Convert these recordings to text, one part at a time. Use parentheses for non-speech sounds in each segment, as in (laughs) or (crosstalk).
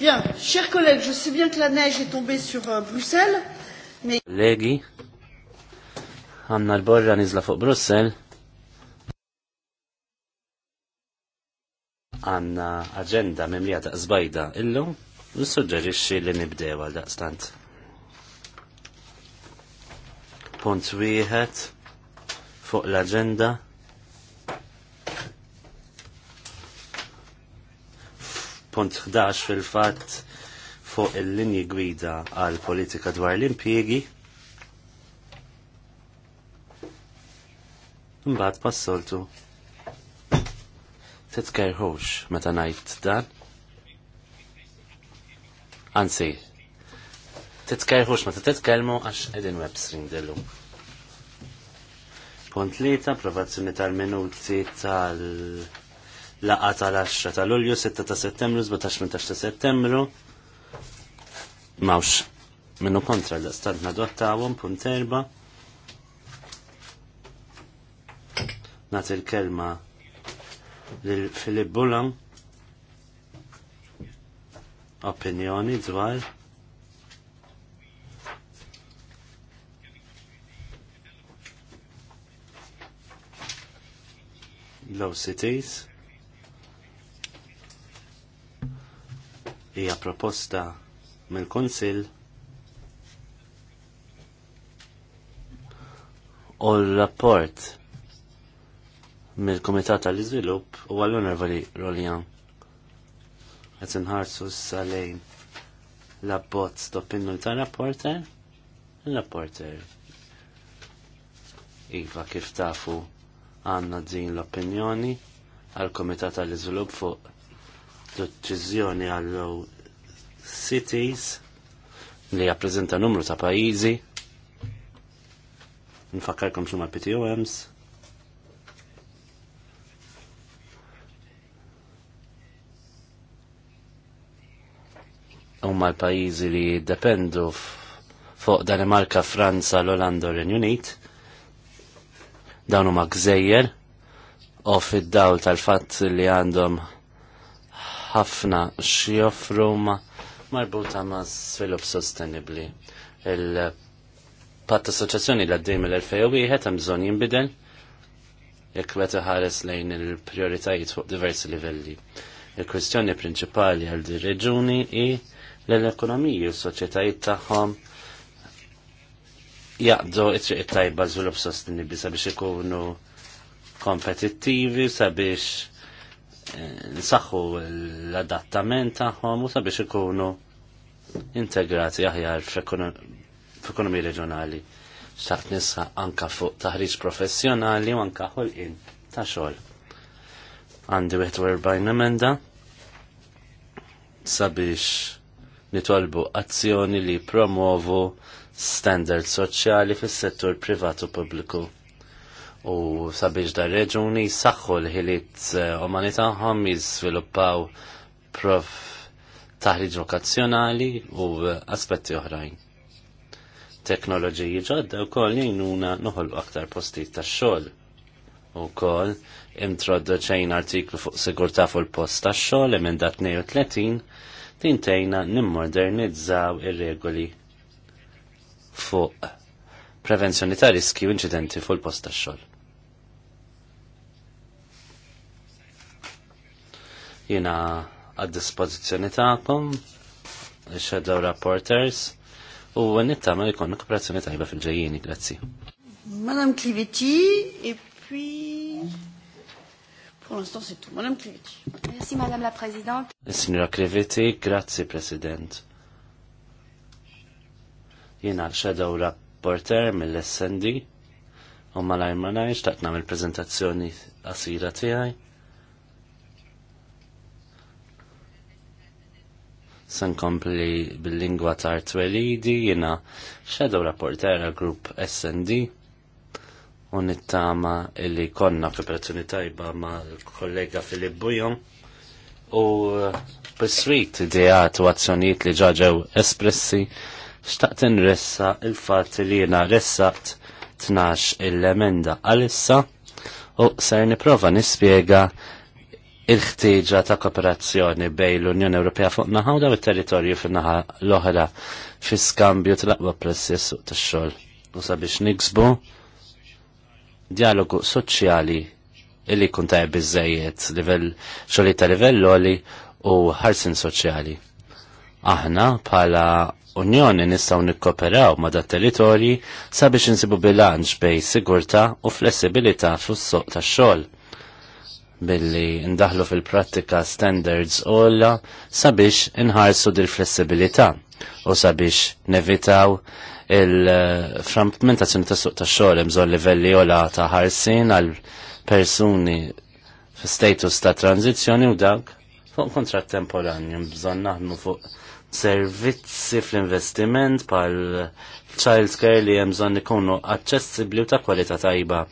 Bien, chers collègues, je sais bien que la neige est tombée sur euh, Bruxelles, mais... Legi, għanna l-borra nizla fuq Bruxelles. għanna agenda memlija ta' zbajda illum, nissuġġerixxi li nibdew għal daqstant. Punt wieħed fuq l-agenda punt 11 fil-fatt fuq il-linji gwida għal politika dwar l impiegi Mbagħad passoltu. Titkerħux meta ngħid dan. Anzi, titkerħux meta titkellmu għax qegħdin web stream Punt li ta' approvazzjoni tal-minuti tal-, -minuti tal laqa tal-10 ta' Lulju, 6 ta' Settembru, 17 ta' Settembru. Mawx minnu kontra l-istat nadottawhom punt erba. Nagħti l-kelma lil Filip Bulam opinjoni dwar low cities hija proposta mill-Kunsill u l-rapport mill-Kumitat tal-Iżvilupp u għall Rolian Roljan. nħarsu inħarsu salejn l-abbozz doppinnu ta' rapporter, rapporter. Iva kif tafu għanna din l-opinjoni għal-Komitat tal-Iżvilupp fuq deċiżjoni għallu cities li jappreżenta numru ta' pajjiżi. Nfakkarkom xumma PTOMs. Umma l-pajizi li dependu fuq Danimarka, Franza, l-Olanda u Renjunit. Dawn huma gżejjer u fid-dawl tal-fatt li għandhom ħafna x'joffru ma marbuta ma' svilupp sostenibli. Il-patt assoċjazzjoni l għaddej mill-2001 hemm bżonn jinbidel jekk meta ħares lejn il-prioritajiet fuq diversi livelli. Il-kwistjoni prinċipali għal di reġuni i l-ekonomiji u s-soċjetajiet tagħhom jaqdu it-triq tajba żvilupp sostenibbli sabiex ikunu kompetittivi sabiex nsaħħu l-adattament tagħhom u sabiex ikunu integrati aħjar f'ekonomija reġjonali. saħt nisa anka fuq taħriġ professjonali u anka ħolqien ta' xogħol. Għandi 41 emenda sabiex nitolbu azzjoni li promuovu standard soċjali fis-settur privat u pubbliku u sabiex dar reġuni saħħu l-ħiliet eh, umani tagħhom jiżviluppaw prof taħriġ vokazzjonali u eh, aspetti oħrajn. Teknoloġiji ġodda wkoll jgħinuna noħolqu aktar postijiet tax-xogħol. Ukoll introduċejn artiklu fuq sigurtà fuq il-post tax-xogħol emendat 32 tintejna nimmodernizzaw ir-regoli fuq prevenzjoni ta' riski u inċidenti fuq il-post tax-xogħol. Jina għad-dispozizjoni ta'kom, shadow rapporters, u nittama li konna kooperazzjoni tajba fil-ġejjini, grazzi. Madame Clivetti, e puis... Pour l'instant, c'est tout. Madame Clivetti. Merci, Madame la Présidente. Signora Clivetti, grazie, President. Jena shadow rapporter mill-SND, u malajr ma najx, taqt namil prezentazzjoni asira tijaj Sen nkompli bil-lingwa ta' Artwelidi jina rapporter rapportera grupp SND u nittama illi konna kooperazzjoni tajba ma' kollega Filip Bujom u id-dijat u azzjonijiet li ġaġew espressi xtaqt nressa il-fat li jina t-nax il-emenda għalissa u ser niprofa nispiega il-ħtieġa ta' kooperazzjoni bej l-Unjoni Ewropea fuq naħa u daw it-territorju fin-naħa l-oħra fi skambju tlaqwa pressis suq tax-xogħol. U sabiex niksbu dialogu soċjali illi kun ta' biżejjed livell xogħli ta' livell oli u ħarsin soċjali. Aħna bħala Unjoni nistgħu nikkoperaw ma' da' territorji sabiex insibu bilanċ bej sigurtà u flessibilità fis-suq tax-xogħol billi ndaħlu fil-prattika standards la sabiex inħarsu dil-flessibilità u sabiex nevitaw il-frammentazzjoni ta' suq ta' xogħol imżol livelli ola ta' ħarsin għal persuni f'status status ta' tranzizjoni u dak fuq kontrat temporanju bżonn naħdmu fuq servizzi fl-investiment pal child care li jemżon ikunu accessibli u ta' kwalità tajba.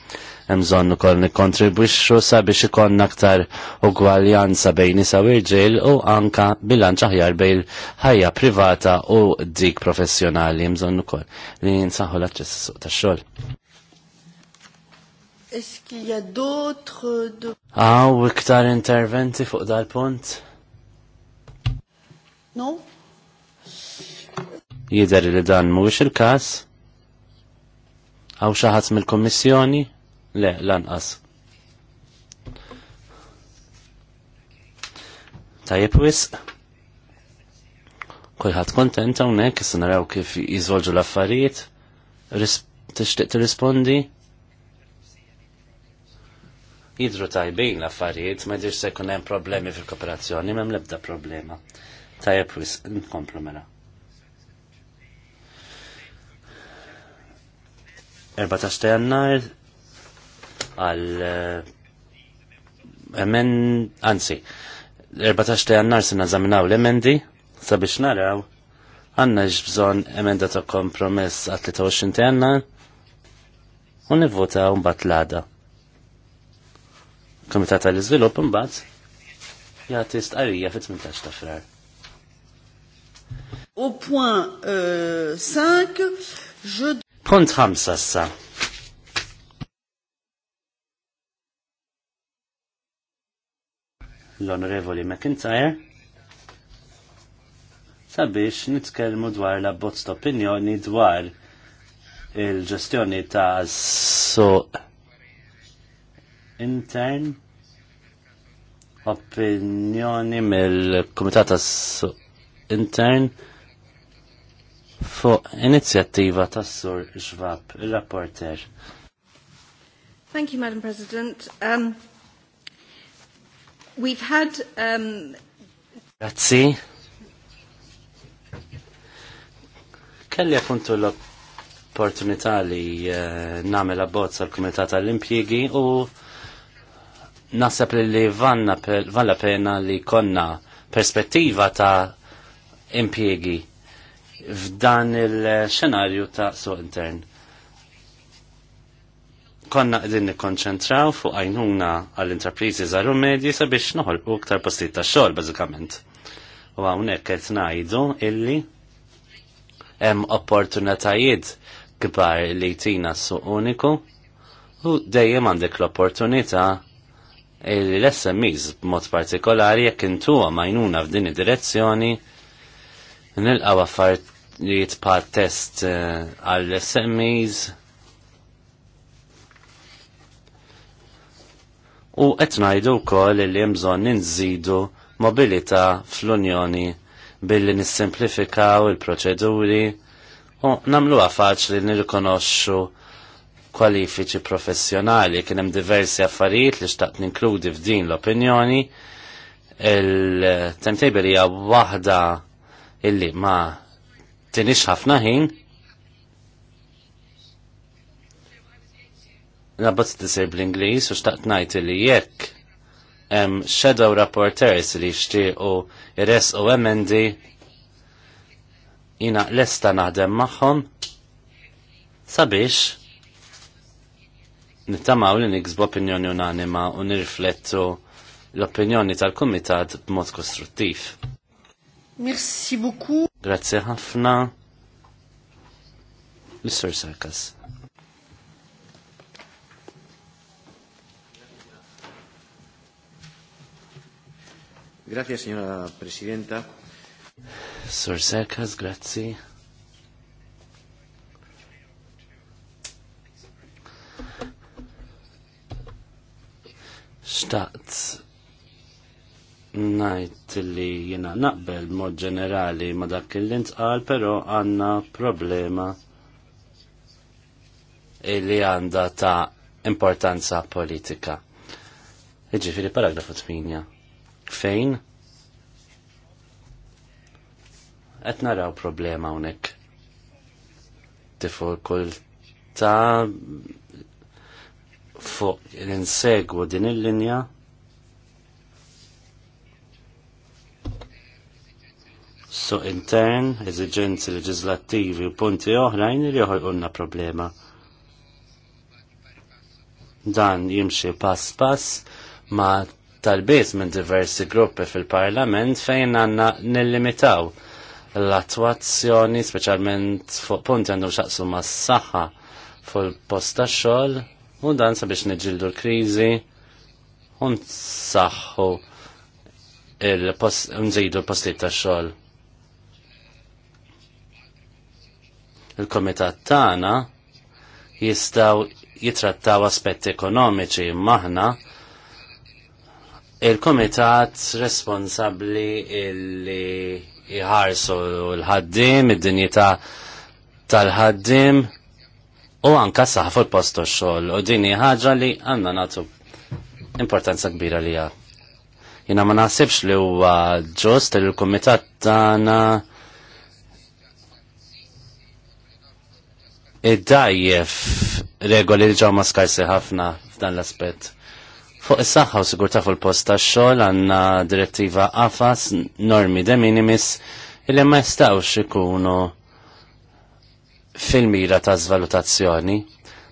Jemżon u koll nikontribwixxu sabiex ikon aktar ugwaljanza bejn nisa u u anka bilanċ aħjar bejn ħajja privata u dik professjonali jemżon u li jinsaħu l-access suq tax-xogħol. est iktar interventi fuq dal-punt? No? Jidher li dan mhuwiex il-każ. Għaw xi ħadd mill-Kummissjoni? Le, lanqas. Tajjeb wisq. Kulħadd kontent hawnhekk issa naraw kif jiżolġu l-affarijiet. Tixtieq tirrispondi? Jidru tajbin l-affarijiet, ma jidirx se jkun hemm problemi fil-kooperazzjoni, m'hemm l-ebda problema. Tajjeb wisq, nkomplu mela. erba ta' jannar għal eh, emen, anzi, erba ta' jannar se zaminaw l-emendi sabiex naraw għanna ġbżon emenda ta' kompromess għat 23 ta' jannar un nivvota un bat l-għada. Komitat għal-izvilup un bat jgħati stqarrija fit-18 ta' frar. Au point 5, euh, je Punt ħamsa issa. L-Onorevoli McIntyre sabiex nitkellmu dwar la bozz opinjoni dwar il-ġestjoni ta' suq intern opinjoni mill-Kumitat tas suq intern fuq inizjattiva tas-sur Xvab, il-rapporter. Thank you, Madam President. Um, we've had... Um... Grazzi. Kelli appunto l-opportunità li uh, eh, namel abbozza l-Kumitat tal-Impjigi u nasab li vanna pe, vanna pena li konna perspettiva ta' impiegi f'dan il-xenarju ta' suq intern. Konna qegħdin nikkonċentraw fuq għajnuna għall-intrapriżi żaru medji sabiex noħolqu ktar postijiet ta' xogħol bażikament. U hawnhekk qed ngħidu illi hemm opportunitajiet kbar li tina suq uniku u dejjem għandek l-opportunità illi l smis b'mod partikolari jekk intuha majnuna f'din id-direzzjoni nilqaw affarijiet li pa' test eh, għall smes U qed ngħidu wkoll li hemm bżonn inżidu mobilità fl-Unjoni billi nissimplifikaw il-proċeduri u nagħmluha faċli nirrikonoxxu kwalifiċi professjonali kien hemm diversi affarijiet li xtaqt ninkludi f'din l-opinjoni il-timetable hija waħda illi ma tinix ħafna ħin. t tisir bl-Inglis u xtaqt ngħid li jekk hemm shadow rapporteurs li jixtiequ ires u emendi jina lesta naħdem magħhom sabiex nittamaw li niksbu opinjoni unanima u nirriflettu l-opinjoni tal-Kumitat b'mod kostruttiv. Merci beaucoup. Grazie ħafna. Mr. Sarkas. Grazie, signora Presidenta. Sor Sarkas, grazie. Staqt najt li jina naqbel mod ġenerali ma dak il intqal pero għanna problema li għanda ta' importanza politika. fili paragrafu 8. Fejn? Qed naraw problema hawnhekk. ta' fuq l-insegwu din il-linja so intern, eżigenzi leġislattivi u punti oħrajn li joħolquna problema. Dan jimxi pass pass ma talbiet minn diversi gruppi fil-parlament fejn għanna nillimitaw l attuazzjoni speċjalment fuq punti għandhom xaqsu ma s-saħħa fuq il-posta xogħol u dan sabiex niġildu l-kriżi u nsaħħu il-post nżidu l-postijiet tax-xogħol. il-komitat tagħna jistaw jitrattaw aspetti ekonomiċi maħna il-komitat responsabli illi jħarsu l-ħaddim, id-dinjità tal-ħaddim u anka saħfu l-posto xogħol u dini ħaġa li għandna nagħtu importanza kbira li Jina ma naħsibx li huwa ġust li l-kumitat tagħna id-dajjef regoli li ġew ma skarsi ħafna f'dan l-aspett. Fuq is-saħħa u sigurtà fuq il-post tax-xogħol għandna direttiva AFAS normi de minimis illi ma jistgħux ikunu fil-mira ta' zvalutazzjoni.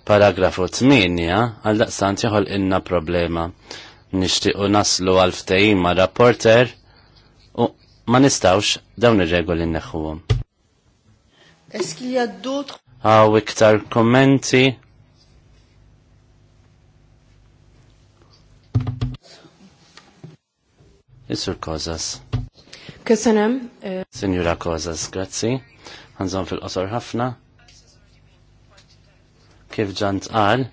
Paragrafu 8 għal daqstant joħol inna problema. Nixtiequ naslu għal ftehim ma' rapporter u ma nistawx dawn ir-regoli neħħuhom. Eski d'autres għaw iktar kommenti. Isur Kozas. Kessanem. Senjura Kozas, grazzi. Għanżon fil-qosor ħafna. Kif ġant għal?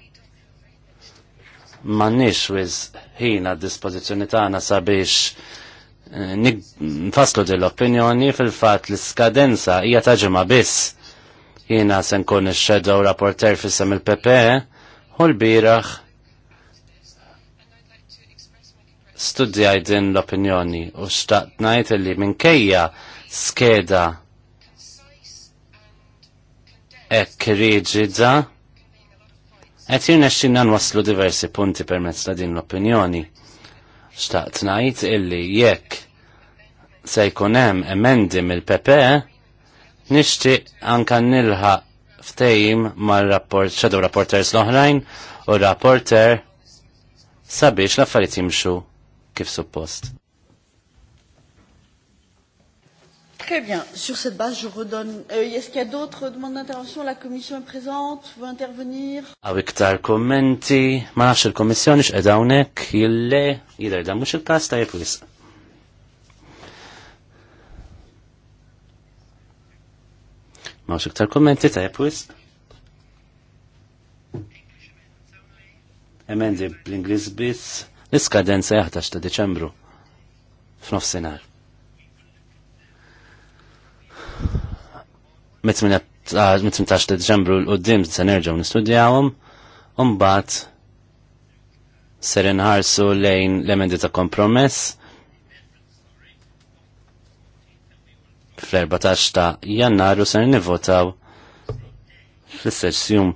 nix wiz ħina dispozizjoni tagħna sabiex eh, nfasslu din l opinjoni fil-fatt li skadenza hija ta' ġimgħa biss Jiena se nkun ix-shadow rapporter fis-sem il-PPE u l-bieraħ studjaj din l-opinjoni u xtaqt ngħid li minkejja skeda hekk riġida qed jirnexxinna nwasslu diversi punti permezz ta' din l-opinjoni. Xtaqt ngħid illi jekk se jkun hemm emendi mill-PPE Nishti anka nilħa ftejim mal-rapport shadow rapporters l-oħrajn u rapporter sabiex l-affarijiet jimxu kif suppost. Très bien. Sur cette base, je redonne. Euh, Est-ce qu'il y a d'autres demandes d'intervention La Commission est présente pouvez intervenir Awiktar kommenti. Ma nafx il-Kommissjoni Il hawnhekk jille jidher dan mhux il-każ tajjeb wisq. Mawx iktar kommenti ta' jepwis. Emendi bl-Inglis bis l-iskadenza 11 ta' Deċembru f'nofsinhar. senar. Ah, Mitzmintax ta' Deċembru l-qoddim se nerġgħu nistudjawhom un-bat ser inħarsu lejn l-emendi ta' kompromess fl-14 ta' jannar u ser nivvotaw fl-sessjum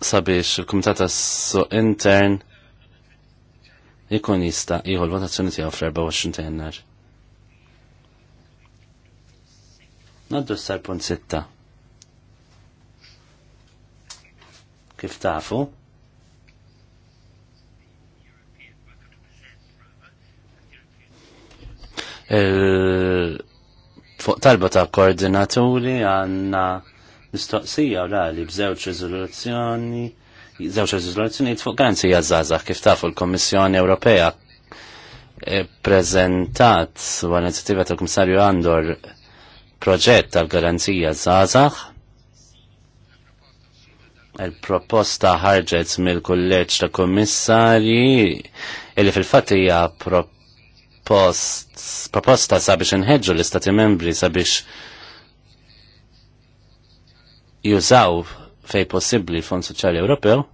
sabiex il tas-suq intern ikun jista' jieħu l-votazzjoni tiegħu fl-24 ta' jannar. Naddu s-sar punt sitta. Kif tafu? fuq talba ta' koordinaturi għanna mistoqsija li b'żewġ riżoluzzjoni żewġ riżoluzzjoni fuq garanzija żgħażagħ kif tafu l-Kommissjoni Ewropea eh, prezentat u għal-inizjattiva tal komissarju Andor proġett tal-garanzija żgħażagħ il-proposta ħarġet mill-kulleġġ ta' kommissarji illi fil-fatt hija proposta propost, proposta sabiex nħedġu l-istati membri sabiex jużaw fej possibli l-Fond Soċjali Ewropew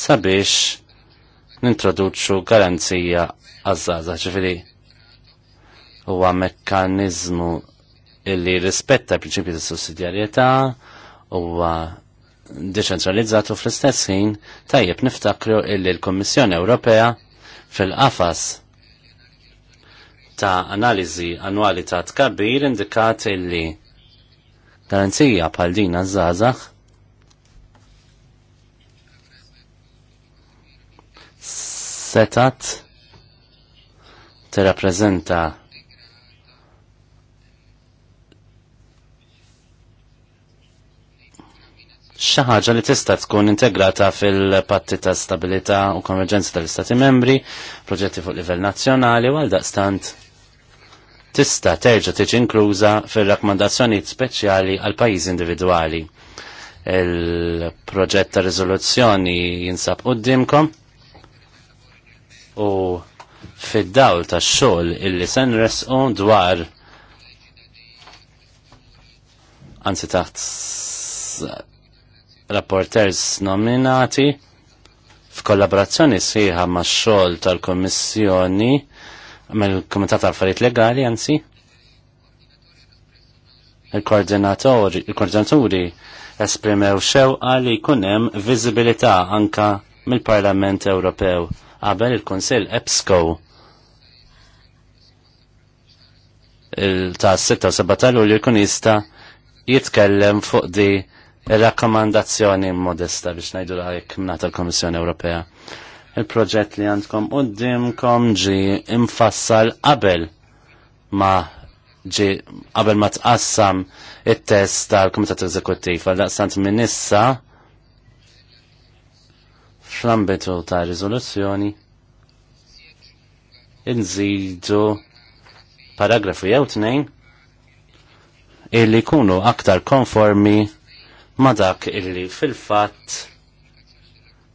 sabiex nintroduċu garanzija għazzaza ċifiri huwa mekkanizmu illi rispetta l-prinċipju ta' sussidjarjetà huwa deċentralizzatu fl-istess ħin tajjeb niftakru illi l-Kommissjoni Ewropea fil-qafas ta' analiżi annwali ta' tkabbir indikat illi garanzija bħal din zazax setat t rappresenta xaħġa ħaġa li tista' tkun integrata fil-patti ta' stabilità u konverġenza tal-Istati membri, proġetti fuq livell nazzjonali u għaldaqstant tista' terġa' tiġi inkluża fir-rakkomandazzjonijiet speċjali għal pajjiżi individwali. Il-proġett ta' riżoluzzjoni jinsab qudiemkom u fid-dawl ta' xogħol illi se nresqu dwar anzi taħt rapporters nominati f'kollaborazzjoni sħiħa ma' xogħol tal-Kommissjoni mill-Kumitat tal-Affarijiet Legali anzi il-koordinatori il esprimew xewqa li jkun hemm viżibilità anka mill-Parlament Ewropew qabel il-Kunsill EPSCO il ta' 76 li jkun jista' jitkellem fuq di rakkomandazzjoni modesta biex najdu għajk mnata l-Komissjoni Ewropea. Il-proġett li għandkom u dimkom ġi imfassal qabel ma ġi qabel ma tqassam it-test tal-Komitat Eżekuttiv għal daqsant minn issa fl-ambitu ta' riżoluzzjoni inżidu paragrafu jew tnejn illi kunu aktar konformi ma dak illi fil-fatt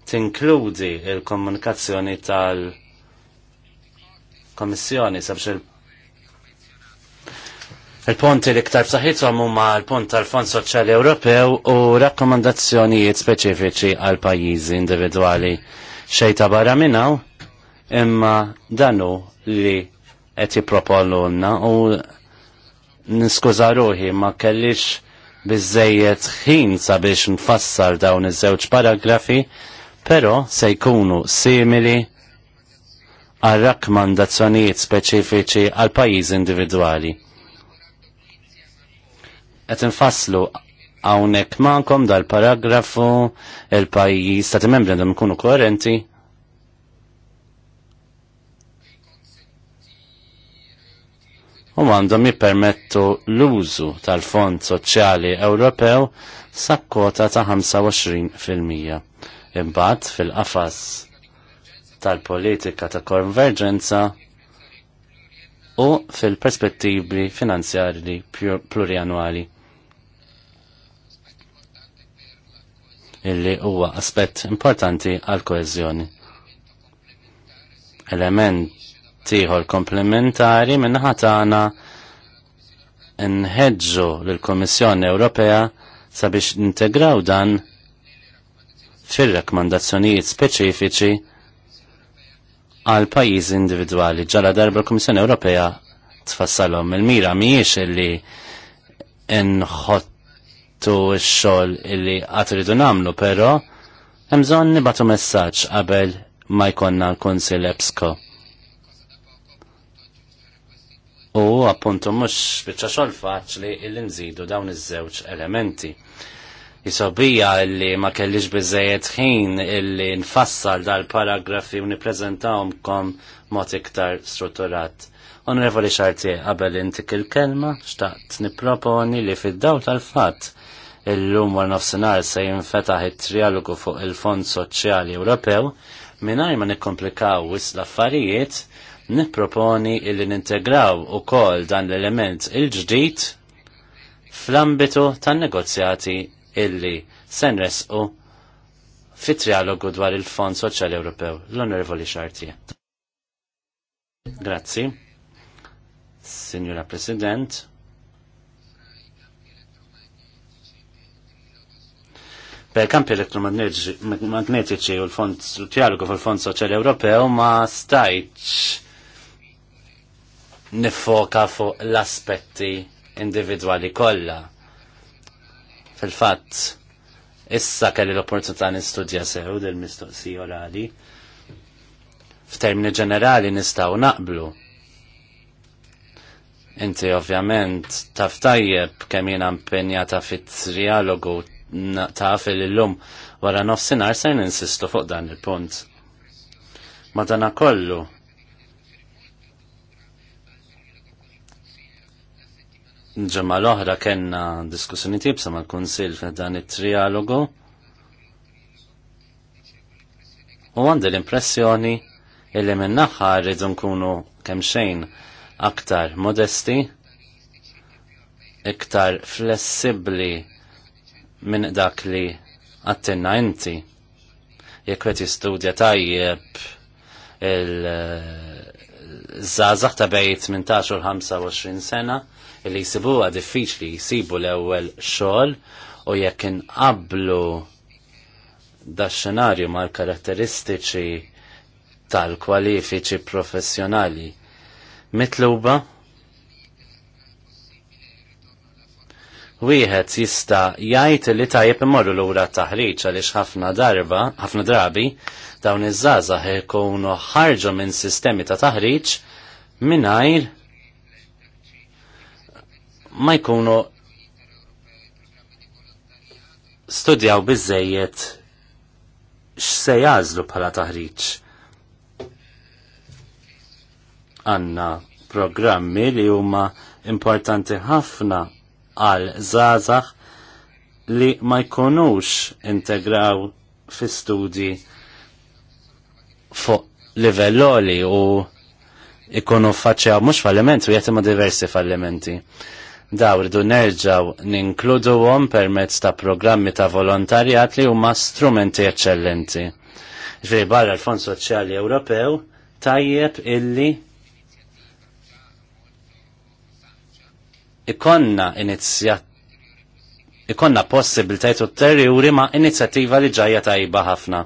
tinkludi il-komunikazzjoni tal-Komissjoni sabx il- Il-ponti li ktar saħħithom huma l-pont tal-Fond Soċjali Ewropew u rakkomandazzjonijiet speċifiċi għal pajjiżi individwali. Xejta barra minnaw imma danu li qed jipproponu u niskuża ruħi ma kellix bizzejiet ħin sabiex nfassar dawn iż-żewġ paragrafi, però se jkunu simili għal rakkomandazzjonijiet speċifiċi għal pajjiż individwali. Qed infasslu hawnhekk magħkom dal-paragrafu il-pajjiż ta' membri għandhom ikunu koerenti u għandhom jippermettu l-użu tal-Fond Soċjali Ewropew sa kwota ta' 25%. Imbagħad fil-qafas tal-politika ta' konverġenza u fil-perspettivi finanzjarji plurianwali. illi huwa aspett importanti għal koeżjoni. Element ieħor komplementari minnaħa tagħna nħeġġu lill-Kummissjoni Ewropea sabiex integraw dan fir-rakkomandazzjonijiet speċifiċi għal pajjiżi individwali. Ġala darba l komissjoni Ewropea tfassalhom il-mira mhijiex illi nħottu x-xogħol illi qatt iridu nagħmlu, però hemm bżonn nibatu messaġġ qabel ma jkollna l-Kunsill EBSCO. U appuntu mux bieċa xol faċli il-nżidu dawn iż-żewġ elementi. Jisobija illi ma kellix bizzejet ħin illi nfassal dal-paragrafi u kom mod iktar strutturat. Onorevoli xarti, qabel intik il-kelma, xtaqt niproponi li fid-daw tal-fat il-lum war nofsinar se jinfetaħ it-trialogu fuq il-Fond Soċjali Ewropew minar ma nikkomplikaw wis l-affarijiet nipproponi illi nintegraw u kol dan l-element il-ġdid fl-ambitu tan negozjati illi senres u fit trialogu dwar il-Fond Soċjali Ewropew, l-Onorevoli Xartie. Grazzi. Signora President. Per kampi elektromagnetici u l fil-Fond Soċjali Ewropew ma stajċ nifoka fuq l-aspetti individwali kollha. Fil-fatt, issa kelli l-opportunità nistudja sew dil-mistoqsija orali. F'termini ġenerali nistgħu naqblu. Inti ovvjament taf tajjeb kemm jiena impenjata fit-trialogu taf il-lum wara nofsinhar se ninsistu fuq dan il-punt. Madana kollu, ġemma l-oħra kena diskussjoni tibsa mal kunsil f'dan it-trialogu. U għandi l-impressjoni illi minnaħħa rridu nkunu kemm xejn aktar modesti, iktar flessibli minn dak li għattinna inti. Jekk qed jistudja tajjeb il-żazax eh, ta' bejt 18 u 25 sena, li jisibuha diffiċli jisibu l-ewwel xogħol u jekk inqablu dax-xenarju mal-karatteristiċi tal-kwalifiċi professjonali mitluba wieħed jista' jgħid li tajjeb imorru lura taħriġ għaliex ħafna darba, ħafna drabi dawn iż-żgħażagħ ikunu ħarġu minn sistemi ta' taħriġ mingħajr ma jkunu studjaw bizzejiet x'se jażlu bħala taħriġ. Għanna programmi li huma importanti ħafna għal zazax li ma jkunux integraw fi studi fuq livelloli u ikunu faċċew mhux falliment u jatima diversi fallimenti. Daw rridu nerġaw ninkluduhom permezz ta' programmi ta' volontarjat li huma strumenti eċċellenti. Ġifieri barra l-Fond Soċjali Ewropew tajjeb illi ikonna inizjat ikonna possibiltajt ulterjuri ma' inizjattiva li ġajja tajba ħafna.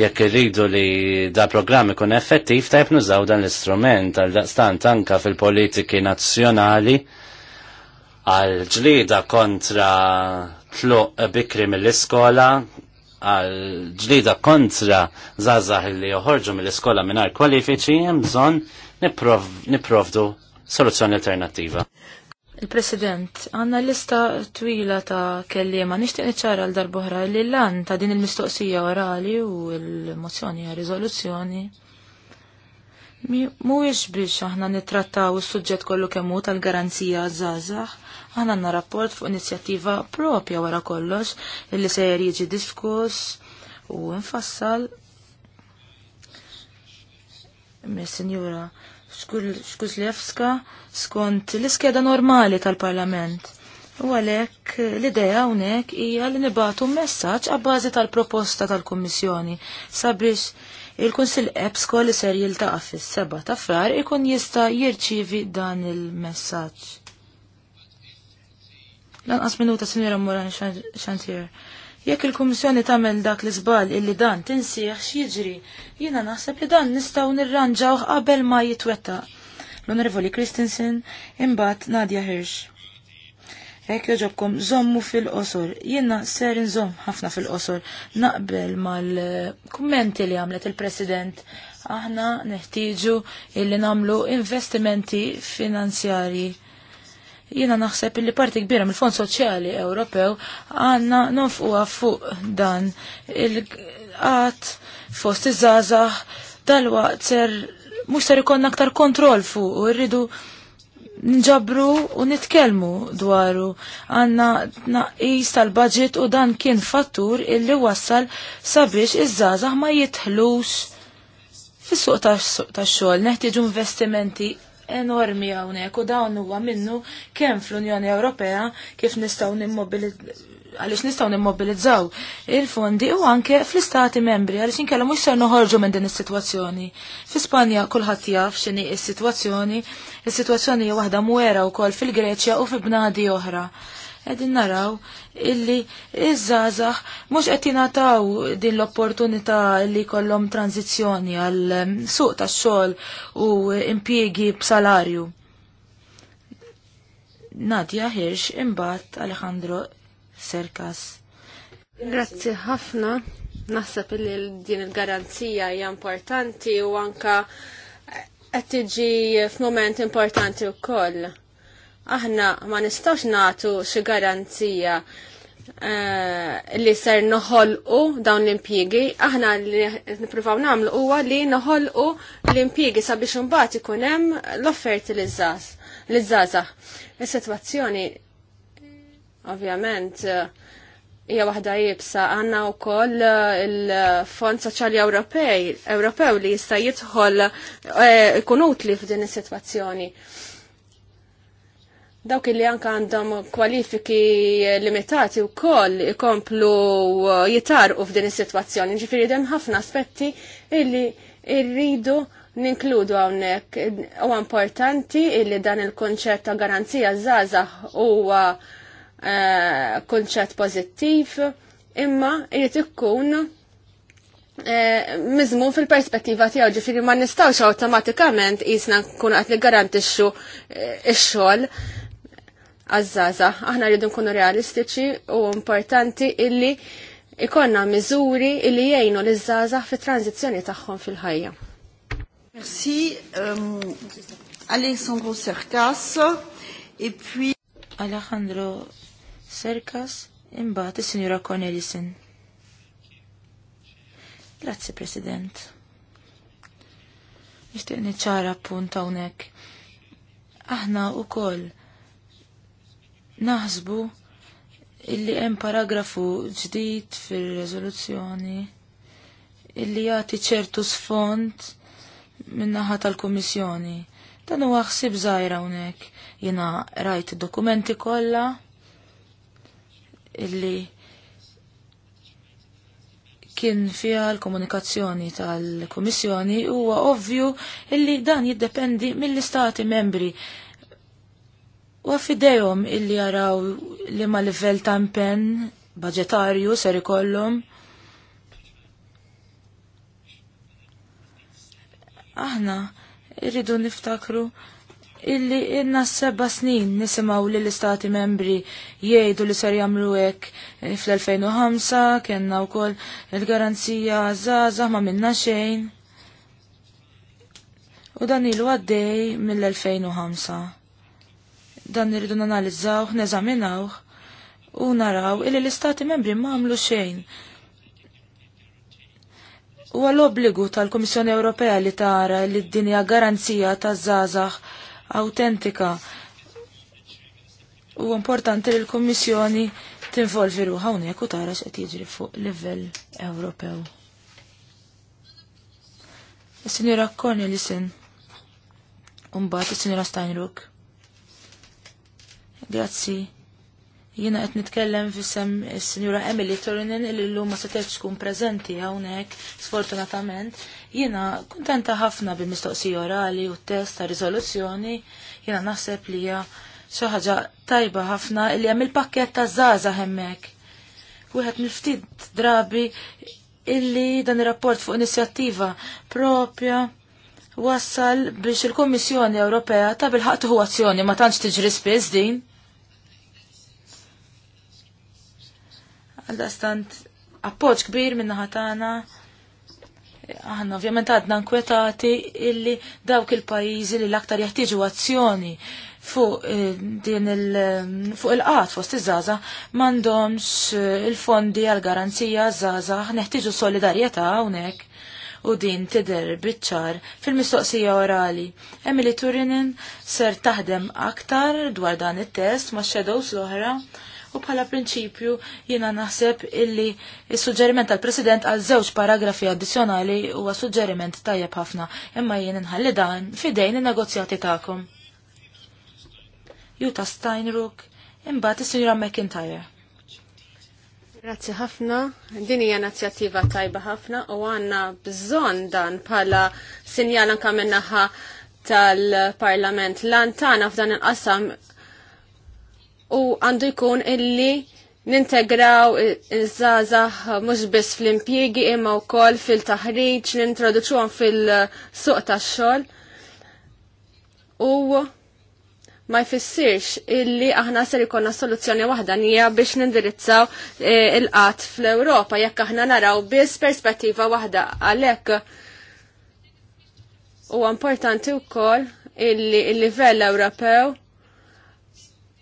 Jekk irridu li da programm ikun effettiv tajb nużaw dan l-istrument għal daqstant anka fil-politiki nazzjonali għal ġlida kontra tluq bikri mill-iskola, għal ġlida kontra zazah li joħorġu mill-iskola minar kwalifiċi, jemżon bżonn niprovdu soluzzjoni alternativa. Il-President, għanna lista twila ta' kellima, nishtiq niċċara għal darbohra li l-lan ta' din il-mistoqsija orali u l-mozzjoni għal rizoluzzjoni. Mhuwiex biex aħna nittrattaw is-suġġett kollu kemm hu tal-garanzija żgħażagħ, Għana għanna rapport fuq inizjattiva propja wara kollox, illi se jiġi diskuss u nfassal mis-senjura Skusljevska skont l-iskeda normali tal-parlament. U għalek l-ideja unek hija li nibatu messaġġ għabbażi tal-proposta tal-Kommissjoni sabiex il-Kunsil EBSCO li ser jiltaqa' fis-seba' ta' frar ikun jista' jirċivi dan il-messaġġ. Lanqas minuta sinjora Moran Xantier. Jekk il-Kummissjoni tagħmel dak li żball illi dan tinsieħ x'jiġri, jiena naħseb li dan nistgħu nirranġaw qabel ma jitwettaq. L-Onorevoli Christensen imbagħad Nadja Hirsch. Hekk joġobkom żommu fil-qosor. Jiena ser nżomm ħafna fil-qosor naqbel mal-kummenti li għamlet il-President aħna neħtieġu illi namlu investimenti finanzjarji. Jiena naħseb li parti kbira mill-Fond Soċjali Ewropew għandna nofquha fuq dan il-qatt fost iż tal-waqt ser mhux ser ikonna aktar kontroll fuq u rridu nġabru u nitkelmu dwaru għanna naqis tal-budget u dan kien fattur illi wassal sabiex iż-żazax ma jitħlux fis-suq tax-xogħol neħtieġu investimenti enormi hawnhekk u dawn huwa minnu kemm fl-Unjoni Ewropea kif nistgħu nimmobilizzaw għaliex nistgħu nimmobilizzaw il-fondi u anke fl-istati membri għaliex inkella mhux ser noħorġu minn din is-sitwazzjoni. Fi Spanja kulħadd jaf x'inhi s-sitwazzjoni, is-sitwazzjoni hija waħda mwera wkoll fil-Greċja u fi bnadi oħra għedin naraw illi iż-żazax mux qed jingħataw din l-opportunità li kollom tranzizzjoni għal ehm, suq tax-xogħol u impjiegi b'salarju. Nadja hirx imbagħad Alejandro Serkas. Grazzi ħafna. Naħseb li din il-garanzija hija importanti u anka qed tiġi f'mument importanti wkoll aħna ma nistax natu xi garanzija eh, li ser noħolqu dawn l impjiegi aħna li nipruvaw namlu huwa li noħolqu l impjiegi sabiex imbagħad ikun hemm l-offerti liż-żgħażagħ. Is-sitwazzjoni ovvjament hija waħda jibsa għandna wkoll eh, il-Fond Soċjali Ewropej Ewropew li jista' jidħol eh, ikun utli f'din is-sitwazzjoni dawk li anka għandhom kwalifiki limitati u koll ikomplu uh, jitarqu f'din is-sitwazzjoni. Ġifieri hemm ħafna aspetti illi rridu ninkludu hawnhekk u importanti illi dan il-konċett ta' garanzija żgħażagħ huwa uh, konċett pożittiv imma jrid ikun uh, mizmun fil-perspettiva tiegħu ġifieri ma nistgħux awtomatikament isna nkunu qed garantixxu x-xogħol għazzaza. Aħna rridu nkunu realistiċi u importanti illi ikonna miżuri illi jgħinu l żaza fi tranzizjoni tagħhom fil-ħajja. Merci, um, Alessandro Serkas, e puis... Alejandro Serkas, imbagħad is-Sinjura Cornelison. Grazzi, President. Nixtieq niċċara appunt hawnhekk. Aħna wkoll naħsbu illi hemm paragrafu ġdid fir-reżoluzzjoni illi jagħti ċertu sfond min-naħa tal-Kummissjoni. Dan huwa ħsieb żgħira hawnhekk. Jiena rajt id-dokumenti kollha illi kien fiha l-komunikazzjoni tal kummissjoni huwa ovvju illi dan jiddependi mill-Istati membri U għafidejom illi jaraw li ma livell ta' impenn budgetarju ser ikollhom. Aħna irridu niftakru illi inna seba snin nisimaw li l-istati membri jgħidu li ser jamlu hekk eh, fl-2005 kienna wkoll il-garanzija żgħażagħ ma minna xejn. U dan ilu għaddej mill-2005 dan irridu nanalizzawh, neżaminawh u naraw illi l-istati membri ma għamlu xejn. U għall-obbligu tal-Komissjoni Ewropea li tara li d-dinja garanzija ta' zazax autentika u importanti li l-Komissjoni tinvolvi ruħa hawnhekk u tara x'qed jiġri fuq livell Ewropew. Is-Sinjora Cornelison u mbagħad is-Sinjora Steinruck. Grazzi. Jiena qed nitkellem fissem is-Sinjura Emily Turinin il llum ma setgħetx tkun preżenti hawnhekk sfortunatament. Jiena kuntenta ħafna bil-mistoqsija orali u test ta' riżoluzzjoni. Jiena naħseb li hija xi ħaġa tajba ħafna li hemm il-pakkett ta' żgħażagħ hemmhekk. Wieħed miftit drabi illi dan ir-rapport fuq inizjattiva propja wassal biex il-Kommissjoni Ewropea ta' bil-ħaq għazzjoni ma tantx tiġri spiss din. għal-dastant appoġġ kbir minna ħatana. Għanna ovvjament għadna nkwetati illi dawk il-pajjiżi li l-aktar jeħtieġu azzjoni fuq eh, din il fuq il-qat fost iż-żaza m'għandhomx eh, il-fondi għal garanzija żaza neħtieġu solidarjetà hawnhekk u din tidher biċ-ċar fil-mistoqsija orali. Emily Turinen ser taħdem aktar dwar dan it-test ma' shadows l-oħra u bħala prinċipju jiena naħseb illi il-suġġeriment tal-President għal żewġ paragrafi addizzjonali huwa suġġeriment tajjeb ħafna, imma jien inħalli dan fidejn in-negozjati tagħkom. Juta Steinruk, imbagħad is-Sinjura McIntyre. Grazzi ħafna. Din hija inizjattiva tajba ħafna u għandna bżonn dan bħala sinjal anke minnaħa tal-Parlament. Lantana tagħna f'dan il-qasam u għandu jkun illi nintegraw iż-żazah mhux biss fl-impjiegi imma wkoll fil-taħriġ nintroduċuhom fil-suq tax-xogħol. U ma jfissirx illi aħna ser ikonna soluzzjoni waħda nija biex nindirizzaw e, il-qat fl-Ewropa jekk aħna naraw biss perspettiva waħda għalhekk u importanti wkoll illi il-livell Ewropew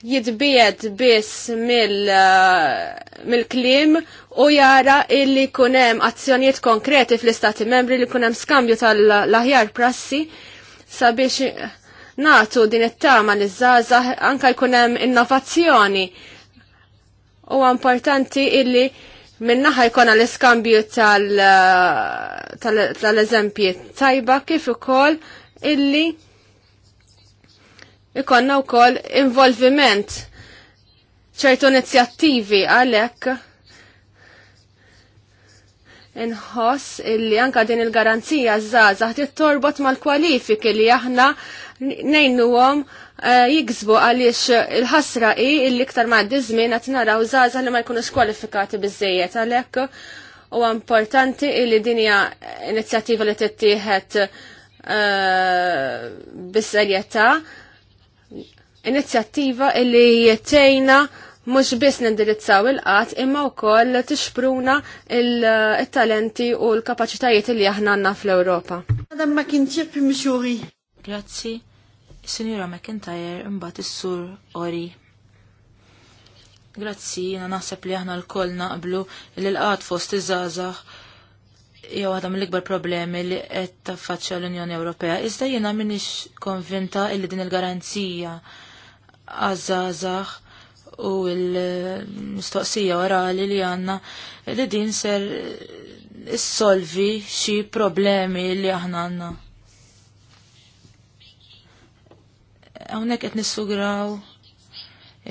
jitbiet biss mill-klim eh, uh, u jara illi kunem azzjoniet konkreti fl-istati membri li kunem skambju tal-laħjar prassi sabiex natu din it-tama li zaza anka jkunem innovazzjoni u importanti illi minnaħa jkun l-iskambju eh, tal-eżempji tal, tal, tajba kif ukoll illi ikonna wkoll involviment ċertu inizjattivi għalhekk inħoss illi anka din il-garanzija żgħażagħ torbot mal-kwalifiki li aħna għom eh, jiksbu għaliex il-ħasra i l-iktar ma' dizmin għat naraw żgħażagħ li ma jkunux kwalifikati biżejjed għalhekk huwa importanti illi dinja inizjattiva li tittieħed eh, bis-serjetà inizjattiva illi jettejna mux biss nindirizzaw il-qat imma uh, u koll tixpruna il-talenti u l-kapacitajiet li aħna fl-Europa. Madam McIntyre pi Grazzi, Signora McIntyre imbat is-sur Ori. Grazzi, jina naħseb li aħna l-koll naqblu l-qat fost iż-żazax jew għadha mill-ikbar problemi li qed taffaċċja l-Unjoni Ewropea. Iżda jiena m'iniex konvinta illi din il-garanzija għazzazax u l-mistoqsija orali li għanna li din ser issolvi xi problemi li aħna għanna. Hawnhekk qed nissugraw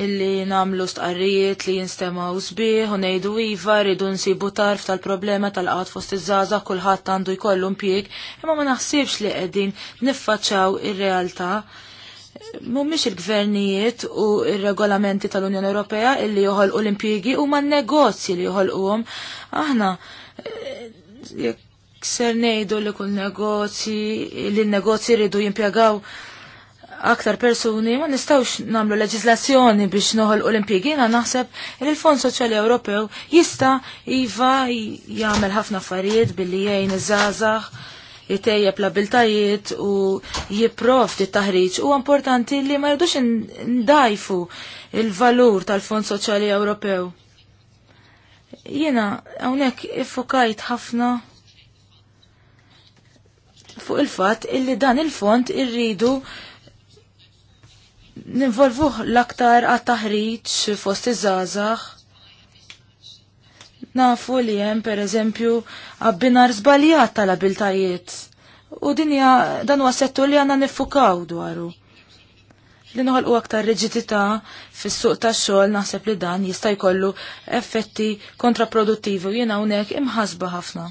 illi namlu stqarrijiet li jinstemaw sbieħ u nejdu iva rridu nsibu tarf tal-problema tal-qat fost iż-żaza kulħadd għandu jkollu impjieg, imma ma naħsibx li qegħdin niffaċċaw ir-realtà mumiex il-gvernijiet u il-regolamenti tal-Unjoni Ewropea illi joħolqu l-impjigi u man negozji li joħolquhom. Aħna eh, jekk ser ngħidu li kull negozji li n-negozji rridu jimpjegaw aktar persuni ma nistawx namlu leġislazzjoni biex noħol olimpijgi na naħseb li fond Soċjali Ewropew jista iva jagħmel ħafna affarijiet billi jgħin iż żazax jitejjeb l-abiltajiet u jiprofdi taħriġ. U importanti li ma jrdux ndajfu il-valur tal-Fond Soċjali Ewropew. Jiena hawnhekk iffokajt ħafna fuq il-fatt illi dan il-fond irridu ninvolvuh l-aktar għat-taħriġ fost iż żazax Nafu li hemm pereżempju għabbinar żbaljat tal-abiltajiet. U dinja dan huwa settur li għandna niffukaw dwaru. Li u aktar reġitita fis-suq tax-xogħol naħseb li dan jista' jkollu effetti kontraproduttivi u jena hawnhekk imħasba ħafna.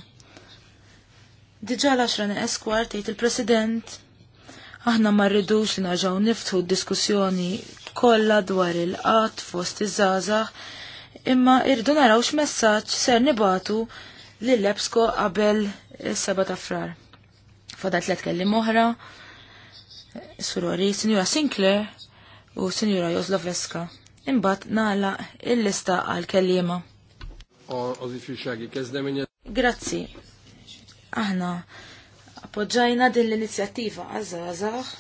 Diġà l-10 eskwar tgħid il-President aħna ma rridux li narġaw niftħu d-diskussjoni kollha dwar il-qatt fost iż-żgħażagħ imma irridu naraw x'messaġġ ser nibatu lil epsko qabel is-seba' ta' frar. Fada tliet kelli oħra, surori Sinjura Sinclair u Sinjura Josloveska. Imbagħad nagħlaq il-lista għal kelliema. Grazzi. Aħna appoġġajna din l-inizjattiva għażażax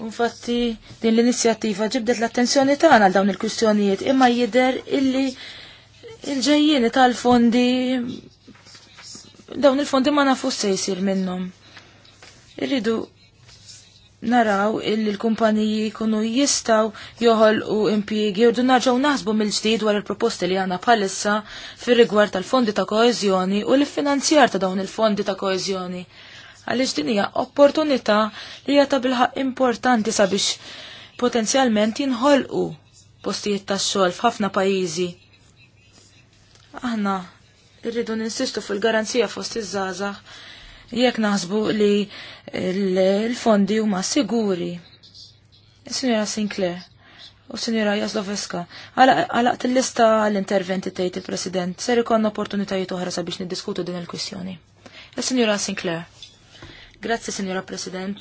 Infatti din l-inizjattiva ġibdet l-attenzjoni tagħna għal dawn il-kwistjonijiet imma jidher illi il-ġejjieni tal-fondi dawn il-fondi ma nafux se jsir minnhom. Irridu naraw illi l-kumpaniji jkunu jistaw joħolqu impjiegi u narġgħu naħsbu mill-ġdid wara l-proposti li għandna bħalissa fir-rigward tal-fondi ta' koezjoni u l-finanzjar ta' dawn il-fondi ta' koezjoni għaliex din hija opportunità li hija tabilħa importanti sabiex potenzjalment jinħolqu postijiet tax-xogħol f'ħafna pajjiżi. Aħna irridu ninsistu fil-garanzija fost iż-żgħażagħ jekk naħsbu li l-fondi huma siguri. Sinjora Sinclair u Sinjora Jasloveska, għalaqt il-lista l-interventi tgħid il-President, ser ikon opportunitajiet oħra sabiex niddiskutu din il-kwistjoni. Sinjora Sinclair. Grazzi, Signora President.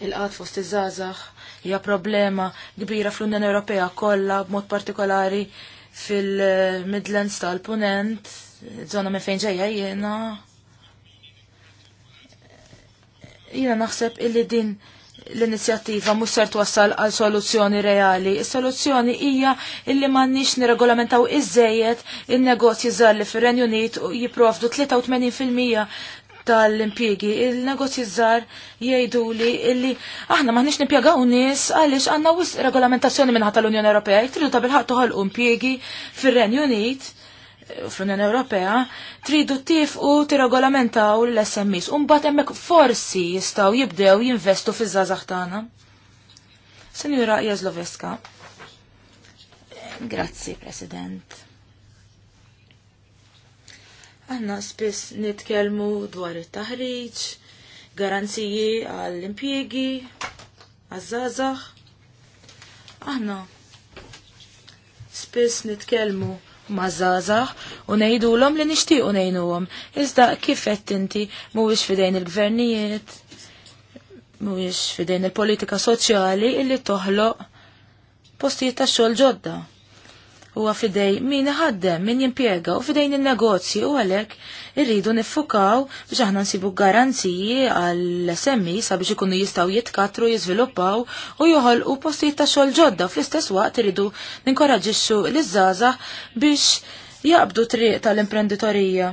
Il-qat fost iż żgħażagħ hija problema kbira fl-Unjoni Ewropea kollha b'mod partikolari fil-Midlands tal-Punent, żona minn fejn ġejja jiena. Jiena naħseb illi din l-inizjattiva mhux ser twassal għal soluzzjoni reali. Is-soluzzjoni hija illi m'għandniex nirregolamentaw żejjed in-negozji żgħar li fir-Renju Unit jipprovdu 83% tal impiegi il-negozji żgħar jgħidu li illi aħna maħniex nippjegaw nies għaliex għandna wis regolamentazzjoni minn tal-Unjoni Ewropea, tridu ta' ħadd toħolqu impjiegi fir-Renju Unit eh, fl-Unjoni Ewropea, tridu tifqu tirregolamentaw l sms u mbagħad hemmhekk forsi jistgħu jibdew jinvestu fiż-żgħażagħ tagħna. Senjura Jazloveska. Grazzi, President. Aħna spiss nitkellmu dwar it-taħriġ, garanziji għall-impjiegi, għaż Għanna Aħna spiss nitkellmu u nejdu u ngħidulhom li nixtiequ ngħinuhom. Iżda kifett qed inti mhuwiex fidejn il-gvernijiet, mhuwiex fidejn il-politika soċjali illi toħloq postijiet ta' xogħol ġodda huwa fidej min ħaddem, min jimpjega u fidejn il-negozji u għalhekk irridu niffukaw biex aħna nsibu garanziji għall semmi sabiex ikunu jistgħu jitkatru, jiżviluppaw u joħolqu postijiet ta' xogħol ġodda fl-istess waqt irridu ninkoraġixxu l żgħażagħ biex jaqbdu triq tal-imprenditorija.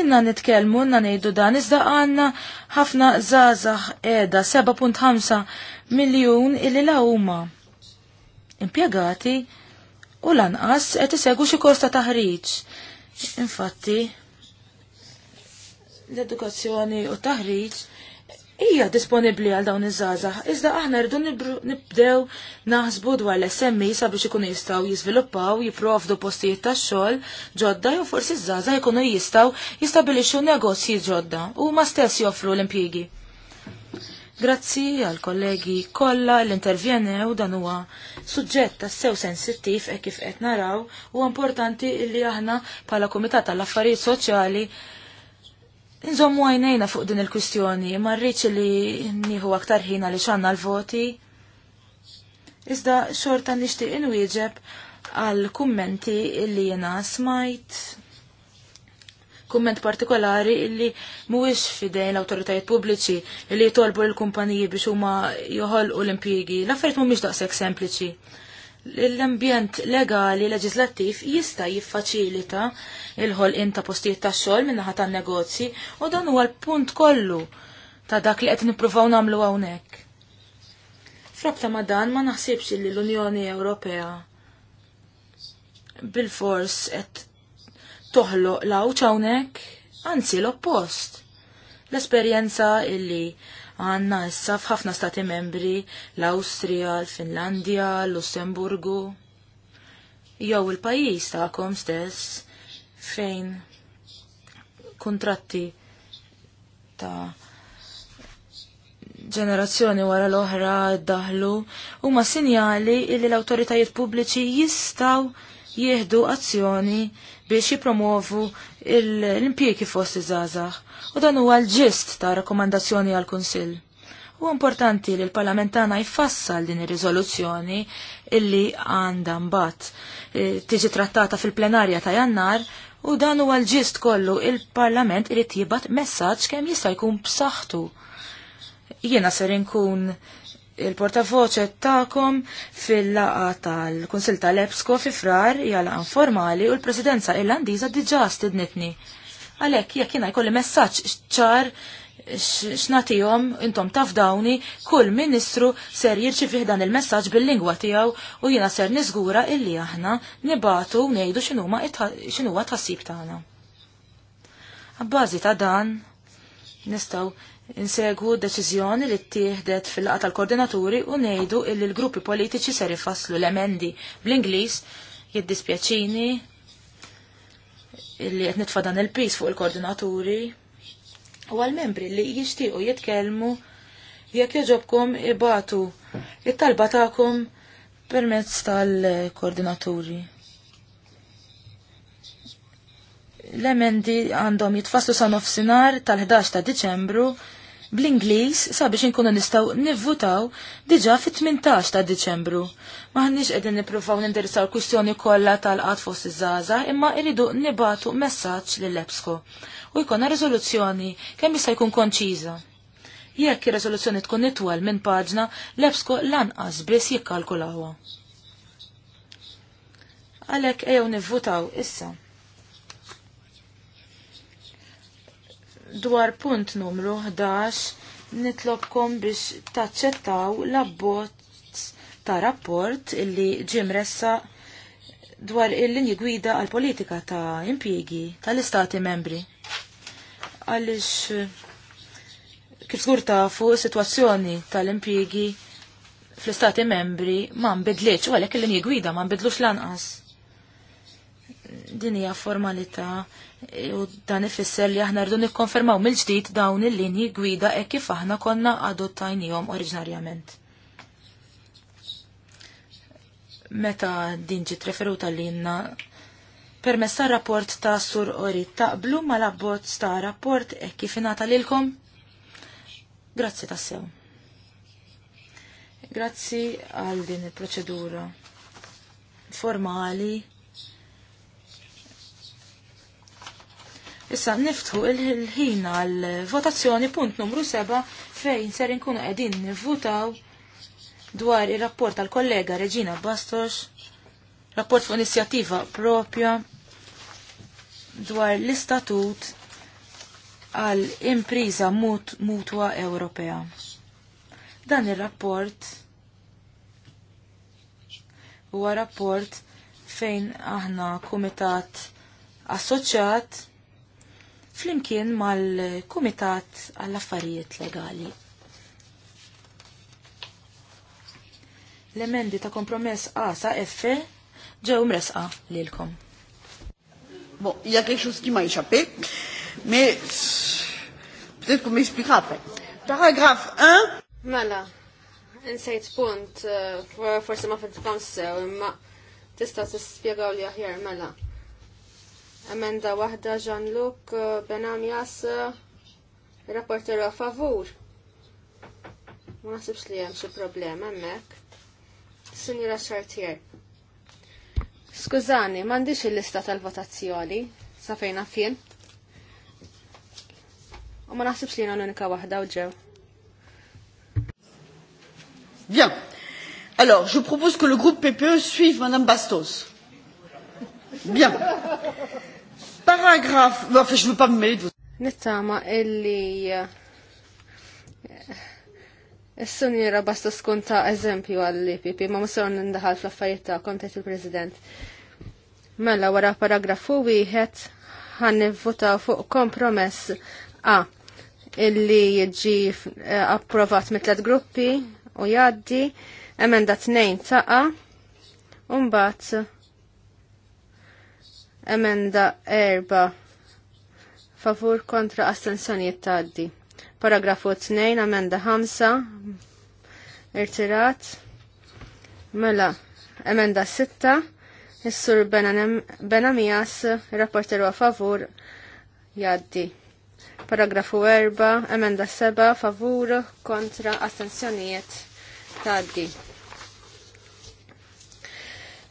Inna nitkellmu, inna nejdu dan, iżda għanna ħafna zazax edha 7.5 miljon illi la huma impiegati u lanqas qed isegwu xi kors ta' taħriġ. Infatti, l-edukazzjoni u taħriġ hija disponibbli għal dawn iż-żgħażagħ, iżda aħna rridu nibdew naħsbu dwar l-SMI sabiex ikunu jistgħu jiżviluppaw, jipprovdu postijiet tax-xogħol ġodda jew forsi ż-żgħażagħ ikunu jistgħu jistabilixxu negozji ġodda u ma stess joffru l-impjiegi. Grazzi għal kollegi kollha l u dan huwa suġġett tassew sensittiv e kif qed naraw u importanti li aħna bħala Kumitat tal-Affarijiet Soċjali nżommu għajnejna fuq din il-kwistjoni, ma rridx li nieħu aktar ħina li għandna l-voti. Iżda xorta nixtieq inwieġeb għal kummenti li jena smajt kumment partikolari illi mhuwiex fidejn l-awtoritajiet pubbliċi illi jitolbu l-kumpaniji biex huma joħolqu l-impjiegi. L-affarijiet mhumiex daqshekk sempliċi. L-ambjent legali leġislattiv jista' jiffaċilita il-ħolqien ta' postijiet tax-xogħol min-naħa tan-negozji u dan huwa l-punt kollu ta' dak li qed nippruvaw nagħmlu hawnhekk. Frabta ma' dan ma naħsibx li l-Unjoni Ewropea bil-fors qed toħloq lawċ hawnhekk, anzi l-oppost. L-esperjenza illi għanna issa f'ħafna stati membri, l-Awstrija, l-Finlandja, l-Lussemburgu, jew il-pajjiż tagħkom stess fejn kontratti ta' ġenerazzjoni wara l-oħra daħlu huma sinjali li l-awtoritajiet pubbliċi jistaw jieħdu azzjoni biex jipromovu l-impjiegi fost iż U dan huwa l-ġist ta' rakkomandazzjoni għal kunsill. U importanti li l-Parlament tagħna jfassal din ir-riżoluzzjoni illi għandha mbagħad eh, tiġi trattata fil-plenarja ta' Jannar u dan huwa l-ġist kollu il-Parlament irid jibgħat messaġġ kemm jista' jkun b'saħħtu. Jiena ser inkun il-portavoċe ta'kom fil-laqa tal konsil tal-Epsko fi frar jala informali u l-Presidenza Irlandiża diġa stidnitni. Għalek, jek jina jkolli messaċ ċar x'natihom intom taf dawni kull ministru ser jirċifih dan il-messaġġ bil-lingwa tiegħu u jiena ser niżgura illi aħna nibatu ngħidu xinuwa x'inhuwa tħassib tagħna. Abbażi ta' dan nistgħu insegħu deċiżjoni li ttieħdet fil-laqa tal-koordinaturi u ngħidu illi l-gruppi politiċi ser ifasslu l-emendi bl-Ingliż jiddispjaċini illi qed nitfa' dan il-pis fuq il-koordinaturi u għal-membri li jixtiequ jitkellmu jekk jogħġobkom ibatu it-talba tagħkom permezz tal-koordinaturi. L-emendi għandhom jitfasslu sa' nofsinar tal-11 ta' Diċembru bl-Ingliż sabiex inkunu nistgħu nivvutaw diġà fit-18 ta' Diċembru. Maħniex qegħdin nippruvaw nindirizzaw l-kwistjoni kollha tal-qatt fost iż-żgħażagħ imma rridu nibatu messaġġ lil EBSCO u jkollna riżoluzzjoni kemm jista' jkun konċiża. Jekk ir-riżoluzzjoni tkun itwal minn paġna, l ebsku lanqas biss jikkalkulawha. Għalhekk ejjew nivvutaw issa. dwar punt numru 11 nitlobkom biex taċċettaw l-abbozz ta' rapport illi ġim ressa dwar il-linji gwida għal politika ta' impjiegi tal-istati membri. Għalix kif zgur ta' fu situazzjoni tal-impjiegi fl-istati membri ma' bidliċ, u għalek il-linji gwida ma' nbidlux lanqas. Dinija formalità u dan ifisser li aħna rridu nikkonfermaw mill-ġdid dawn il-linji gwida e kif aħna konna adottajnijom oriġinarjament. Meta din ġiet referuta l-inna tar rapport ta' sur ori taqblu ma l-abbozz ta' rapport e kif ingħata lilkom? Grazzi ta' sew. Grazzi għal din il-proċedura formali Issa niftħu il-ħin għal votazzjoni punt numru 7 fejn ser inkunu qegħdin nivvutaw dwar ir-rapport tal-kollega Regina Bastos, rapport fuq inizjattiva propja dwar l-istatut għal impriża mut mutwa Ewropea. Dan ir-rapport huwa rapport fejn aħna kumitat assoċjat flimkien mal-Kumitat għall-Affarijiet Legali. L-emendi ta' kompromess A sa' F ġew mresqa lilkom. Bo, jgħak y skima iċapi, me, qui m'a échappé, Paragraf 1. Mela, insejt punt, uh, forse ma fettikom sew, imma tista' tispjegaw li aħjar mela. Emenda waħda Jean-Luc eh, Benamias eh, rapporteru a favur. Ma nasibx li hemm xi problema hemmhekk. Sinjura Chartier. Skużani, m'għandix il-lista tal-votazzjoni sa fejna fien. U ma nasibx li l-unika waħda u ġew. Bien. Alors, je propose que le groupe PPE suive Madame Bastos. Bien. Paragraf, ma fiex ma pammidu. Nittama illi is eh, jira basta skunta ta' eżempju għall pipi, ma musson ndaħal fl-affarijiet ta' kontet il-President. Mela wara paragrafu wieħed ħan votaw fuq kompromess A illi jġi eh, approvat mit tliet gruppi u jgħaddi emenda tnejn ta' A u mbagħad Emenda erba' favur kontra astensjoniet tgħaddi. Paragrafu 2, emenda 5, irtirat. Mela, emenda 6, Is-sur Benamias, rapporteru a favur, jaddi. Paragrafu 4, emenda 7, favur, kontra, astensjoniet taddi.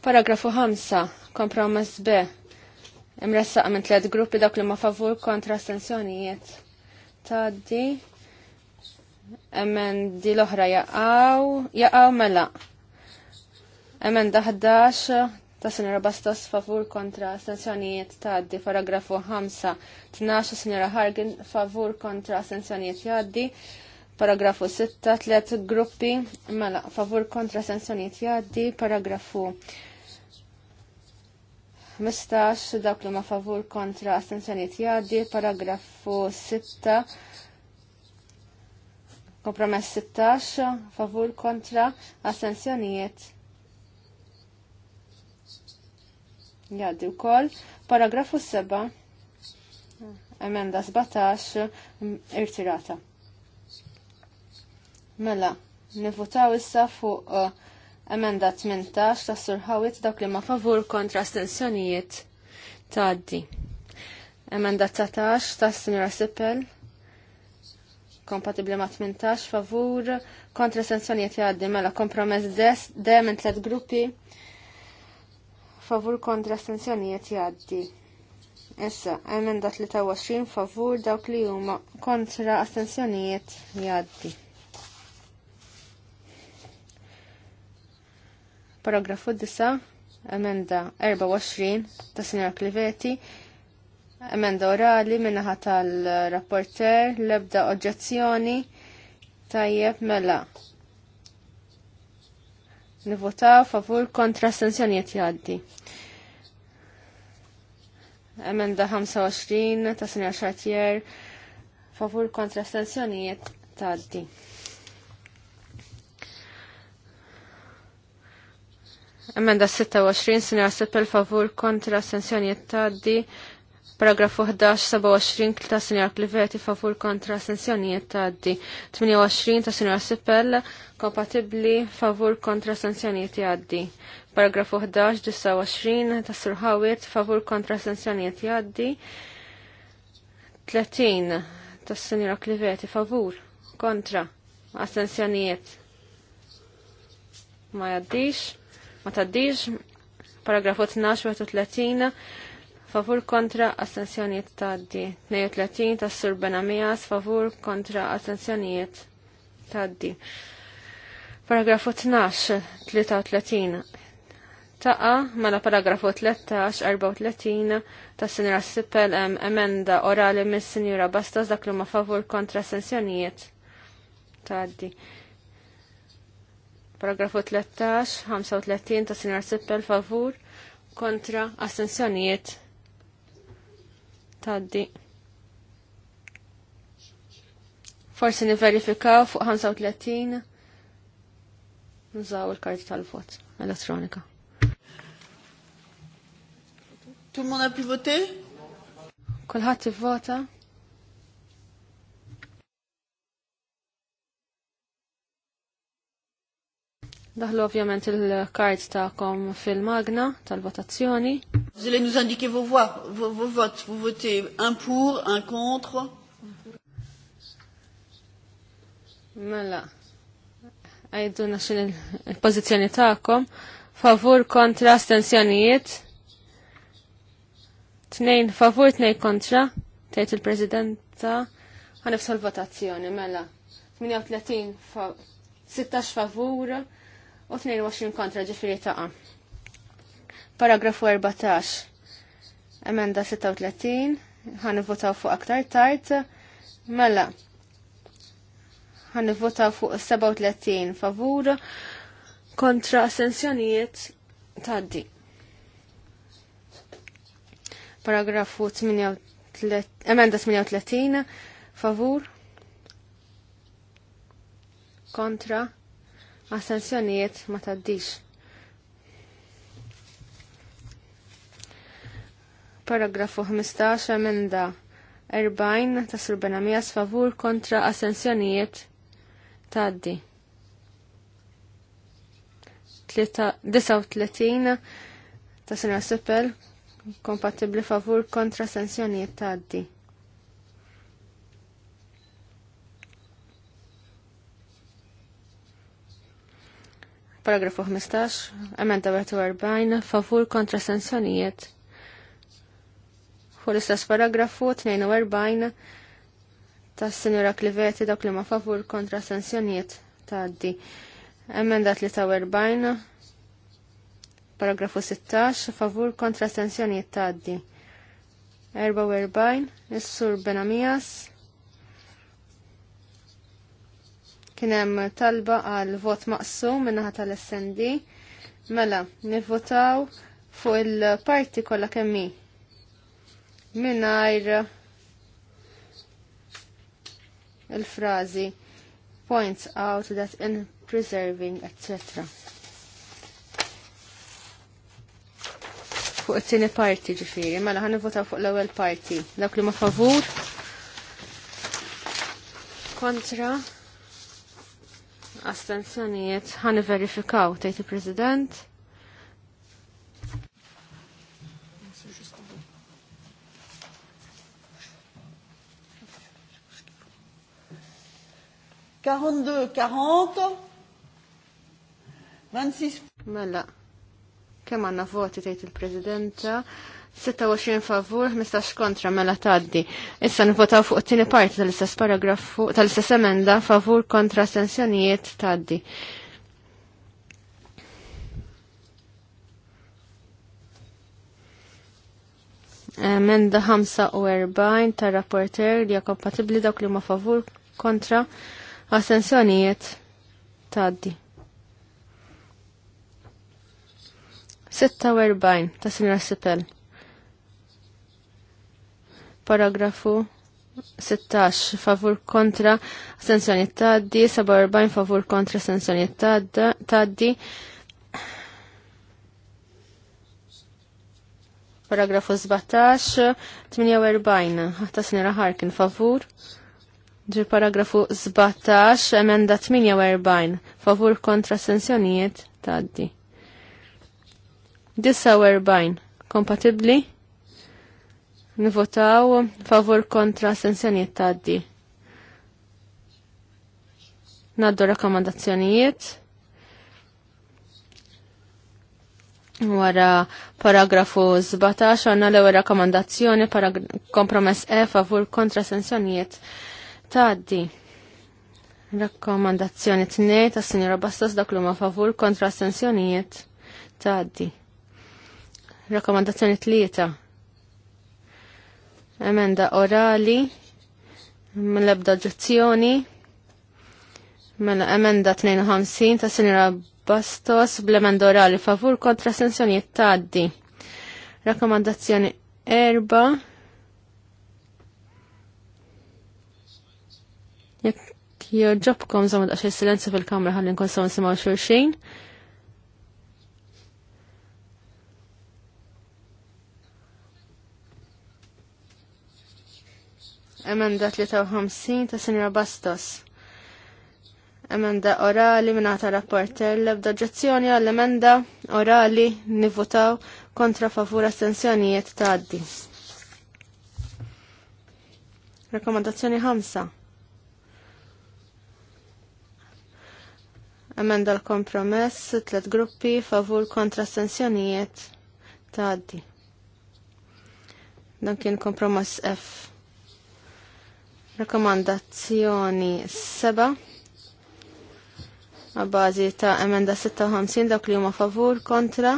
Paragrafu 5, kompromess B, imressaq minn tliet gruppi dak li ma favur kontra astensjonijiet tgħaddi. Emendi l-oħra jaqgħu, jaqgħu mela. Emenda daħdax, ta' sinjora Bastos favur kontra astensjonijiet tgħaddi paragrafu 5 12 sinjora Hargin favur kontra astensjonijiet jgħaddi paragrafu 6 tliet gruppi mela favur kontra sensjonijiet jgħaddi paragrafu 15 dawk li ma favur kontra astenzjoniet jaddi, paragrafu 6 kompromess 16 favur kontra jaddi u wkoll. Paragrafu 7 emenda 17 irtirata. Mela, nivutaw issa fuq uh, Emenda 18 ta' surħawit dawk li ma' favur kontra astensjonijiet taddi. Emenda 19 ta' Sinjora Sippel kompatibli ma' 18 favur kontra astensjonijiet addi, mela kompromess des de minn tliet gruppi favur kontra astensjonijiet addi. Issa, emenda 23 favur dawk li huma kontra astensjonijiet jaddi. Paragrafu 9, emenda 24 ta' Sinjor Kliveti, emenda orali minnaħa tal-rapporter, lebda oġġezzjoni, tajjeb mela. Nivotaw favur kontra astensjonijiet jaddi emenda 25 ta' Sinja Xartier favur kontra stanzjonijiet ta' Emenda 26 sinja il favur kontra sensjonijiet taddi. Paragrafu 11, 27 ta' sinja Kliveti favur kontra sensjonijiet taddi. 28 ta' sinja Sippel kompatibli favur kontra sensjonijiet jittaddi, Paragrafu 11, 29 ta' Surħawit favur kontra sensjonijiet jittaddi, 30 ta' sinja Kliveti favur kontra assenzjonijiet ma jaddix ma taddiġ, paragrafu 12 30 favur kontra astensjonijiet taddi, 32 tas sur Benamias favur kontra astensjonijiet taddi. Paragrafu 12 33 taqa mela paragrafu 13 34 tas sinjora Sipel em emenda orali mis sinjura Bastos dak li ma favur kontra astensjonijiet taddi. Paragrafu 13, 35 ta' Sinjor Sippel favur kontra ta' taddi. Forsi niverifikaw fuq 35 nżaw il-karti tal-vot elettronika. Tout le a pu Kulħadd ivvota? Daħlu ovvjament il-kart ta'kom fil-magna tal-votazzjoni. Zile nuż nous indiquer vos voix, vot, vos votes. un pour, un contre. Mela, għajdu naxin il-pozizjoni ta'kom. Favur kontra stenzjonijiet. Tnejn favur, tnejn kontra. Tejt il-prezidenta. Għanifsa l-votazzjoni, mela. 38 favur. 16 favur, u 22 kontra ġifiri taqa. Paragrafu 14. Emenda 36. Għan votaw fuq aktar tard. Mela. Għan votaw fuq 37 favur kontra assenzjonijiet taddi. Paragrafu 38. Emenda 38. Favur kontra Astenzjonijiet ma taddix. Paragrafu 15 emenda 40 ta' Sur Benamias favur kontra assenzjonijiet taddi. 39 tas Sena Sipel kompatibli favur kontra sanzjonijiet taddi. Paragrafu 15, emenda 44, favur kontra sanzjonijiet. Fu l-istess paragrafu 42 tas sinjura Kliveti dak li ma favur kontra sanzjonijiet tgħaddi. Emenda 43, paragrafu 16, favur kontra sanzjonijiet tgħaddi. 44, is-sur Benamias, Kien hemm talba għal vot maqsum min-naħa tal-SND. Mela, nivvotaw fuq il-parti kollha kemm hi. il-frażi points out that in preserving, etc. Fuq it-tieni parti ġifieri, mela ħan nivotaw fuq l-ewwel parti. Dawk li ma favur kontra astensjonijiet ħani verifikaw tejt il-President. Mela, kemm għandna voti tgħid il-Presidenta 26 favur, 15 kontra mela taddi. Issa nvotaw fuq it-tieni parti tal-istess paragrafu tal-istess emenda favur kontra sensjonijiet taddi. Emenda 45 tar-rapporter li hija kompatibbli dawk li huma favur kontra asensjonijiet taddi. 46 ta' Sinra Sipel. Paragrafu 16 favur kontra astensjoni taddi, 47 favur kontra astensjoni taddi. Paragrafu 17, 48, ħatta snira ħarkin favur. Ġi paragrafu 17, emenda 48, favur kontra astensjonijiet taddi. 49, kompatibli. Nivotaw favur kontra sensjonijiet taddi. Naddu rakkomandazzjonijiet. Wara paragrafu 17 għanna l ewwel rakkomandazzjoni kompromess E favur kontra sensjonijiet taddi. Rakkomandazzjoni 2 ta' Sinjora Bastas dak l-huma favur kontra sensjonijiet taddi. Rakkomandazzjoni t-lieta emenda orali, mill-ebda ġuzzjoni, mela emenda 52 ta' sinira Bastos bl-emenda orali favur kontra sensjonijiet taddi. Rakkomandazzjoni erba. Jekk joġobkom zamad għaxe silenzi fil-kamra għallin kon sawn simaw xurxin. Emenda 53 ta' Sinra Bastos. Emenda orali minnata rapporter l-ebda ġezzjoni għall-emenda orali nivutaw kontra favur astensjonijiet ta' addi. Rekomendazzjoni 5. Emenda l-kompromess, tlet gruppi, favur kontra astensjonijiet ta' addi. Dan kien kompromess F. Rekomandazzjoni 7 ma' bazi ta' emenda 56 dak li huma favur kontra.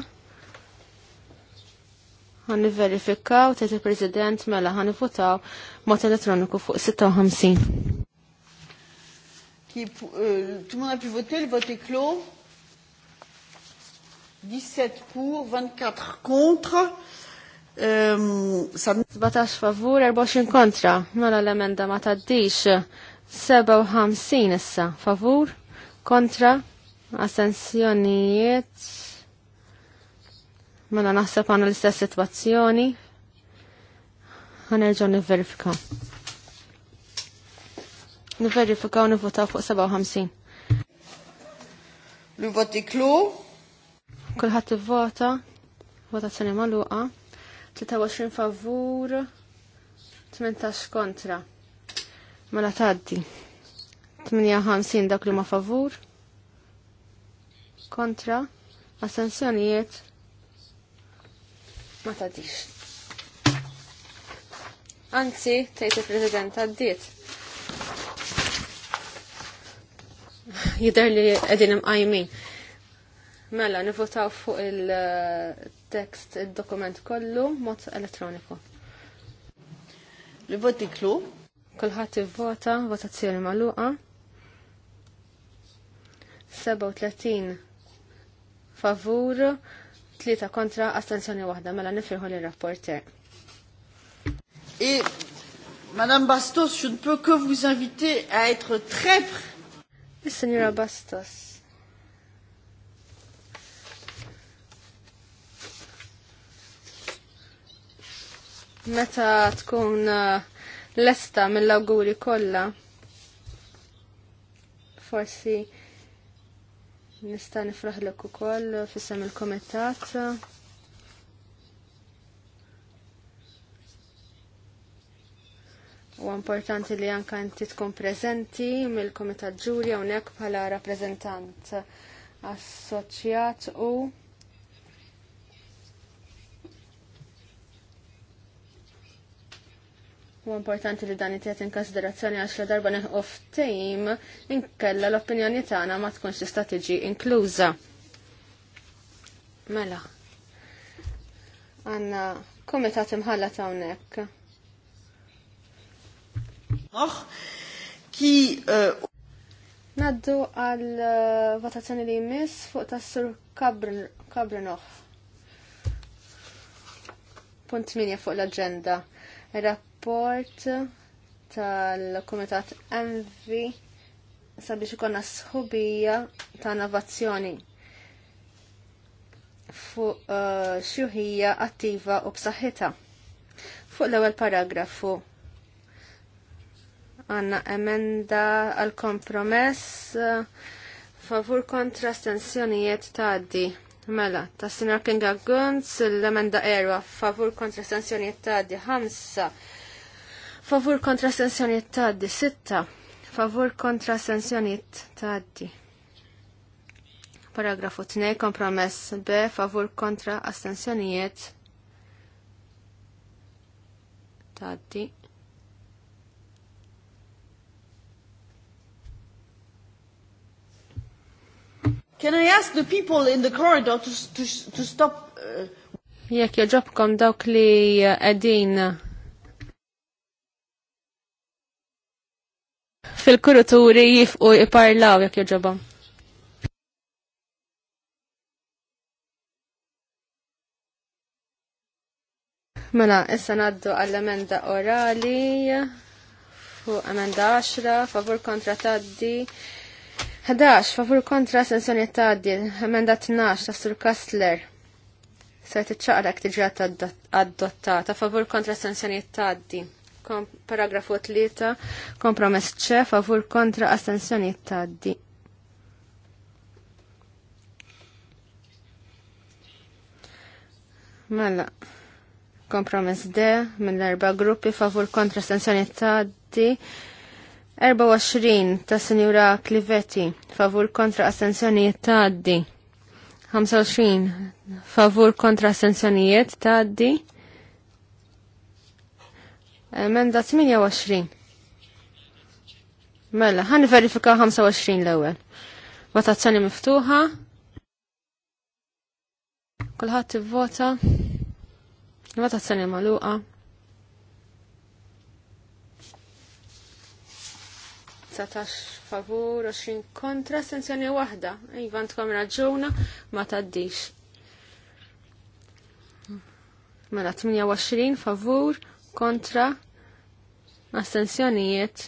Għan verifikaw tejt il-President mela ħani votaw mod elettroniku fuq 56. Qui, euh, tout le monde a pu voter, le vote est clos. 17 pour, 24 contre. 17 ehm, favur, 24 kontra. Mela l-emenda ma taddix. 57 issa favur, kontra, assenzjonijiet. Mela naħseb għanna l-istess situazzjoni. Għanerġu niverifika. Niverifika u nivvotaw fuq 57. Nivvoti klu? Kulħat vota votazzjoni maluqa. 23 favur, 18 kontra. Mela taddi. 58 dak li ma favur. Kontra. Assenzjonijiet. Ma taddix. Anzi, tejt il-President għaddiet. Jider li għedin imqajmin. Mela, nivotaw fuq il- il-tekst, il-dokument kollu, mod elettroniku. Il-voti klu. Kolħat vota votazzjoni maluqa. 37 favur, 3 kontra, astenzjoni wahda, mela nifirħu li rapporter Et Madame Bastos, je ne peux que vous inviter à être très... Signora Bastos. meta tkun uh, lesta mill-awguri kollha. Forsi nista' nifraħlek ukoll fissem il-komitat. U importanti li anka inti tkun preżenti mill-Komitat Ġuri hawnhekk bħala rappreżentant uh, assoċjat u U importanti li dan it-tiet konsiderazzjoni għax li darba neħqof tejm inkella l-opinjoni tagħna ma tkunx tista' tiġi inkluża. Mela. Għanna komitat imħalla hawnhekk. Oh, ki uh... Naddu għal eh, votazzjoni li jmiss fuq tas-sur Kabrinoff. Punt minja fuq l-agenda support tal-Kumitat Envi sabiex ikonna sħubija ta' innovazzjoni fuq uh, xuħija attiva u b'saħħitha. Fuq l-ewwel paragrafu għandna emenda għal kompromess uh, favur kontra stensjonijiet tgħaddi. Mela, ta' Sinar Kinga Gunz, l-emenda erwa favur kontra stensjonijiet tgħaddi ħamsa favur kontra sensjoniet taddi, sitta, favur kontra sensjoniet taddi. Paragrafu 2, kompromess B, favur kontra astensjonijiet taddi. Can I ask the people in the corridor to, to, to stop? Uh... Jek joġobkom dawk li uh, għedin fil-kuruturi jifqu iparlaw jekk joġoba. Mela, issa naddu għall-emenda orali fuq emenda 10, favur kontra taddi. 11, favur kontra sensjoni taddi, emenda 12 ta' Sur Kastler. Se tiċċaqlek tiġi adottata, favur kontra sensjoni taddi. Kom paragrafu 3, kompromess ċe, favur kontra astensjoni taddi. Mela, kompromess D, mill-erba gruppi, favur kontra astensjoni taddi. 24 ta' Sinjura Clivetti, favur kontra astensjonijiet taddi. 25 favur kontra astensjonijiet taddi. Emenda 28. Mela, ħan verifika 25 l-ewel. Votazzjoni miftuħa. Kulħadd ivvota. Votazzjoni maluqa. Satax favur, 20 kontra, sensjoni waħda. Ivan tkom raġuna, ma taddix. Mela 28 favur, kontra astensjonijiet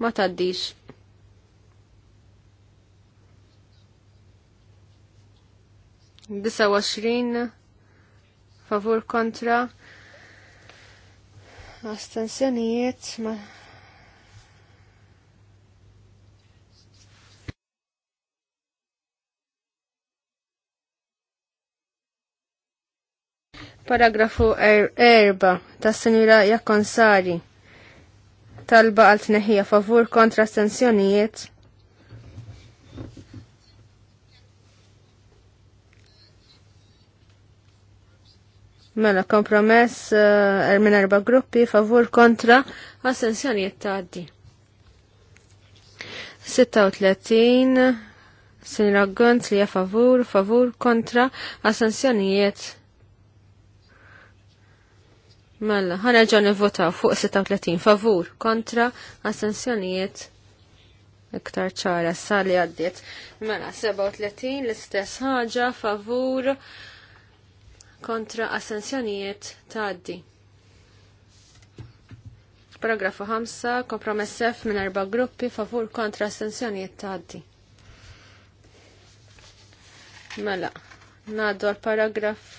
ma taddix. Disa favur kontra astensjonijiet ma Paragrafu 4 er-, ta' Senjura Jakonsari talba għal tneħija favur kontra stensjonijiet. Mela kompromess uh, minn erba gruppi favur kontra assenzjonijiet ta' għaddi. 36 sinra għont li favur, favur kontra assenzjonijiet Mella, ħana ġan votaw fuq 36 favur kontra assenzjonijiet? iktar ċara sali għaddiet. Mela, 37 l-istess ħaġa favur kontra assenzjonijiet taddi. Paragrafu 5, kompromess F minn erba' gruppi favur kontra astensjonijiet taddi. Mela, nadu għal paragraf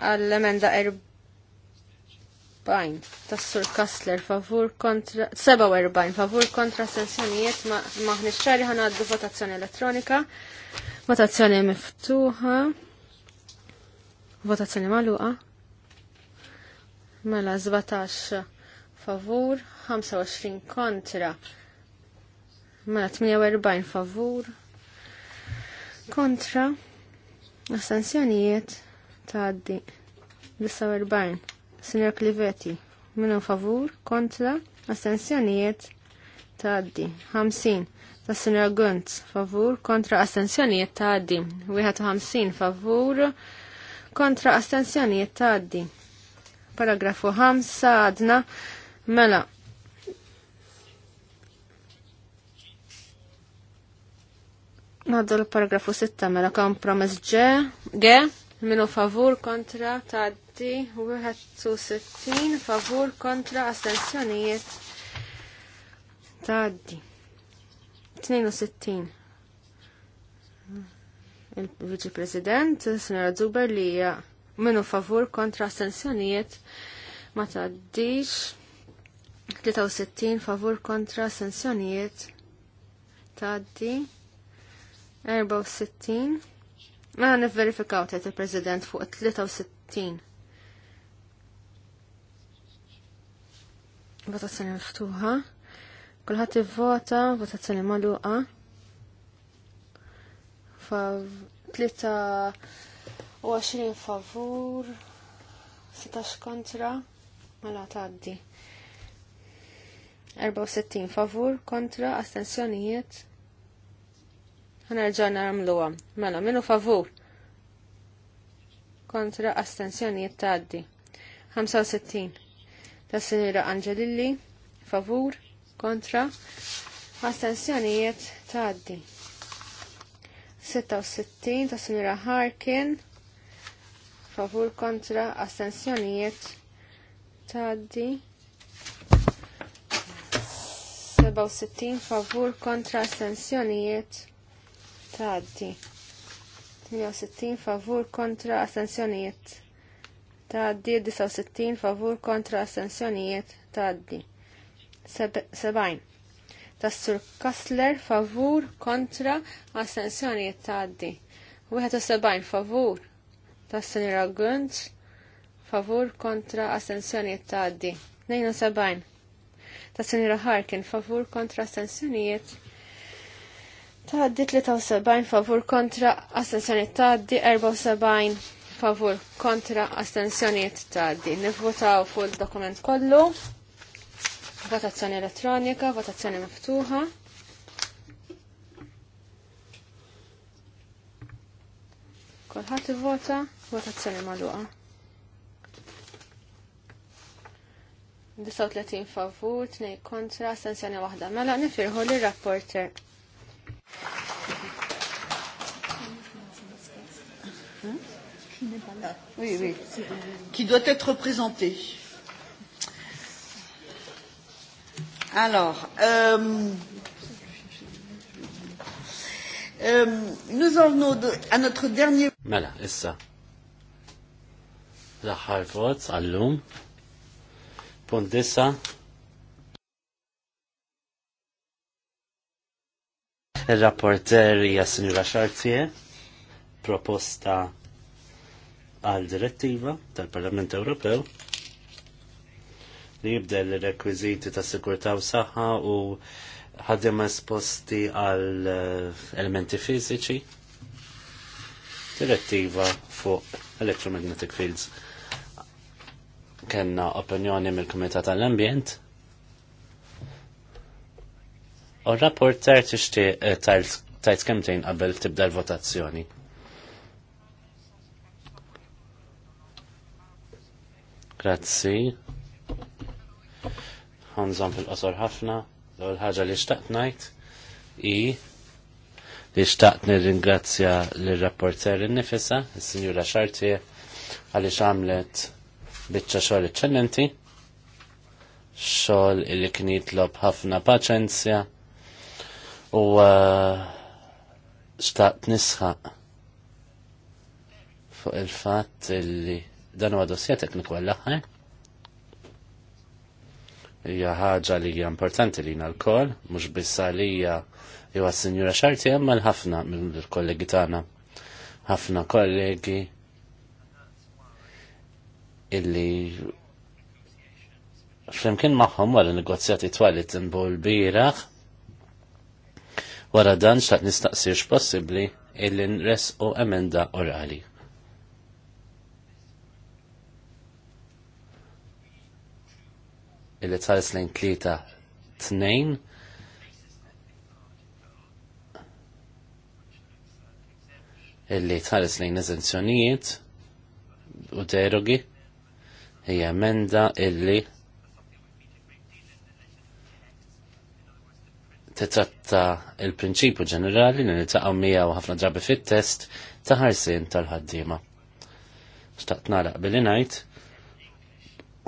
għall-emenda erbajn tas sur Kassler favur kontra 47 favur kontra sensjonijiet maħni ċari ħana għaddu votazzjoni elettronika votazzjoni miftuħa votazzjoni maluqa mela 17 favur 25 kontra mela 48 favur kontra astensjonijiet tgħaddi 49 Sinjor Clivetti minu favur kontra astensjonijiet taddi. 50 ta' Sinjor Guntz favur kontra astensjonijiet tgħaddi 51 favur kontra astensjonijiet taddi. paragrafu 5 għadna mela Naddu l-paragrafu 6 mela kompromess G, G, minu favur kontra taddi 61 favur kontra astensjonijiet taddi 62 il-Viċi President, Sinjora Zuber li minu favur kontra astensjonijiet ma taddix 63 favur kontra astensjonijiet taddi 64 Ma nifverifikaw tajt il-President fuq 63. Votazzjoni miftuħa. Kulħadd ivvota, votazzjoni magħluqa. Fa 23 favur, 16 kontra, mela addi. 64 favur kontra astensjonijiet Nerġa' nagħmluha. Mela minu favur. Kontra astensjonijiet tgħaddi. 65. Ta' Sinira Angelilli. Favur. Kontra. Astensjonijiet tgħaddi. 66 ta' Sinira Harkin. Favur kontra astensjonijiet tgħaddi. 67 favur kontra astensjonijiet tgħaddi. 68 favur kontra astensjonijiet tgħaddi, 69 favur kontra astensjonijiet tgħaddi. 70 Tassur Kassler favur kontra astensjonijiet tgħaddi. 71 favur tas-Sinjora favur kontra astensjonijiet tgħaddi. 72 tas-Sinjora Harkin favur kontra astensjonijiet Taddi 73 favur kontra astensjoniet taddi 74 favur kontra astensjoniet taddi. Nivvotaw fuq il-dokument kollu. Votazzjoni elettronika, votazzjoni miftuħa. Kolħat vota votazzjoni maluqa. 39 favur, 2 kontra, astensjoni waħda. Mela nifirħu l-rapporter. Ah, oui, oui, qui doit être présenté. Alors, euh, euh, nous en venons à notre dernier. Voilà, c'est ça. Mela, aħħar vot allum. Punt disa. Il-rapporter hija Sinjura Xartier, proposta għal direttiva tal-Parlament Ewropew li jibdel il-rekwiziti ta' sikurta u saħħa u ħaddim esposti għal eh, elementi fiziċi. Direttiva fuq electromagnetic fields. Kenna opinjoni mill-Kumitat tal-Ambjent U rapporter tixti eh, tajt kemtejn qabel tibda l-votazzjoni. Grazzi. Għanżom fil-qosor ħafna. l ħagġa li xtaqt najt i li xtaqt nir-ringrazzja l-rapporter n-nifisa, il-Sinjura Xartie, għalix għamlet bitċa xogħol eċċellenti, xogħol li knitlob ħafna paċenzja u uh, xtaqt nisħaq fuq il-fatt li dan huwa dossier tekniku għall-aħħar. Hija ħaġa li hija importanti li l-koll, mhux biss għalija jew għas-Sinjura Xarti imma l-ħafna il kollegi tagħna. Ħafna kollegi illi flimkien magħhom wara negozjati twalit imbol bieraħ Wara dan xtaqt nistaqsirx possibbli illi inres u emenda orali. Illi tħares lejn tlieta tnejn illi tħares lejn eżenzjonijiet u derogi hija emenda illi titratta il-prinċipju ġenerali li nitaqgħu miegħu ħafna drabi fit-test ta' ħarsien tal-ħaddiema. Xtaqt naraq billi ngħid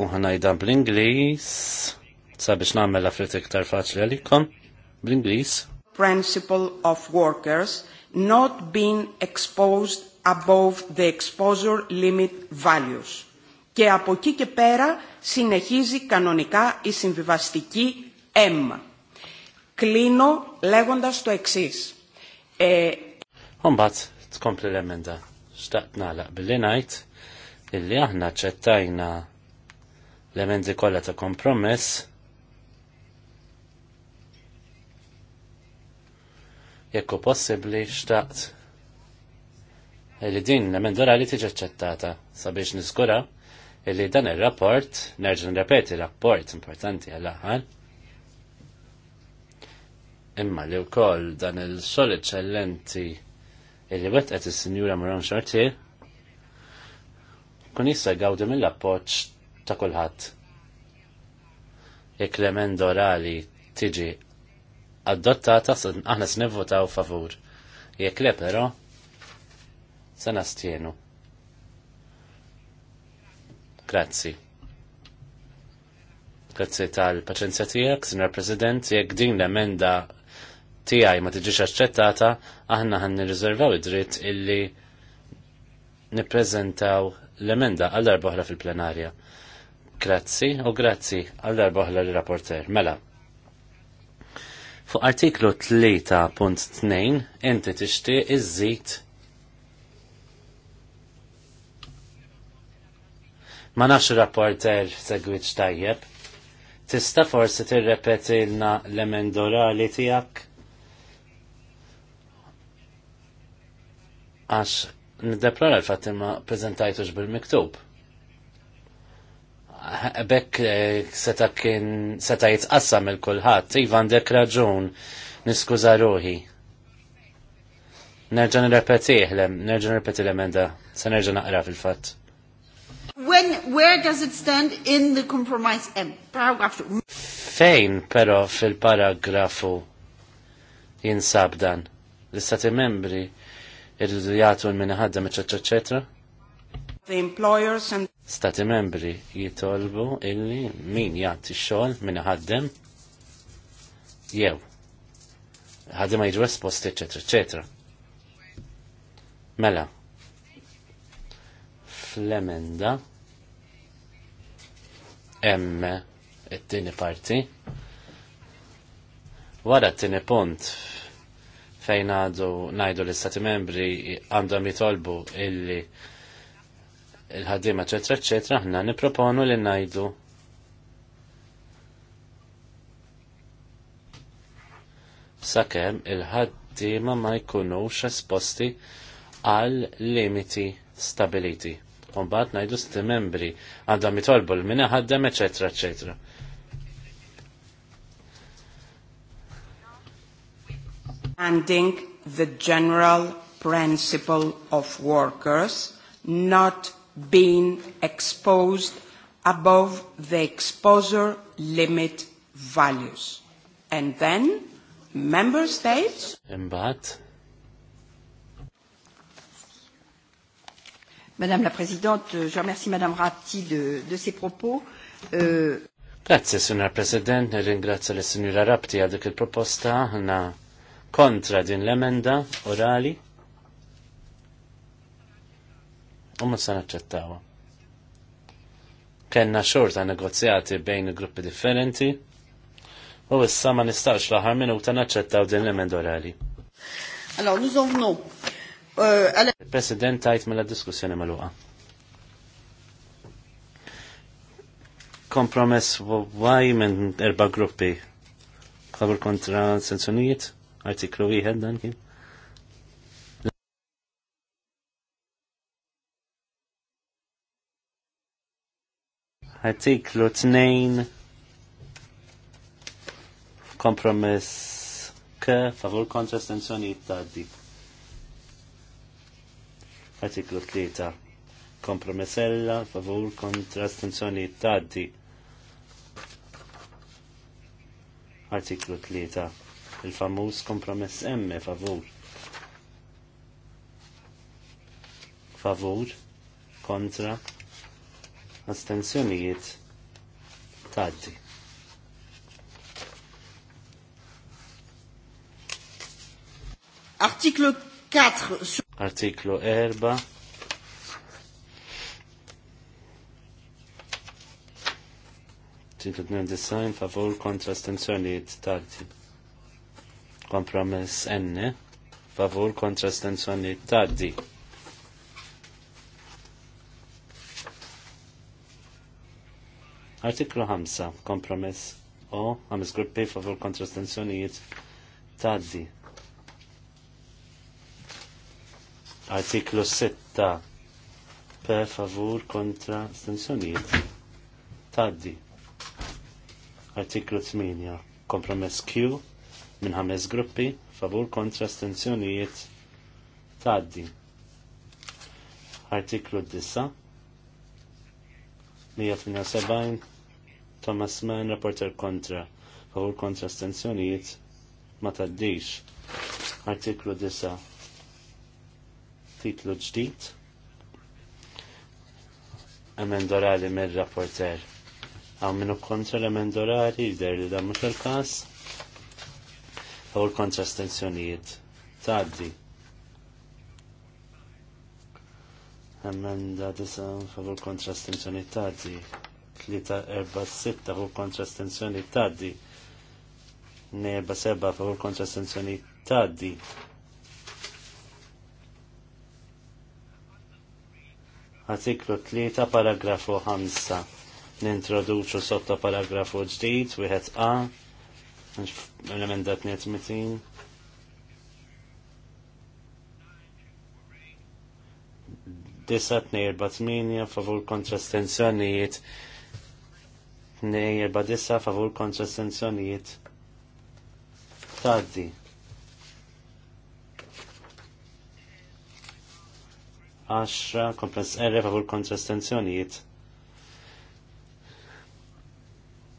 u ħanajda bl-Ingliż sabiex nagħmel afrit iktar faċli għalikom bl-Ingliż. Principle of workers not being exposed above the exposure limit values. Και από εκεί και πέρα συνεχίζει κανονικά η συμβιβαστική έμμα. Klino legonda sto exis. E... Ομbat, tkompli l-emenda. Xtaqt naħlaq billi najt illi aħna ċettajna l-emendi kollha ta' kompromess jekk possibbli xtaqt li din l-emenda li tiġi ċettata sabiex niskura illi dan ir-rapport nerġa' nirrepeti rapport importanti għall-aħħar imma li wkoll dan il-xogħol li illi wettqet is-Sinjura Moran Xorti kun jissa jgawdi mill-appoġġ ta' kulħadd. Jekk l-emenda orali tiġi adottata aħna s-nivvotaw favur. Jekk le però se nastienu. Grazzi. Grazzi tal-paċenzja tiegħek, Sinjor President, jekk din l-emenda tiegħi ma tiġix aċċettata, aħna ħan nirriżervaw id-dritt illi nippreżentaw l-emenda għall boħra fil-plenarja. Grazzi u grazzi għall boħra l-rapporter. Mela. Fuq artiklu 3.2 inti tixtieq iżżid Ma nafx rapporter segwit tajjeb. Tista forsi tirrepeti l-na l-emendorali tijak? għax niddeplora l-fatt ma prezentajtux bil-miktub. Bekk eh, seta kien seta jitqassam il-kulħadd, iva għandek raġun, niskuża ruħi. Nerġa' nirrepetih, nerġa' nirrepeti l-emenda, se nerġa' naqra fil-fatt. When, where does it stand in the compromise M? 2. Fejn però fil-paragrafu jinsab dan? L-istati membri irridu jagħtu l-minħaddem, eċetera, eċetera. The employers and Stati membri jitolbu illi min jagħti x-xogħol min ħaddem jew ħaddem ma jiġu resposti eċetera eċetera. Mela, fl-emenda hemm it-tieni parti wara t-tieni punt fejn għadu najdu l-istati membri għandhom jitolbu illi il-ħaddima eccetera, eccetera, ħna niproponu li najdu sakem il-ħaddima ma jkunux esposti għal limiti stabiliti. Umbat najdu sti membri għandhom jitolbu l-mina ħaddem eccetera, eccetera. Ending the general principle of workers not being exposed above the exposure limit values. And then, member states... Imbat. Madame la Présidente, euh, je remercie Madame Ratti de, de ses propos. Euh... Grazie, Signor President, ringrazio la Signora Rapti għal dik il-proposta, na kontra din l-emenda orali u ma san aċċettawa. Kenna xorta negozjati bejn gruppi differenti u issa ma nistax laħar minuta naċċettaw din l-emenda orali. Allora, euh, nużovnu. Il-President tajt mela diskussjoni maluqa. Kompromess waj minn erba gruppi. Kabur kontra sensunijiet? Artiklu wieħed dan kien. Artiklu 2 kompromess k favur kontra estensjoni taddi. Artiklu 3 kompromessella favur kontra estensjoni taddi. Artiklu 3 il-famuż kompromess M favur. Favur kontra astensjonijiet tgħaddi. Artiklu 4 Artiklu 4 Artiklu 9 favur kontra astensjonijiet tgħaddi. Kompromess N. Favur kontra stenzjoni taddi. Artiklu 5. Kompromess O. Għamiz gruppi favur kontra stenzjonijiet taddi. Artiklu 6. Per favur kontra stenzjonijiet taddi. Artiklu 8. Kompromess Q minn ħames gruppi favur kontra astenzjonijiet taddi. Artiklu 9 178 Thomas Mann rapporter kontra favur kontra stenzjonijiet ma taddix. Artiklu 9 titlu ġdid emendorali mir-rapporter. Għaw minu kontra l-emendorali, jider li da mux il-kas, favur l astensjonijiet taddi. Emenda disa favur l astensjonijiet taddi. Tlita erba sitta u l astensjonijiet taddi. Ne erba seba favur kontra astensjonijiet taddi. artiklu 3 paragrafu 5 nintroduċu sotto paragrafu ġdid wieħed A l-emendat net mitin. Disa tnej erba tminja favur kontra stenzjonijiet. Tnej disa favur kontra stenzjonijiet. Taddi. Ashra kompress R favur kontra stenzjonijiet.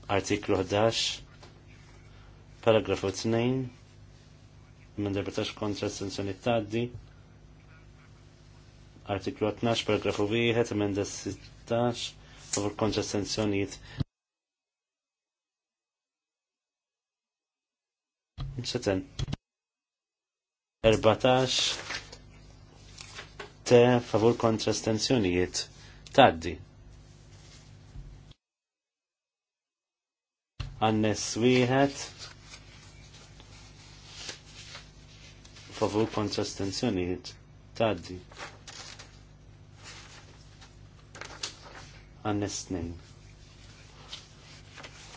Artiklu 11 Paragrafu 2. Minn darbetax kontra estensjoni taddi. Artiklu 12, paragrafu 1, emenda 16, favur kontra estensjoniet. Mċeten. 14. Te favur kontra estensjonijiet. Taddi. Annes wieħed favur kontra astenzjonijiet taddi. Għannes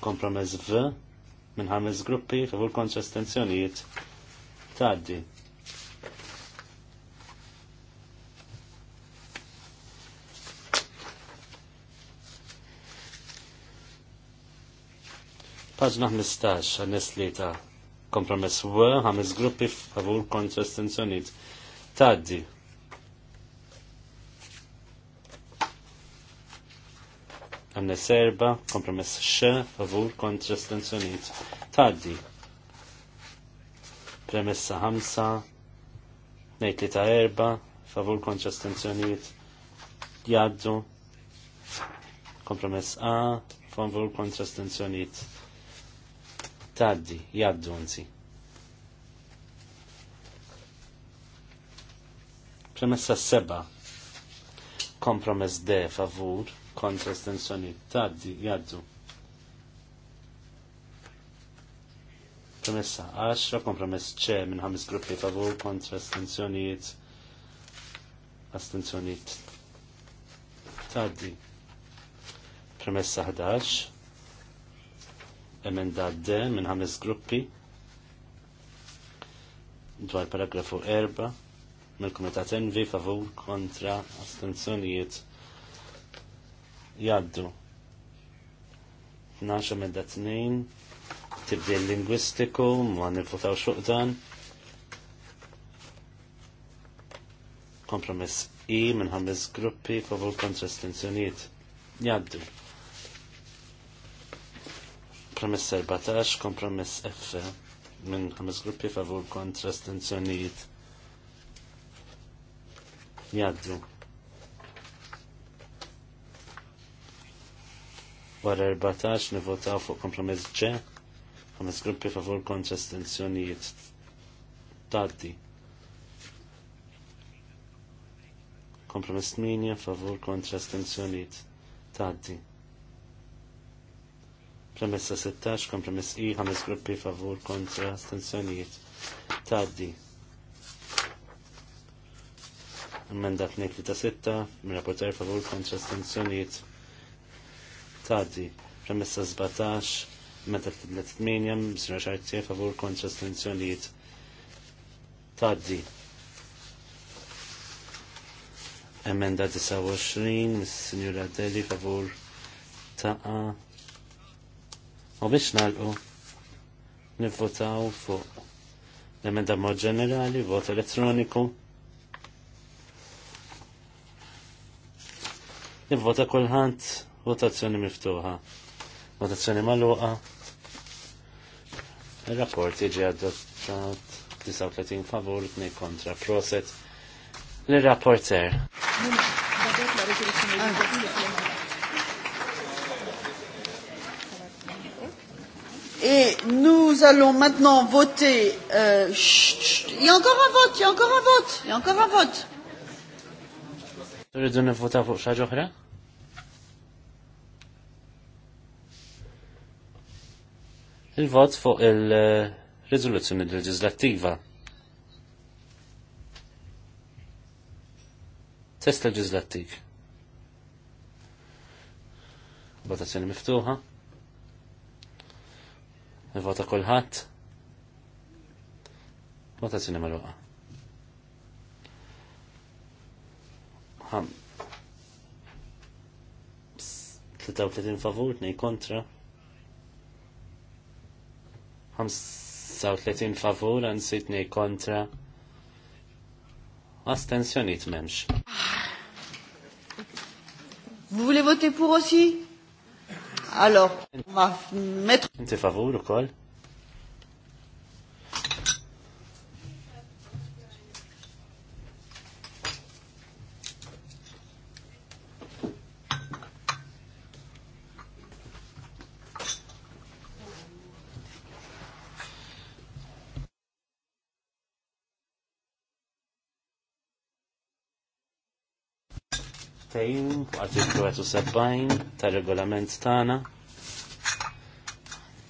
Kompromess V minn ħames gruppi favur kontra astenzjonijiet taddi. Paġna 15 għannes li ta' Kompromess W, għamiz gruppi favur kontra astenzjoniet. Taddi. Għamne serba, kompromess xe, favur kontra astenzjoniet. Taddi. Premessa ħamsa, nejt li ta' erba, favur kontra astenzjoniet. Jaddu. Kompromess A, favur kontra astenzjoniet taddi, jgħaddu nsi. Premessa seba, kompromess de favur, kontra estensjoni taddi, jaddu. Premessa 10, kompromess ċe minn ħames gruppi favur, kontra estensjonijiet, astensjonijiet taddi. Premessa 11, emenda D minn ħames gruppi dwar paragrafu 4 mill-Kumitat Envi favur kontra astenzjonijiet jaddu. 12 emenda 2 tibdil lingwistiku ma nifutaw xuqdan. Kompromess I minn ħames gruppi favur kontra astenzjonijiet jaddu. Promess 14, kompromess F minn ħames gruppi favur kontra stenzjonijiet. Jaddu. Wara 14 nivotaw fuq kompromiss G, ħames gruppi favur kontra stenzjonijiet. Taddi. Kompromiss 8 favur kontra stenzjonijiet. Taddi. Premessa 16, kompromess I, ħames gruppi favur kontra astensjonijiet. Taddi. Emenda mi rapporter favur kontra astensjonijiet. Taddi. Premessa 17, emenda 308, sra xartie favur kontra astensjonijiet. Taddi. Emenda 29, mi signora Deli favur ta' U biex nalqu nivvotaw fuq l-emenda mod ġenerali, vot elettroniku. Nivvota kulħadd votazzjoni miftuħa. Votazzjoni magħluqa. Il-rapport iġi adottat 39 favur, 2 kontra. Proset l-rapporter. Ah. Et nous allons maintenant voter. Euh, chut, chut, il y a encore un vote, il y a encore un vote, il y a encore un vote. Je donne un vote à vous, oħra? Il-vot fuq il-rizoluzzjoni leġislattiva. Test leġislattiv. Votazzjoni miftuħa. Il-vota kolħat. vota sinema l maluqa. Ham. 33 favur, nej kontra. 35 favur, ansi nej kontra. Astensjoniet memx. Vous voulez voter pour aussi Allo, ma mettre... Inti favur u koll? ftejn e artiklu 70 tar regolament tagħna.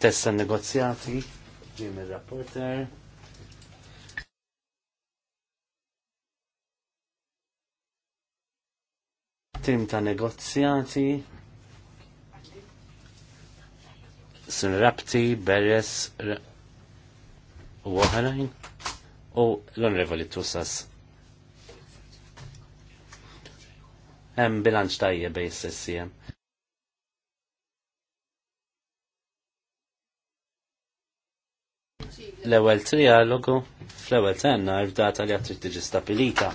Testa negozjati ġim rapporter Tim ta' negozjati. Sin Rapti, Beres u u l-Onorevoli Tussas hemm bilanċ tajjeb bej s-sissijem. L-ewwel trialogu fl-ewwel tenna irdata li għatrid tiġi stabilita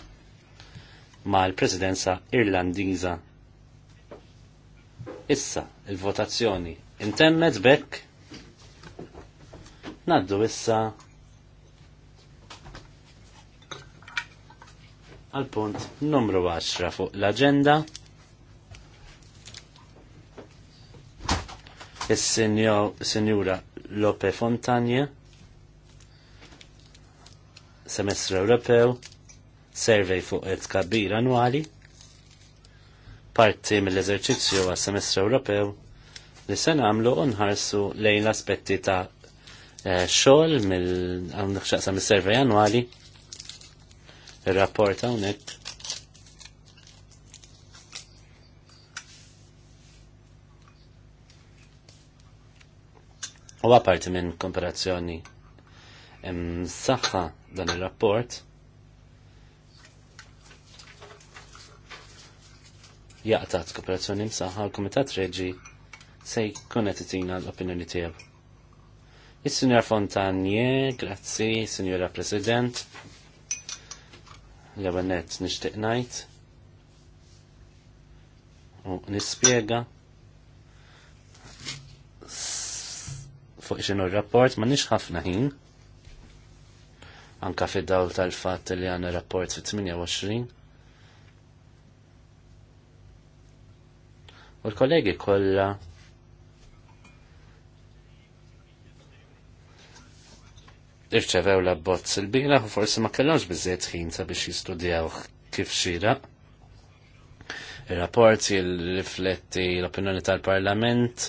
mal-Presidenza Irlandiża. Issa il-votazzjoni intemmet bekk Naddu issa għal punt numru 10 fuq l-agenda. Is-Sinjura Lope Fontanje, Semestru Ewropew, Survey fuq et kabir annwali, parti mill-eżerċizzju għas semestru Ewropew li se nagħmlu nħarsu lejn l-aspetti ta' eh, xogħol mill-għandek xaqsa mis-servej annwali Il-rapport hawnhekk U għaparti minn komparazzjoni saħħa dan il-rapport jaqtat kooperazzjoni msaħħa l Komitat Reġi se jkun qed itina l-opinjoni tijab. il sinjor Fontanje, grazzi, Sinjora President, l-għabanet nishtiq najt u nispiega fuq xinu rapport ma nix ħafna ħin anka fi dawl tal-fat li għanna rapport fi 28 u l-kollegi kolla irċevew l bozz il-bira u forsi ma kellhomx biżejt ħin sabiex jistudjaw kif xira. Ir-rapport jirrifletti l-opinjoni tal-Parlament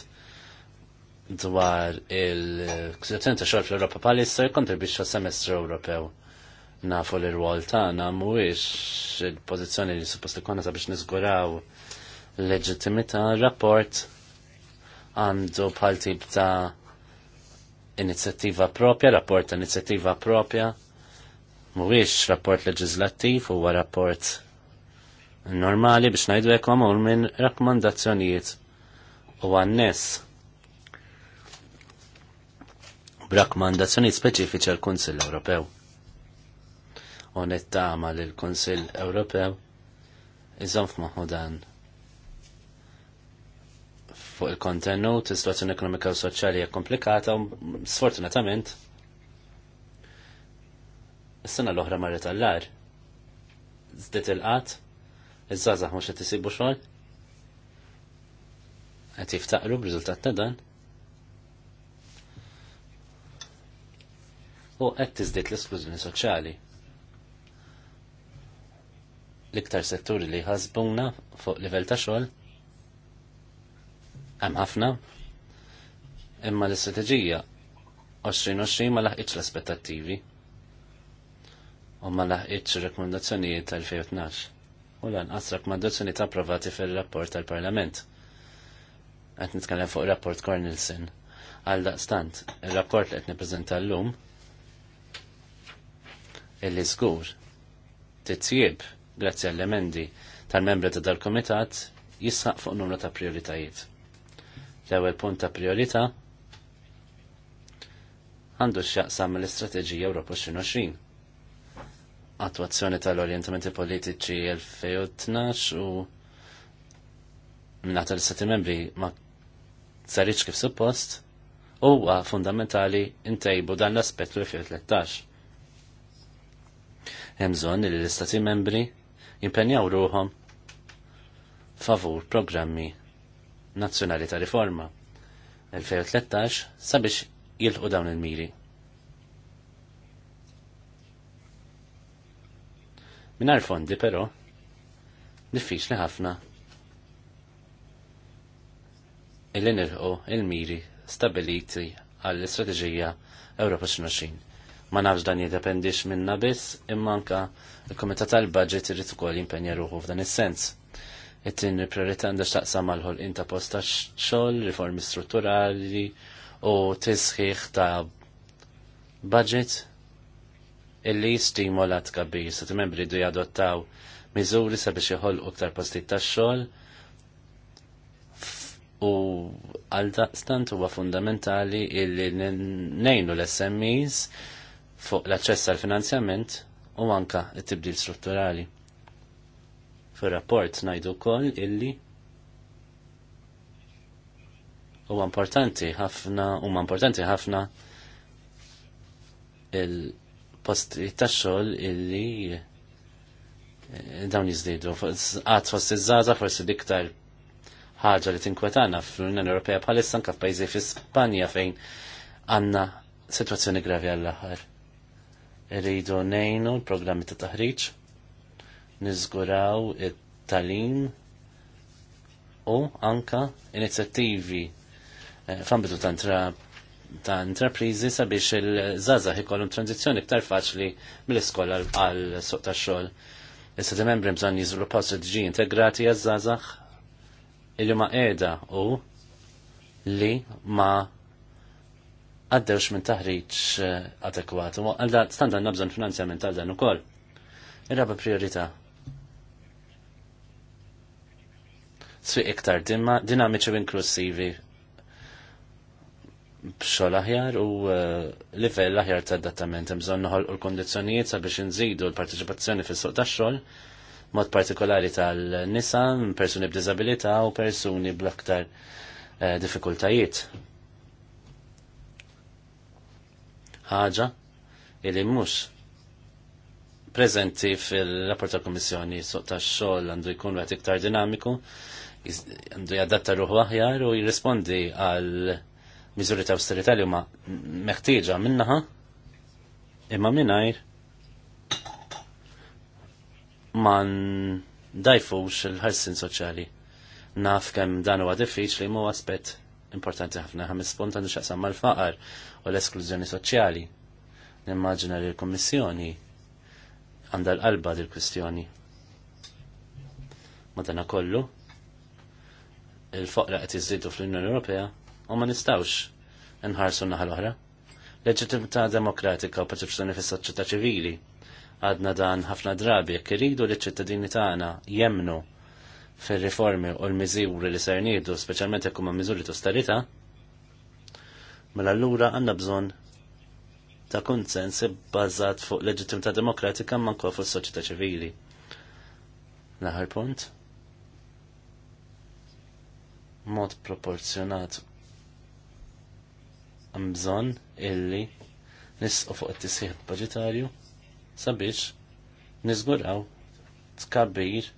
dwar il-kżjotin ta' xogħol fl europa palissa jkontribwixxa semestru Ewropew. Nafu l-irwol tagħna mhuwiex il-pożizzjoni li suppost ikolna sabiex niżguraw l-leġittimità rapport għandu bħal tip ta' inizjattiva propja, rapport inizjattiva propja, mhuwiex rapport leġislattiv, huwa rapport normali biex ngħidu hekk għamur minn rakkomandazzjonijiet u għannes b'rakkomandazzjonijiet speċifiċi għal kunsill Ewropew. U nittama l kunsill Ewropew iżom f'maħu dan fuq il-kontenut, is-situazzjoni ekonomika u soċjali hija komplikata, sfortunatament. Is-sena l-oħra marret għall-ar. Zdiet il-qat, iż-żgħażagħ mhux qed isibu xogħol. Qed jiftaqru b'riżultat ta' dan. U qed tiżdied l-esklużjoni soċjali l-iktar setturi li ħasbuna fuq livell ta' xogħol hemm ħafna, imma l-istrateġija 2020 ma laħqitx l-aspettattivi u ma laħqitx ir-rekomendazzjonijiet tal-2012 u lanqas rakkomandazzjoni ta' approvati fil-rapport tal-Parlament. Qed nitkellem fuq rapport Cornelson. Għal daqstant, ir-rapport li qed nippreżenta llum illi żgur titjib, grazzi għall emendi tal-membri ta' dal-Komitat jisħaq fuq numru ta' prioritajiet l-ewwel punt ta' priorità għandu x'jaqsam mill-Istrateġija Ewropa 2020. Attwazzjoni tal-orientamenti politiċi 2012 u minnata l istati membri ma sarriċ kif suppost huwa fundamentali ntejbu dan l-aspett l-2013. Hemm bżonn li l-Istati membri jimpenjaw ruhom favur programmi Nazzjonali ta' Riforma 2013 sabiex jilħu dawn il-miri. Minar fondi però diffiċli ħafna illi nilħu il-miri stabiliti għall-istrateġija Ewropa 2020. Ma nafx dan jidependix minna biss, imma anka il-Komitat tal-Budget irid ukoll jimpenja ruħu f'dan is-sens. It-tini priorità għandha x'taqsam mal-ħol inta posta xogħol, riformi strutturali u tisħiħ ta' budget illi jistimola tkabbir. Sa' membri du jadottaw miżuri sabiex u iktar postijiet tax-xogħol u għal daqstant huwa fundamentali illi nejnu l-SMEs fuq l-aċċess għal finanzjament u anka t-tibdil strutturali. Fil-rapport najdu kol illi u importanti ħafna u importanti ħafna il-posti tax-xogħol illi eh, dawn jizdidu. Għad fost iż-żaza forsi diktar ħaġa li tinkwetana fl-Unjoni Ewropea bħalissa anke f'pajjiżi fl-Ispanja fejn għandna sitwazzjoni gravi għall-aħħar. Iridu nejnu l-programmi ta' taħriġ niżguraw it-talim u anka inizjattivi eh, f'ambitu ta' ta' intraprizi sabiex il zaza ikollhom tranzizjoni iktar faċli mill-iskola għal suq ta' xogħol. Issa ta' membri bżonn jiżviluppaw ġi integrati għaż-żazax illi ma' qiegħda u li ma' għaddewx minn taħriġ eh, adekwat. Għalda standard bżonn finanzjament għal dan ukoll. Ir-raba priorità swieq iktar dinamiċi u inklusivi b'xogħol aħjar u uh, livell aħjar ta' adattament hemm bżonn noħolqu l-kondizzjonijiet sabiex nżidu l-parteċipazzjoni fis-suq tax-xogħol mod partikolari tal-nisa, persuni b'disabilità u persuni bl-aktar uh, diffikultajiet. Ħaġa illi mhux preżenti fil-rapport tal-Kummissjoni suq tax-xogħol għandu jkun wieħed iktar dinamiku għandu jadatta ruħu aħjar u jirrispondi għal miżuri ta' austerità li huma meħtieġa minnaħa imma mingħajr ma ndajfux il-ħarsin soċjali. Naf kemm dan huwa diffiċli mu aspett importanti ħafna ħames punt għandu xaqsam mal-faqar u l-esklużjoni soċjali. Nimmaġina li l-Kommissjoni għandha l-qalba dil-kwistjoni. Madana kollu, il-foqra qed iżidu fl-Unjoni Ewropea u ma nistgħux nħarsu naħa l-oħra. Leġittimità demokratika u perċezzjoni fis-soċjetà ċivili għadna dan ħafna drabi jekk iridu li ċittadini tagħna jemnu fir-riformi u l-miżuri li ser nieħdu, speċjalment jekk huma miżuri tostarita, mela allura għandna bżonn ta' konsens bbażat fuq leġittimità demokratika manko fuq is-soċjetà ċivili. L-aħħar punt? mod proporzjonat bżonn illi nisqu fuq it-tisħiħ budgetarju sabiex niżguraw tkabbir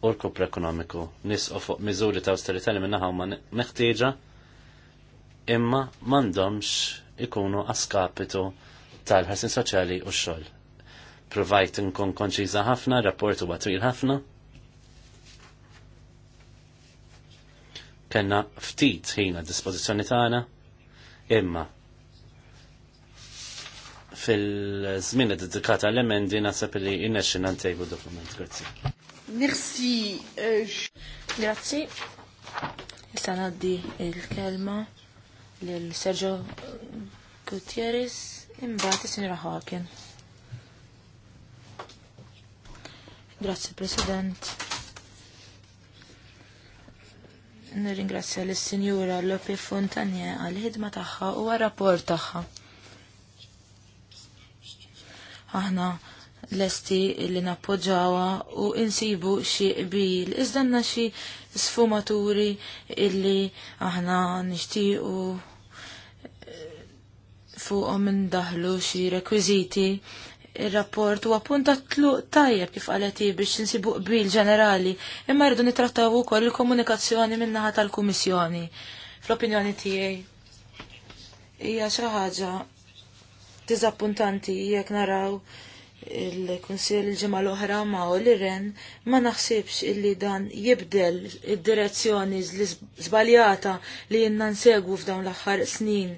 u l-kupra ekonomiku nisqu fuq miżuri ta' austerità li minnaħa ma meħtieġa imma m'għandhomx ikunu askapitu tal-ħarsin soċjali u x-xogħol. Provajt inkun konċiża ħafna, rapport u ħafna, kena ftit ħina dispozizjoni tagħna imma fil-żmien dedikata l-emendi nasab li innexxin ntejbu dokument. Grazzi. Merci. Eh, Grazzi. Issa naddi il-kelma lil Sergio eh, Gutierrez imbagħad is-Sinjora Hawken. President. Nirringrazzja lis sinjura Lopi Fontanje għal-ħidma tagħha u għal-rapport tagħha. Aħna lesti li nappoġġawha u insibu xi qbil. Iżdanna xi sfumaturi illi aħna nixtiequ eh, fuqhom indaħlu xi rekwiżiti il-rapport u appunta tluq tajjeb kif għaleti biex nsibu bil ġenerali imma rridu nitrattaw ukoll il-komunikazzjoni minnaħa tal-Kummissjoni. Fl-opinjoni tiegħi hija xi ħaġa diżappuntanti jekk naraw il-Kunsill ġimgħa l-oħra ma' ren ma naħsibx illi dan jibdel id-direzzjoni żbaljata li jinna nsegwu f'dawn l-aħħar snin.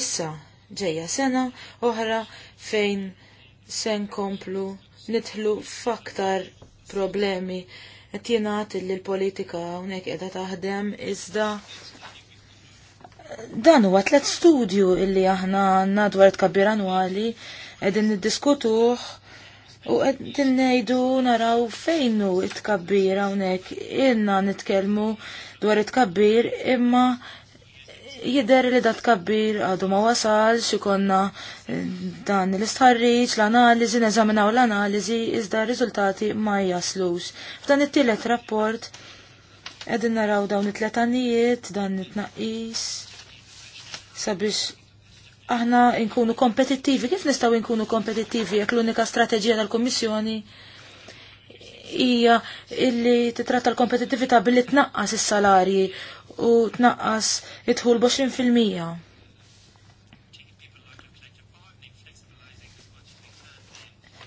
Issa ġejja sena oħra fejn se nkomplu nidħlu f'aktar problemi. Qed jingħad li l-politika hawnhekk qiegħda taħdem iżda dan huwa tliet studju illi aħna għandna dwar it-kabbir annwali qegħdin niddiskutuh u qegħdin ngħidu naraw fejn hu t tkabbir hawnhekk inna nitkellmu dwar it-tkabbir imma jider li dat kabbir għadu ma wasal, xikonna eh, dan l-istħarriċ, l-analizi, neżaminaw l-analizi, iżda rizultati ma jaslux. F'dan it-tielet rapport, edin naraw dawn it-tletanijiet, dan it-naqis, sabiex aħna nkunu kompetittivi, kif nistaw nkunu kompetittivi jekk l-unika strateġija tal-Kommissjoni hija illi titratta l-kompetittività billi tnaqqas is-salarji u tnaqqas idħul 20%.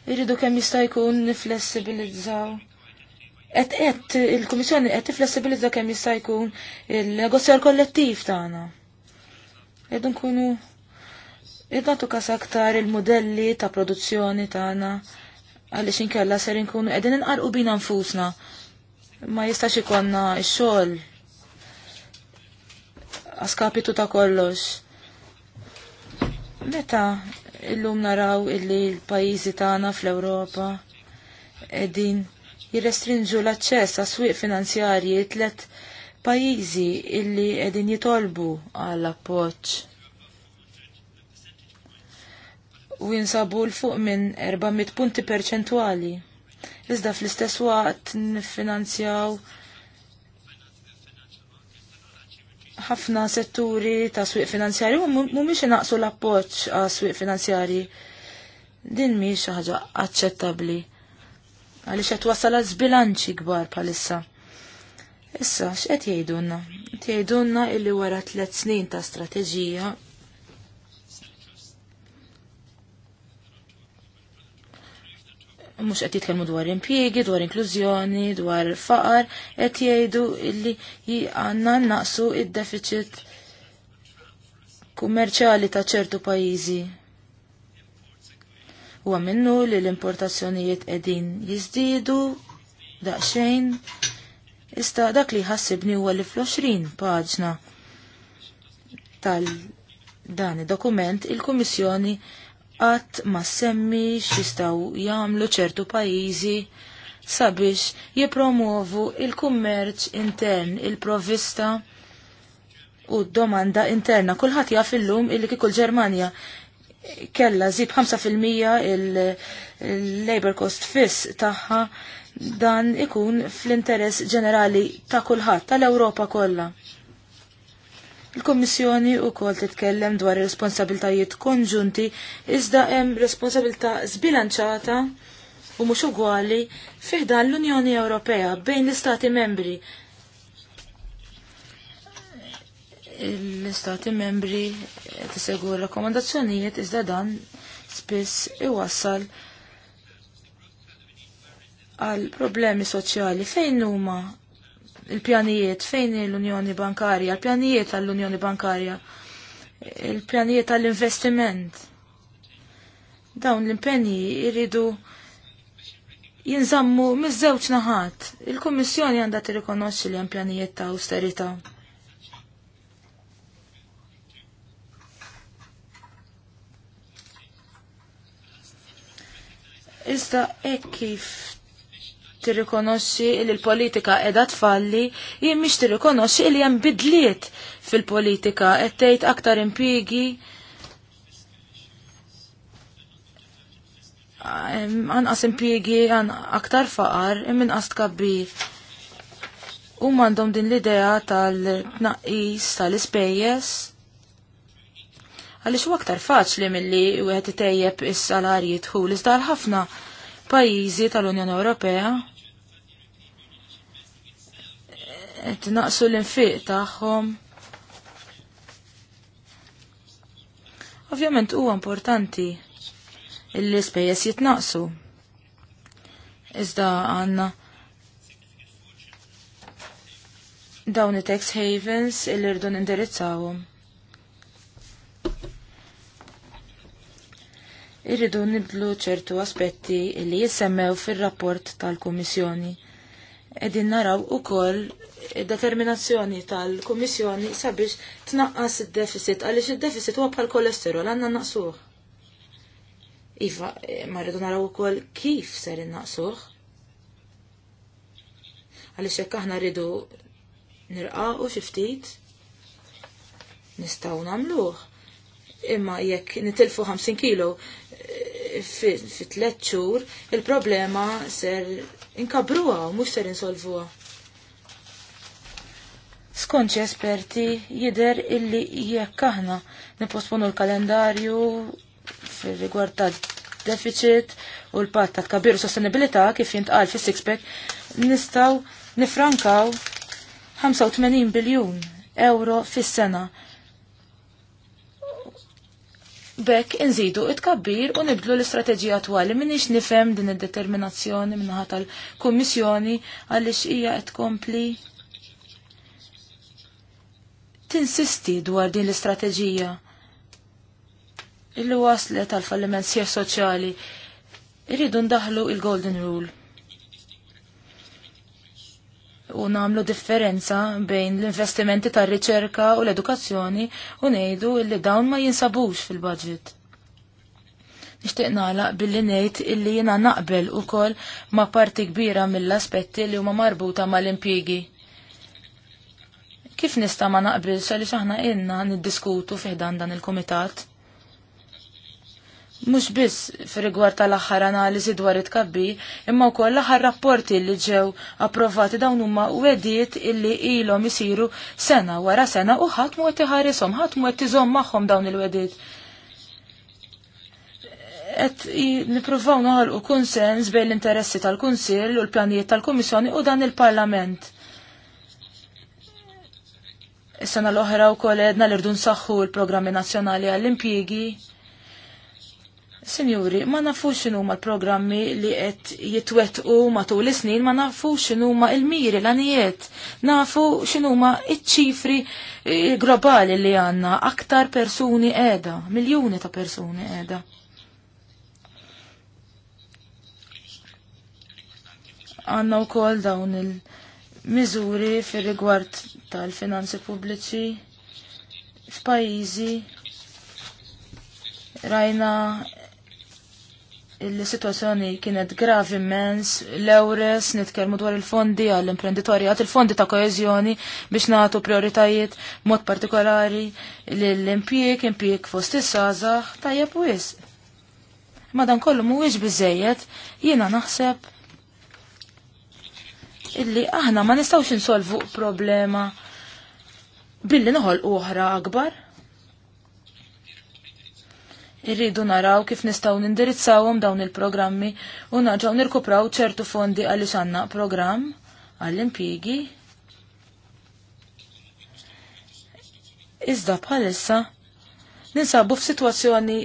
Iridu kemm jista' jkun niflessibilizzaw. Et et il-Kummissjoni qed niflessibilizzaw kemm jista' jkun il-negozjar kollettiv tagħna. Irridu nkunu Irnatu kas aktar il-modelli ta' produzzjoni tagħna għaliex inkella ser inkunu qegħdin inqarqu bina nfusna. Ma jistax ikonna x-xogħol askapitu ta' kollox. Meta illum naraw illi l-pajizi tagħna fl-Ewropa qegħdin jirrestrinġu l-aċċess għas swieq finanzjarji tlet pajizi illi edin jitolbu għall appoġġ u jinsabu l-fuq minn 400 punti perċentwali. Iżda fl-istess waqt nifinanzjaw ħafna setturi ta' swieq finanzjari u mhumiex naqsu l-appoġġ għas swieq finanzjari. Din mhix ħaġa aċċettabbli. Għaliex qed wasal għal żbilanċi kbar bħalissa. Issa x'qed jgħidulna? Qed jgħidulna illi wara tliet snin ta' strateġija mux qed jitkellmu dwar impjiegi, dwar inklużjoni, dwar faqar, qed jgħidu illi għandna naqsu id-deficit kummerċjali ta' ċertu pajjiżi. Huwa minnu li l-importazzjonijiet qegħdin jiżdiedu daqsxejn. Ista dak li ħassibni huwa li fl-20 paġna tal dan id-dokument il-Kummissjoni il kummissjoni qatt ma semmi xistaw jagħmlu ċertu pajjiżi sabiex jipromuovu il-kummerċ intern, il-provvista u d-domanda interna. Kulħadd jaf illum illi kieku l-Ġermanja kella zib 5% il-labor cost fiss taħħa dan ikun fl-interess ġenerali ta' kulħadd tal-Ewropa kollha. Il-Kommissjoni u kol titkellem dwar responsabiltajiet konġunti iżda hemm responsabilta zbilanċata u mhux ugwali fiħdan l-Unjoni Ewropea bejn l-Istati membri. L-Istati membri tisegu rakkomandazzjonijiet iżda dan spiss iwassal għal problemi soċjali fejn huma il-pjanijiet, fejn l-Unjoni Bankarja, il-pjanijiet għall-Unjoni Bankarja, il-pjanijiet għall-investiment. Dawn l-impenji jridu jinżammu miż-żewġ naħat. Il-Kummissjoni għandha tirrikonoxxi li hemm pjanijiet ta' austerita. Iżda hekk kif tirrikonoxxi li l-politika qiegħda tfalli, jien mhix tirrikonoxxi li hemm bidliet fil-politika qed tgħid aktar impigi anqas impjiegi għan aktar faqar imminqas tkabbir. U mandom din l-idea tal-tnaqqis tal-ispejjeż għaliex u aktar faċli milli wieħed itejjeb is-salarji tħul iżdar ħafna pajjiżi tal-Unjoni Ewropea qed naqsu l-infiq tagħhom. Ovvjament huwa importanti l-ispejjeż jitnaqsu. Iżda għandna dawn it-tax havens il-irdu nindirizzawhom. irridu nibdlu ċertu aspetti li jissemmew fil-rapport tal-Komissjoni. Edin naraw u koll determinazzjoni tal-Komissjoni sabiex tnaqqas id-deficit, għaliex id-deficit huwa bħal kolesterol għandna naqsuħ. Iva, eh, ma rridu naraw ukoll kif ser innaqsuh. Għaliex hekk aħna rridu nirqaqu xi ftit nistgħu nagħmluh. Imma jekk nitilfu 50 kilo fit tlet xhur il-problema ser inkabruha u mhux ser insolvuha. Skont xi esperti jidher illi jekk aħna nipposponu l-kalendarju fir-rigward tad-deficit u l-patt ta' kabir u sostenibilità kif jintqal fis-sixpack nistgħu nifrankaw 85 biljun euro fis-sena bekk inżidu it-kabbir u nibdlu l-istrateġija attwali minix nifhem din id-determinazzjoni minnaħa tal-Kummissjoni għaliex hija qed tkompli tinsisti dwar din l-istrateġija illi waslet għal falliment sieħ soċjali irridu ndaħlu il-Golden Rule u namlu differenza bejn l-investimenti tar riċerka u l-edukazzjoni u nejdu illi dawn ma jinsabux fil-budget. Nishtiq nagħlaq billi ngħid illi jiena naqbel ukoll ma' parti kbira mill-aspetti li huma marbuta mal impiegi Kif nista' ma xa li xaħna inna niddiskutu fiħdan dan il-kumitat? mhux biss fir-rigward tal-aħħar analiżi dwar it-kabbi, imma wkoll l-aħħar rapporti li ġew approvati dawn huma wedijiet illi ilhom isiru sena wara sena u ħadd mu qed iħarisom, ħadd mu qed iżomm magħhom dawn il-wedijiet. Qed nippruvaw noħolqu konsens bejn l-interessi tal-Kunsill u l-pjanijiet tal-Kummissjoni u dan il-Parlament. Is-sena l-oħra wkoll edna l-irdun saħħu l-programmi nazzjonali għall-impjiegi Sinjuri, ma nafux x'inhuma l-programmi li qed jitwettqu matul is-snin, ma nafux x'inhuma l-miri l-anijiet, nafu x'inhuma iċ-ċifri eh, globali li għandna aktar persuni qiegħda, miljuni ta' persuni għeda. Għanna wkoll dawn il-miżuri fir-rigward tal-finanzi pubbliċi f'pajjiżi rajna il-situazzjoni kienet gravi immens, l-ewres, nitkelmu dwar il-fondi għall-imprenditorjat, il-fondi ta' koezjoni biex natu prioritajiet mod partikolari l-impjek, impjek fost is-sazax, tajjeb u is. Ma dan kollu mhuwiex biżejjed, jiena naħseb illi aħna ma nistgħux insolvu problema billi noħol oħra akbar. Irridu naraw kif nistgħu nindirizzawhom dawn il-programmi u naġgħu nirkupraw ċertu fondi għaliex għandna programm għall-impjiegi. Iżda bħalissa ninsabu f'sitwazzjoni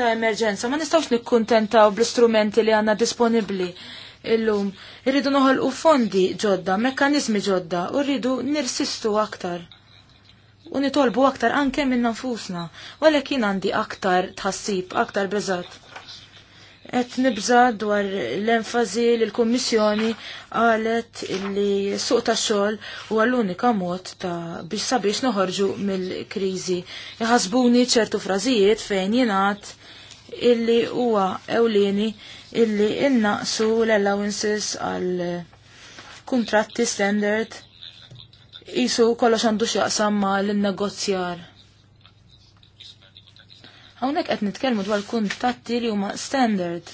ta' emerġenza, ma nistawx nikkuntentaw bl-istrumenti li għanna disponibli illum. Irridu noħolqu fondi ġodda, mekkanizmi ġodda, u rridu nirsistu aktar u nitolbu aktar anke minn nfusna, u għalek jien għandi aktar tħassib, aktar beżat. Et nibza dwar l-enfazi li l-Kommissjoni għalet li suq ta' xol u għall-unika mod ta' biex sabiex noħorġu mill-krizi. Jħasbuni ċertu frażijiet fejn jenat illi huwa ewlieni illi innaqsu l-allowances għal kontratti standard Isu kollox għandu x'jaqsam ma l-negozjar. Hawnhekk qed nitkellmu dwar kuntatti li huma standard.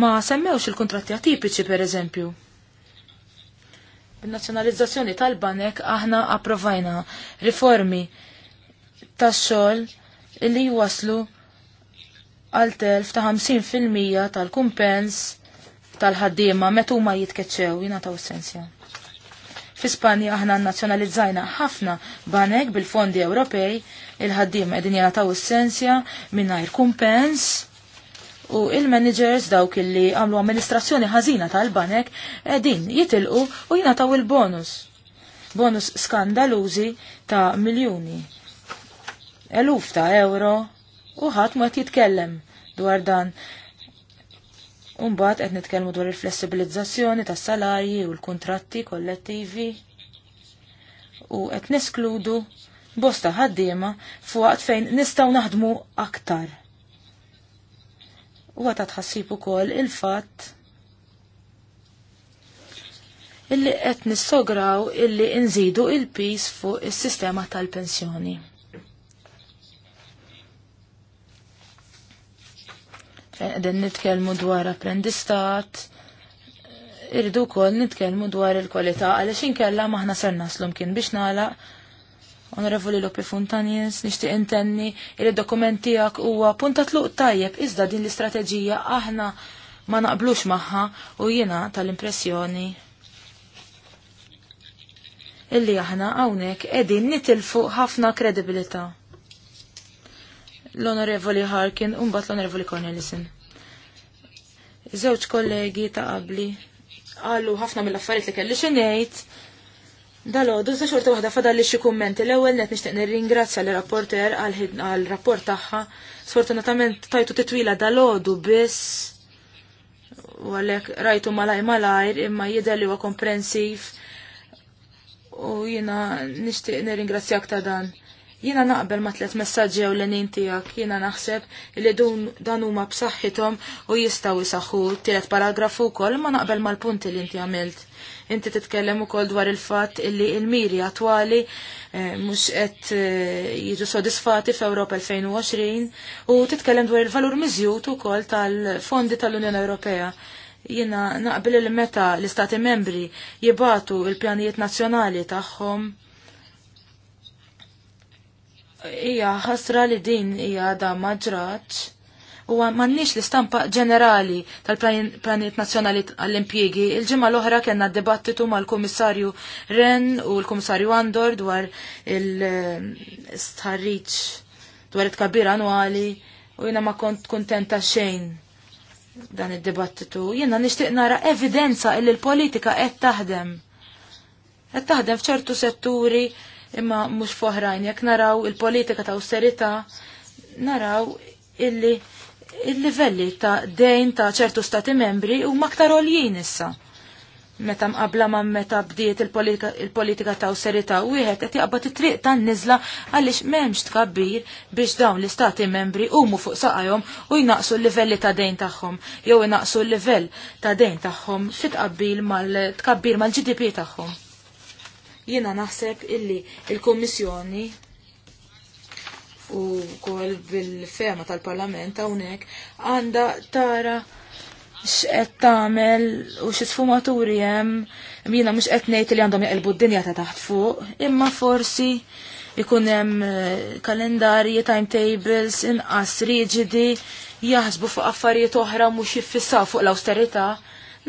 Ma semmewx il-kontratti atipiċi per eżempju. il nazzjonalizzazzjoni tal-banek aħna approvajna riformi tax-xogħol li waslu għal telf ta' 50% tal-kumpens tal-ħaddiema meta huma jitkeċċew jingħataw essenzja. F'Ispanja aħna nazzjonalizzajna ħafna banek bil-fondi Ewropej il-ħaddiema qegħdin jingħataw essenzja mingħajr kumpens u il-managers dawk illi għamlu amministrazzjoni ħażina tal-banek qegħdin jitilqu u jingħataw il-bonus. Bonus skandalużi ta' miljuni. Eluf ta' euro u ħadd ma jitkellem dwar dan Unbat qed nitkellmu dwar il-flessibilizzazzjoni tas-salarji u l-kuntratti kollettivi u qed neskludu bosta ħaddiema fuqat fejn nistgħu naħdmu aktar. U għata tħassib ukoll il-fatt illi qed nissograw illi nżidu il-pis fuq is-sistema tal-pensjoni. Għedin nitkelmu dwar apprendistat. Irridu kol nitkelmu dwar il-kwalità għaliex inkella maħna ser naslum kien biex nagħlaq. Onorevoli Lopi Funtanis, nixtieq intenni il dokumenti għak huwa punta tluq tajjeb iżda din l-istrateġija aħna ma naqblux maħħa u jiena tal-impressjoni illi aħna hawnhekk qegħdin nitilfu ħafna kredibilità l-Onorevoli Harkin un bat l-Onorevoli Cornelison. Żewġ kollegi ta' qabli qalu ħafna mill-affarijiet li kelli xi ngħid. Dalodu, sa xorta wahda fadalli xi kummenti. L-ewwel net nixtieq nirringrazzja l rapporter għal rapport tagħha. Sfortunatament tajtu titwila dalodu biss u għalhekk rajtu malaj malajr imma jidher li huwa komprensiv u jiena nixtieq nirringrazzjak ta' dan. Jiena naqbel ma tlet messagġi u l-enin tijak, jena naħseb li dun dan huma b'saħħithom u jistgħu jisaxħu tielet paragrafu wkoll ma naqbel mal-punti li inti għamilt. Inti titkellem ukoll dwar il-fatt illi il-miri attwali eh, mhux qed eh, jiġu sodisfati f'Ewropa 2020 u titkellem dwar il-valur miżjut ukoll tal-fondi tal-Unjoni Ewropea jina naqbel il-meta l-istati membri jibatu il-pjanijiet nazjonali tagħhom hija ħasra li din hija da maġraċ u mannix l-istampa ġenerali tal Planet Nazzjonali għall-impjiegi. Il-ġimma l-oħra kena dibattitu mal-Komissarju Ren u l-Komissarju Andor dwar il-starriċ dwar it-kabir annuali u jina ma kont kontenta xejn dan id-dibattitu. Jena nishtiq nara evidenza illi l-politika qed taħdem. Qed taħdem f'ċertu setturi imma mhux foħrajn. Jekk naraw il-politika ta' austerita, naraw illi il-livelli ta' dejn ta' ċertu stati membri u maktar oljien issa. Meta mqabla ma' meta bdiet il-politika ta' austerita u wieħed qed jaqbad it-triq tan nizla għaliex m'hemmx tkabbir biex dawn l-istati membri mu fuq saqajhom u jnaqsu l-livelli ta' dejn tagħhom jew jnaqsu l-livell ta' dejn tagħhom fit mal-tkabbir mal-GDP tagħhom. Jiena naħseb illi il-Kommissjoni u kol bil-fema tal-Parlament hawnhekk għandha tara x'qed tagħmel u xi sfumaturi hemm jiena mhux qed ngħid li għandhom jaqilbu d-dinja ta' taħt fuq, imma forsi ikun hemm eh, kalendarji, timetables, inqas riġidi, jaħsbu fuq affarijiet oħra mhux jiffissaw fuq l-awsterità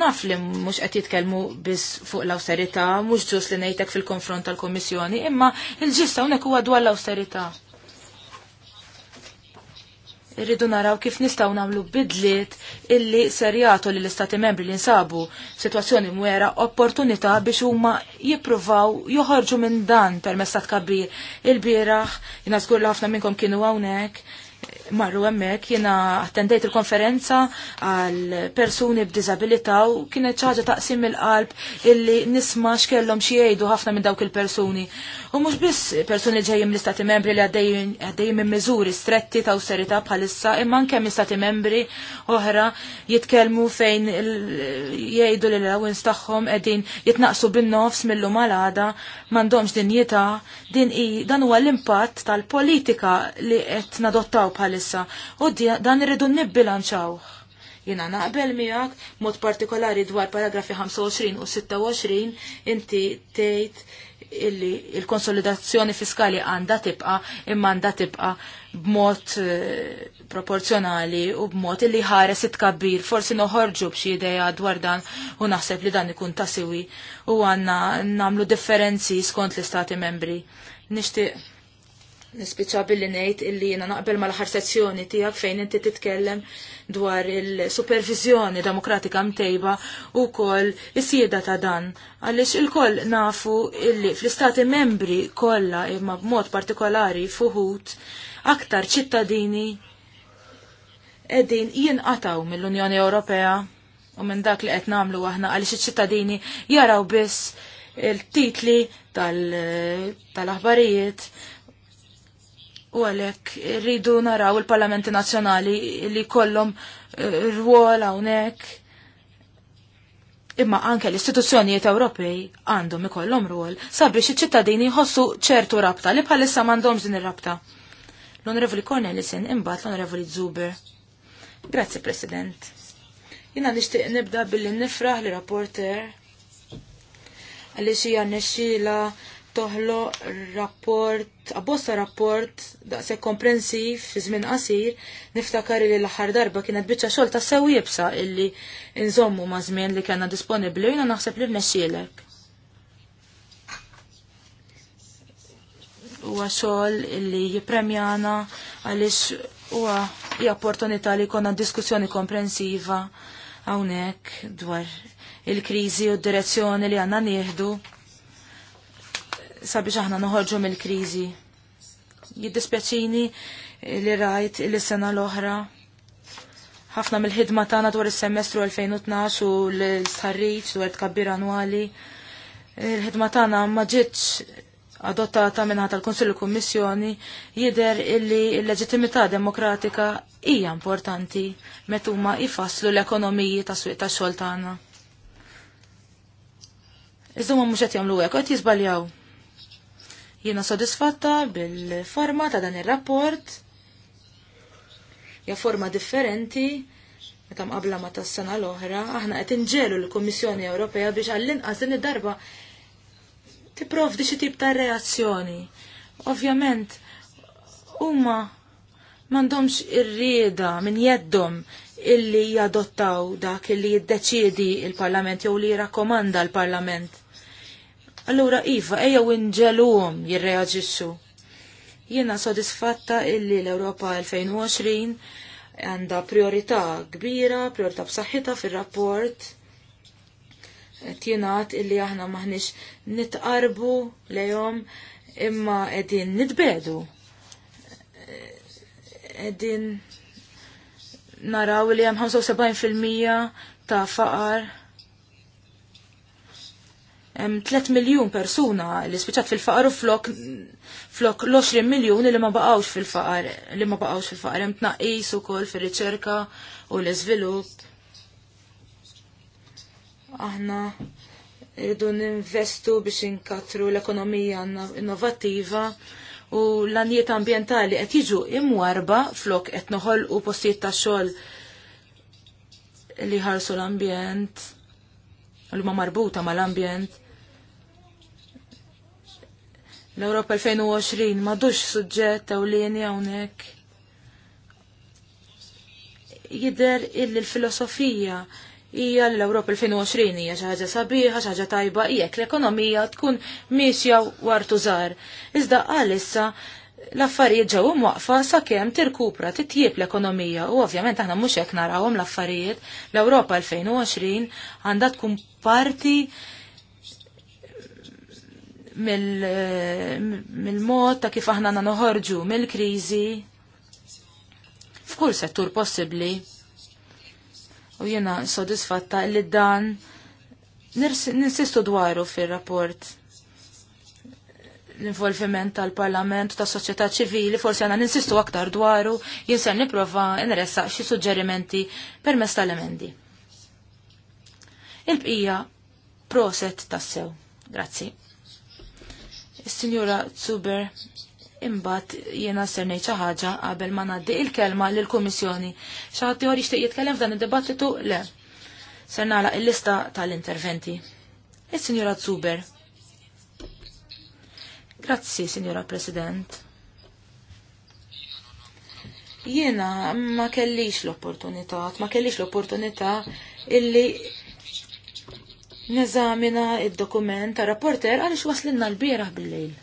Naf li mhux qed jitkellmu biss fuq l-awsterità, mhux ġus li ngħidlek fil-konfront tal komissjoni imma il-ġista hawnhekk huwa dwar l-awsterità. Irridu naraw kif nistgħu nagħmlu bidliet illi serjatu li l-istati membri li nsabu situazzjoni mwera opportunità biex huma jippruvaw joħorġu minn dan permess ta' tkabbir. Il-bieraħ, jina żgur ħafna minnkom kienu hawnhekk, marru emmek jena attendejt il-konferenza għal persuni b'dizabilita u kienet ċaġa taqsim il-qalb illi nisma x'kellhom xi jgħidu ħafna minn dawk il-persuni. U mhux biss persuni ġejjin l istati membri li għaddejjim minn miżuri stretti ta' serita bħalissa, imma anke mill-istati membri oħra jitkellmu fejn jgħidu li l għawin tagħhom qegħdin jitnaqsu bin-nofs millu lum għada m'għandhomx dinjità, din i dan huwa l-impatt tal-politika li qed nadottaw niffaċċjaw bħalissa u dan irridu nibbilanċaw. Jina naqbel miegħek mod partikolari dwar paragrafi 25 u 26 inti tgħid illi il-konsolidazzjoni fiskali għandha tibqa imma għandha tibqa b'mod eh, proporzjonali u b'mod illi ħares it-kabbir. Forsi noħorġu b'xi ideja dwar dan u naħseb li dan ikun tasiwi u għanna namlu differenzi skont l-istati membri. Nishtiq nispiċa billi nejt illi jena naqbel ma laħar sezzjoni tijak fejn inti titkellem dwar il-supervizjoni demokratika mtejba u kol is-sieda ta' dan. Għalix il-koll nafu illi fl-istati membri kolla imma b'mod partikolari fuħut aktar ċittadini edin jinqataw mill-Unjoni Ewropea u minn dak li qed nagħmlu aħna għaliex iċ-ċittadini jaraw biss il-titli tal-aħbarijiet u għalek rridu naraw il-Parlamenti Nazzjonali li kollom eh, rwol hawnhekk. Imma anke l-istituzzjonijiet Ewropej għandhom ikollhom rwol sabiex iċ-ċittadini jħossu ċertu rabta li bħalissa m'għandhomx din ir-rabta. L-Onorevoli Cornelison imbagħad l-Onorevoli Zuber. Grazzi President. Jina nixtieq nibda billi nifraħ li rapporter għaliex hija nexxila toħlo rapport, abbosta rapport daqse komprensiv fi żmien qasir, niftakar li l-aħħar darba kienet biċċa xogħol ta' sewi jibsa illi nżommu ma' żmien li kellna disponibbli jina naħseb li rnexxielek. Huwa xogħol illi jippremjana għaliex huwa opportunità li jkollna diskussjoni komprensiva hawnhekk dwar il-kriżi u d-direzzjoni li għandna nieħdu sabiex aħna noħorġu mill-kriżi. Jiddispjaċini li rajt li sena l-oħra ħafna mill-ħidma tagħna dwar is-semestru 2012 u l-sarriċ dwar tkabbir annwali. Il-ħidma tagħna ma ġietx adottata minnħat tal-Konsillu Kummissjoni jidher illi l-leġittimità demokratika hija importanti meta huma jfasslu l-ekonomiji ta' swieq tax-xogħol tagħna. Iżda ma mhux qed jagħmlu hekk, qed jiżbaljaw. Jiena sodisfatta bil-forma ta' dan ir-rapport. Ja forma differenti meta mqabla ma tas sena l-oħra, aħna qed inġelu l-Kummissjoni Ewropea biex għall-inqas din id-darba tipprovdi xi tip ta' reazzjoni. Ovvjament, huma m'għandhomx ir-rieda minn jeddhom illi jadottaw dak illi jiddeċiedi il-Parlament jew li jirrakkomanda l-Parlament. Allura iva, eja winġelum jirreagġixxu. Jiena sodisfatta illi l-Europa 2020 għanda priorità kbira, priorità b'saħħita fir-rapport. Tjenat illi aħna maħniex nitqarbu lejom imma qegħdin nitbedu. Qegħdin naraw li hemm 75% ta' faqar 3 miljun persuna li spiċat fil-faqar u flok flok l-20 miljon li ma baqawx fil-faqar li ma baqawx fil-faqar hemm tnaqqis ukoll fir-riċerka u l-iżvilupp. Aħna n ninvestu biex inkatru l-ekonomija innovattiva u l-anjiet ambientali qed jiġu imwarba flok qed noħolqu postijiet ta' xogħol li ħarsu l-ambjent u l-ma marbuta mal-ambjent. ma marbuta mal-ambjent L-Europa 2020 madux suġġett ewlieni hawnhekk. Jider illi l-filosofija hija l-Europa 2020 hija xi ħaġa sabiħa, xi ħaġa tajba jekk l-ekonomija tkun misja wartu żgħar. Iżda għalissa l-affarijiet ġew waqfa sakemm tirkupra titjieb l-ekonomija u ovvjament aħna mhux hekk narawhom l-affarijiet. L-Ewropa 2020 għandha tkun parti mill-mod ta' kif aħna noħorġu mill-kriżi f'kull settur possibbli. U jiena sodisfatta li dan ninsistu dwaru fir-rapport l-involviment tal-parlament u tas-soċjetà ċivili, forsi għana ninsistu aktar dwaru, jinsen niprofa nressaq xi suġġerimenti permezz tal-emendi. Il-bqija proset tassew. Grazzi. Signora Zuber, imbat jena sernej ċaħġa qabel ma naddi il-kelma l-Komissjoni. ċaħat teori xtieq jitkellem f'dan id debattitu Le. Ser nala il-lista tal-interventi. Il-Signora e, Zuber. Grazzi, Signora President. Jena ma kellix l-opportunità, ma kellix l-opportunità illi neżamina id-dokument ta' rapporter għaliex waslinna l-bieraħ bil-lejl.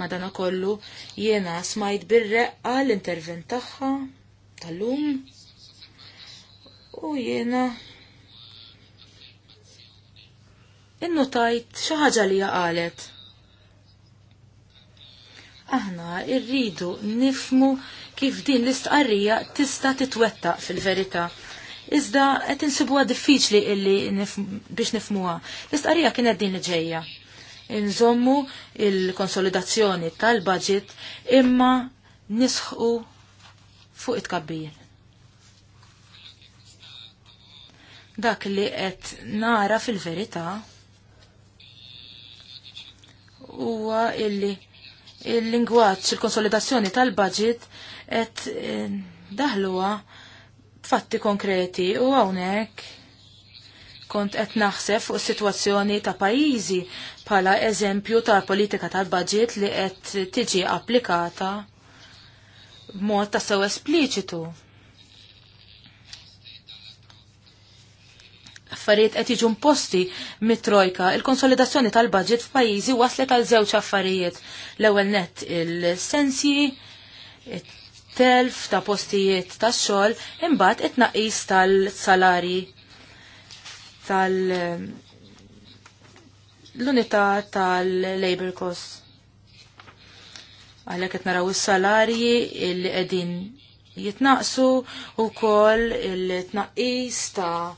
Madana kollu jiena smajt birre għal intervent tagħha tal-lum u jiena innotajt xi ħaġa li qalet aħna irridu nifmu kif din l-istqarrija tista titwettaq fil-verità iżda qed insibuha diffiċli illi biex nifmuha. L-istqarrija kienet din li ġejja. Inżommu il-konsolidazzjoni tal-budget imma nisħu fuq it-kabbir. Dak li qed nara fil-verità huwa illi il-lingwaġġ il-konsolidazzjoni tal-budget qed eh, daħluha fatti konkreti u hawnhekk kont qed naħseb fuq sitwazzjoni ta' pajjiżi bħala eżempju ta' politika tal-budget li qed tiġi applikata b'mod ta' sew espliċitu. Affarijiet qed jiġu imposti mit-trojka, il-konsolidazzjoni tal-budget f'pajjiżi waslet għal żewġ affarijiet. L-ewwel nett il-sensi, telf ta' postijiet ta' xogħol imbagħad it-tnaqqis tal eh, l-unità tal-labor cost. Għalhekk qed naraw is-salarji li qegħdin jitnaqsu wkoll il-tnaqqis ta'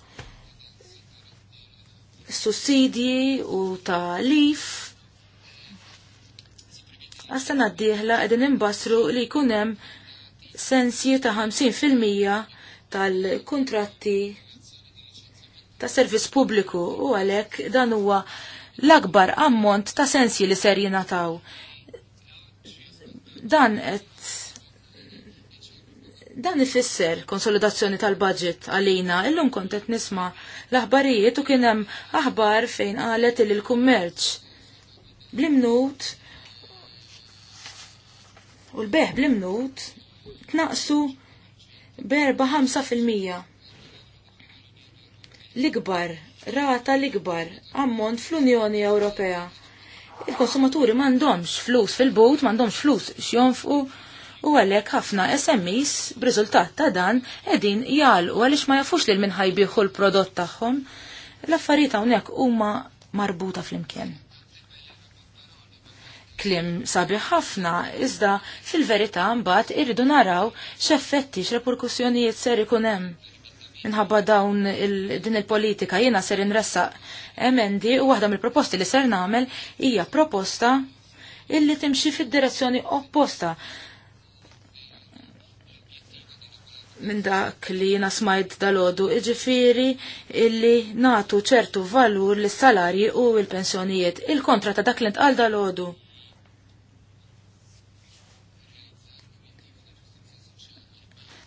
sussidji u ta' lif għas-sena d-dieħla għedin imbasru li kunem sensi ta' 50% tal-kontratti ta' servizz pubbliku u għalhekk dan huwa l-akbar ammont ta' sensi li ser jinataw. Dan qed dan ifisser konsolidazzjoni tal-budget għalina illum kont qed nisma l-aħbarijiet u kien hemm aħbar fejn qalet il l-kummerċ bl u l-beħ bl tnaqsu berba 5%. L-ikbar, rata l-ikbar, ammont fl-Unjoni Ewropea. Il-konsumaturi mandomx flus fil-bot, mandomx flus xjonfqu, u għalek ħafna SMEs b'riżultat ta' dan edin jgħal u għalix ma jafux li l-minħajbiħu l-prodott tagħhom. L-affarijiet hawnhekk huma marbuta fl-imkien klim sabiħ ħafna, iżda fil-verità mbagħad irridu naraw x'effetti x'reperkussjonijiet ser ikun hemm. Minħabba dawn din il-politika jiena ser inressaq emendi u waħda mill-proposti li ser nagħmel hija proposta illi timxi fid-direzzjoni opposta minn dak li jiena smajt dal-ħodu iġifiri illi natu ċertu valur l salarji u l-pensjonijiet. Il-kontra ta' dak li ntqal dal-ħodu.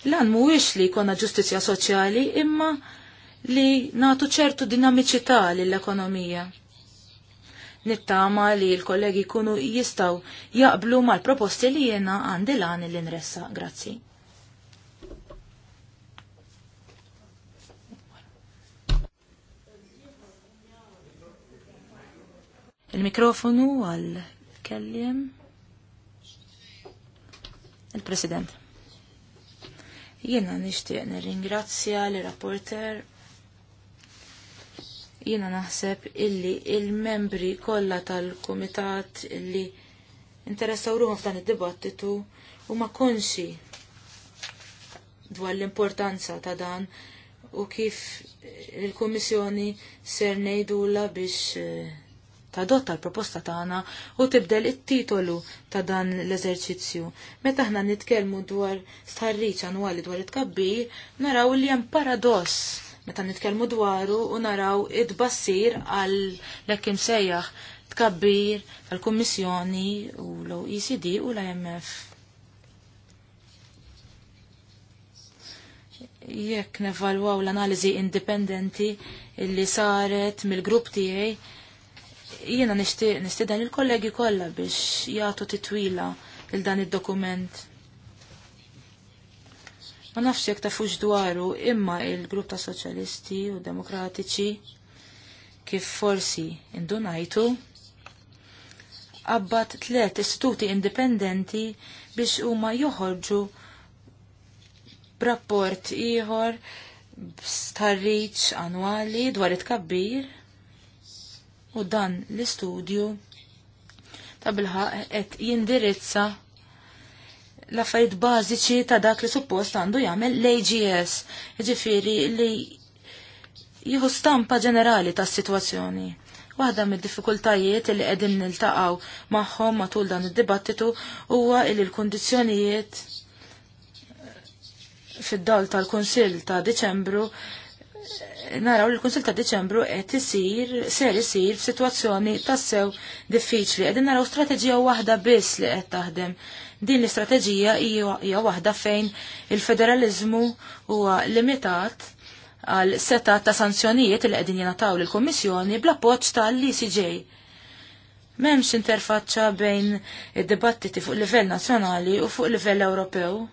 Lan mhuwiex li jkollna ġustizzja soċjali imma li natu ċertu dinamiċità lill-ekonomija. Nittama li l-kollegi kunu jistaw jaqblu mal-proposti li jena għandi lan l-inressa. Grazzi. Il-mikrofonu għal-kellim. Il-President. Jiena nixtieq nirringrazzja li rapporter Jiena naħseb illi il-membri kollha tal-kumitat illi interessaw ruħu f'dan id-dibattitu u ma konxi dwar l-importanza ta' dan u kif il-Kummissjoni ser ngħidula biex eh, tadotta l-proposta tagħna u tibdel it-titolu ta' dan l-eżerċizzju. Meta aħna nitkellmu dwar stħarriċ annwali dwar it-kabbir, naraw li hemm paradoss meta nitkellmu dwaru u naraw id-bassir għal l-ekim sejjaħ tkabbir tal-Kummissjoni u l-OECD u l-IMF. Jekk nevalwaw l-analiżi indipendenti illi saret mill-grupp tiegħi jiena nistieden il-kollegi kollha biex jagħtu titwila il dan id-dokument. Ma nafx jekk tafux dwaru imma il-grupp ta' soċjalisti u demokratiċi kif forsi indunajtu qabbat tliet istituti indipendenti biex huma joħorġu b'rapport ieħor b'starriċ annwali dwar it-kabbir u dan l-istudju ta' bilħaq qed jindirizza l-affarijiet bażiċi ta' dak li suppost għandu jagħmel l-AGS, jiġifieri li jieħu stampa ġenerali tas-sitwazzjoni. Waħda mid-diffikultajiet li qegħdin niltaqgħu magħhom matul dan id-dibattitu huwa li l-kundizzjonijiet fid-dal tal-Kunsill ta' Diċembru naraw li l-Kunsil ta' Deċembru qed isir ser isir f'sitwazzjoni tassew diffiċli. Qegħdin naraw strateġija waħda biss li qed taħdem. Din l-istrateġija hija waħda fejn il-federalizmu huwa limitat għal seta ta' sanzjonijiet li qegħdin jingħataw lill kummissjoni bl-appoġġ tal-ECJ. M'hemmx interfaċċa bejn id-dibattiti fuq livell nazzjonali u fuq livell Ewropew.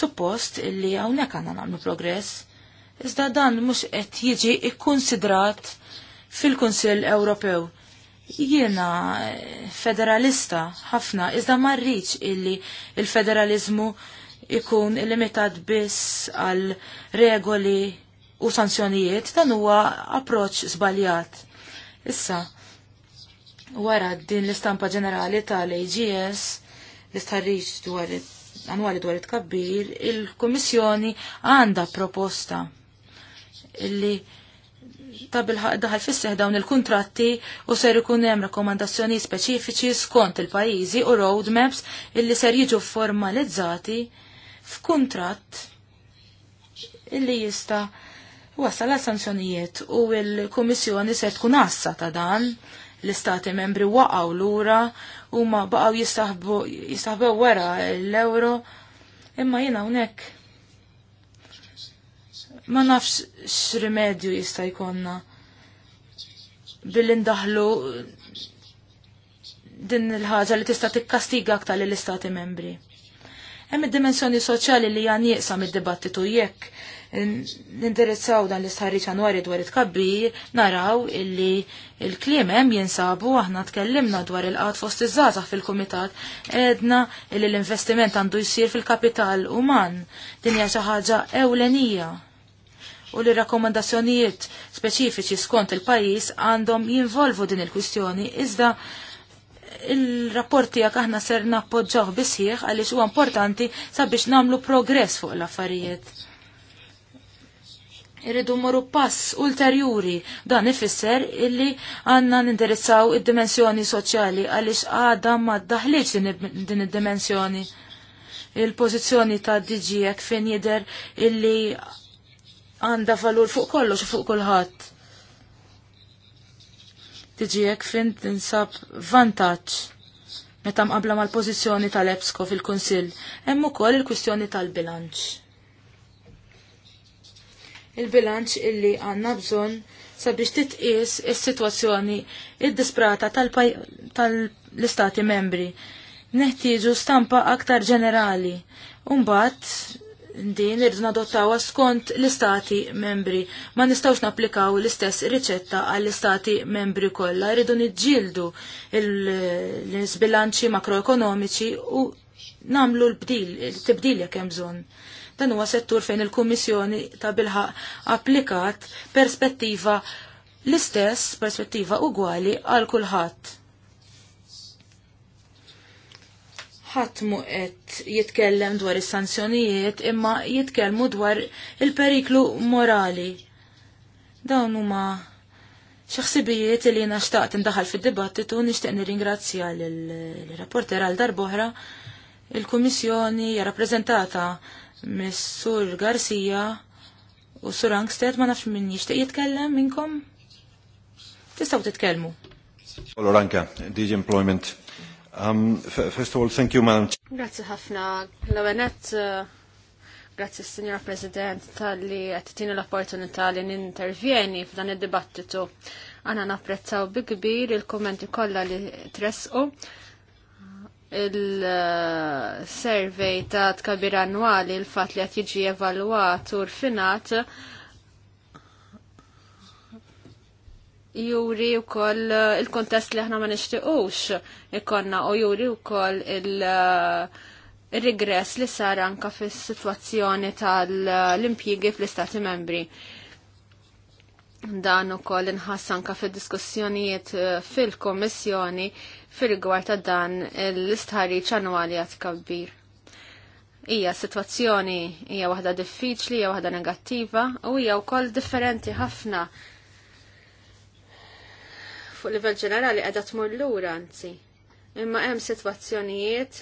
Suppost li hawnhekk għandna nagħmlu progress Iżda dan mhux qed jiġi kkunsidrat fil-Kunsill Ewropew. Jiena eh, federalista ħafna, iżda ma rridx illi il-federalizmu ikun limitat biss għal regoli u sanzjonijiet, dan huwa approċċ żbaljat. Issa, wara din l-istampa ġenerali tal-AGS, l tħarriġ dwar annwali dwar it-kabbir, il-Kummissjoni għandha proposta illi ta' bilħaq daħal fisseħ dawn il-kontratti u ser ikun hemm rakkomandazzjoni speċifiċi skont il-pajjiżi u roadmaps illi ser jiġu formalizzati f'kuntratt illi jista' wasal għal sanzjonijiet u l-Kummissjoni se tkun għassa ta' dan l-istati membri waqgħu lura u ma baqgħu jistaħbu jistaħbew wara l-euro imma jiena hawnhekk ma nafx x'rimedju jista' jkollna billi ndaħlu din il-ħaġa li tista' tikkastiga aktar lill istati membri. Hemm id-dimensjoni soċjali li hija nieqsa mid-dibattitu jekk nindirizzaw dan l istħarri annwari dwar it tkabbi naraw illi il-kliem hemm jinsabu aħna tkellimna dwar il-qat fost iż-żgħażagħ fil-kumitat, edna illi l-investiment għandu jsir fil-kapital uman. Din hija xi ħaġa ewlenija u li rakkomandazzjonijiet speċifiċi skont il-pajis għandhom jinvolvu din il-kwistjoni iżda il-rapporti għak aħna ser nappoġġaw bisħiħ għaliex huwa importanti sabiex namlu progress fuq l-affarijiet. Irridu morru pass ulterjuri dan ifisser illi għanna nindirizzaw id-dimensjoni soċjali għaliex għada ma daħliċ din id-dimensjoni il-pozizjoni ta' DG fin jider illi għanda valur fuq kollox u fuq kulħadd. Tiġi hekk fin tinsab vantaġġ meta mqabla mal-pożizzjoni tal epsko fil-Kunsill. Hemm ukoll il-kwistjoni tal-bilanċ. Il-bilanċ illi għandna bżonn sabiex titqies is-sitwazzjoni id-disprata tal-istati membri. Neħtieġu stampa aktar ġenerali. Umbat, din irridu nadottawa skont l-istati membri. Ma nistawx napplikaw l-istess riċetta għall-istati membri kollha, irridu niġġieldu l-sbilanċi makroekonomiċi u namlu l-bdil, l-tibdil jekk hemm bżonn. Dan huwa settur fejn il-Kummissjoni ta' bilħaq applikat perspettiva l-istess perspettiva ugwali għal kulħadd ħadd mu qed jitkellem dwar is-sanzjonijiet imma jitkellmu dwar il-periklu morali. Dawn huma xaħsibijiet li naxtaqt indaħal fid-dibattitu nixtieq nirringrazzja l-rapporter għal darboħra il-Kummissjoni hija rappreżentata mis-Sur Garcia u Sur Angsted ma nafx min jixtieq jitkellem minnkom. Tistgħu titkellmu. Allora anke, Employment Um, first of all, thank you, Madam Grazie Hafna. L-għanet, uh, grazie, Signor President, tal-li għattitina l-opportunità li n-intervjeni f'dan il-dibattitu. Għana napprezzaw bi kbir il-kommenti kolla li tresqu il-survey uh, ta' tkabir annwali, il-fat li għat jiġi evalwat u rfinat juri u koll eh, il-kontest li ħna ma nishtiqux ikonna u juri u koll eh, il-regress li sar anka fis situazzjoni tal-impjigi fl-istati membri. Dan u koll inħass anka fil-diskussjonijiet eh, fil-komissjoni fil-rigward ta' dan l-istħarriċ annwali għat kabbir. Ija situazzjoni hija waħda diffiċli, ija waħda negattiva u hija wkoll differenti ħafna fuq livell ġenerali qiegħda tmur lura anzi. Imma hemm sitwazzjonijiet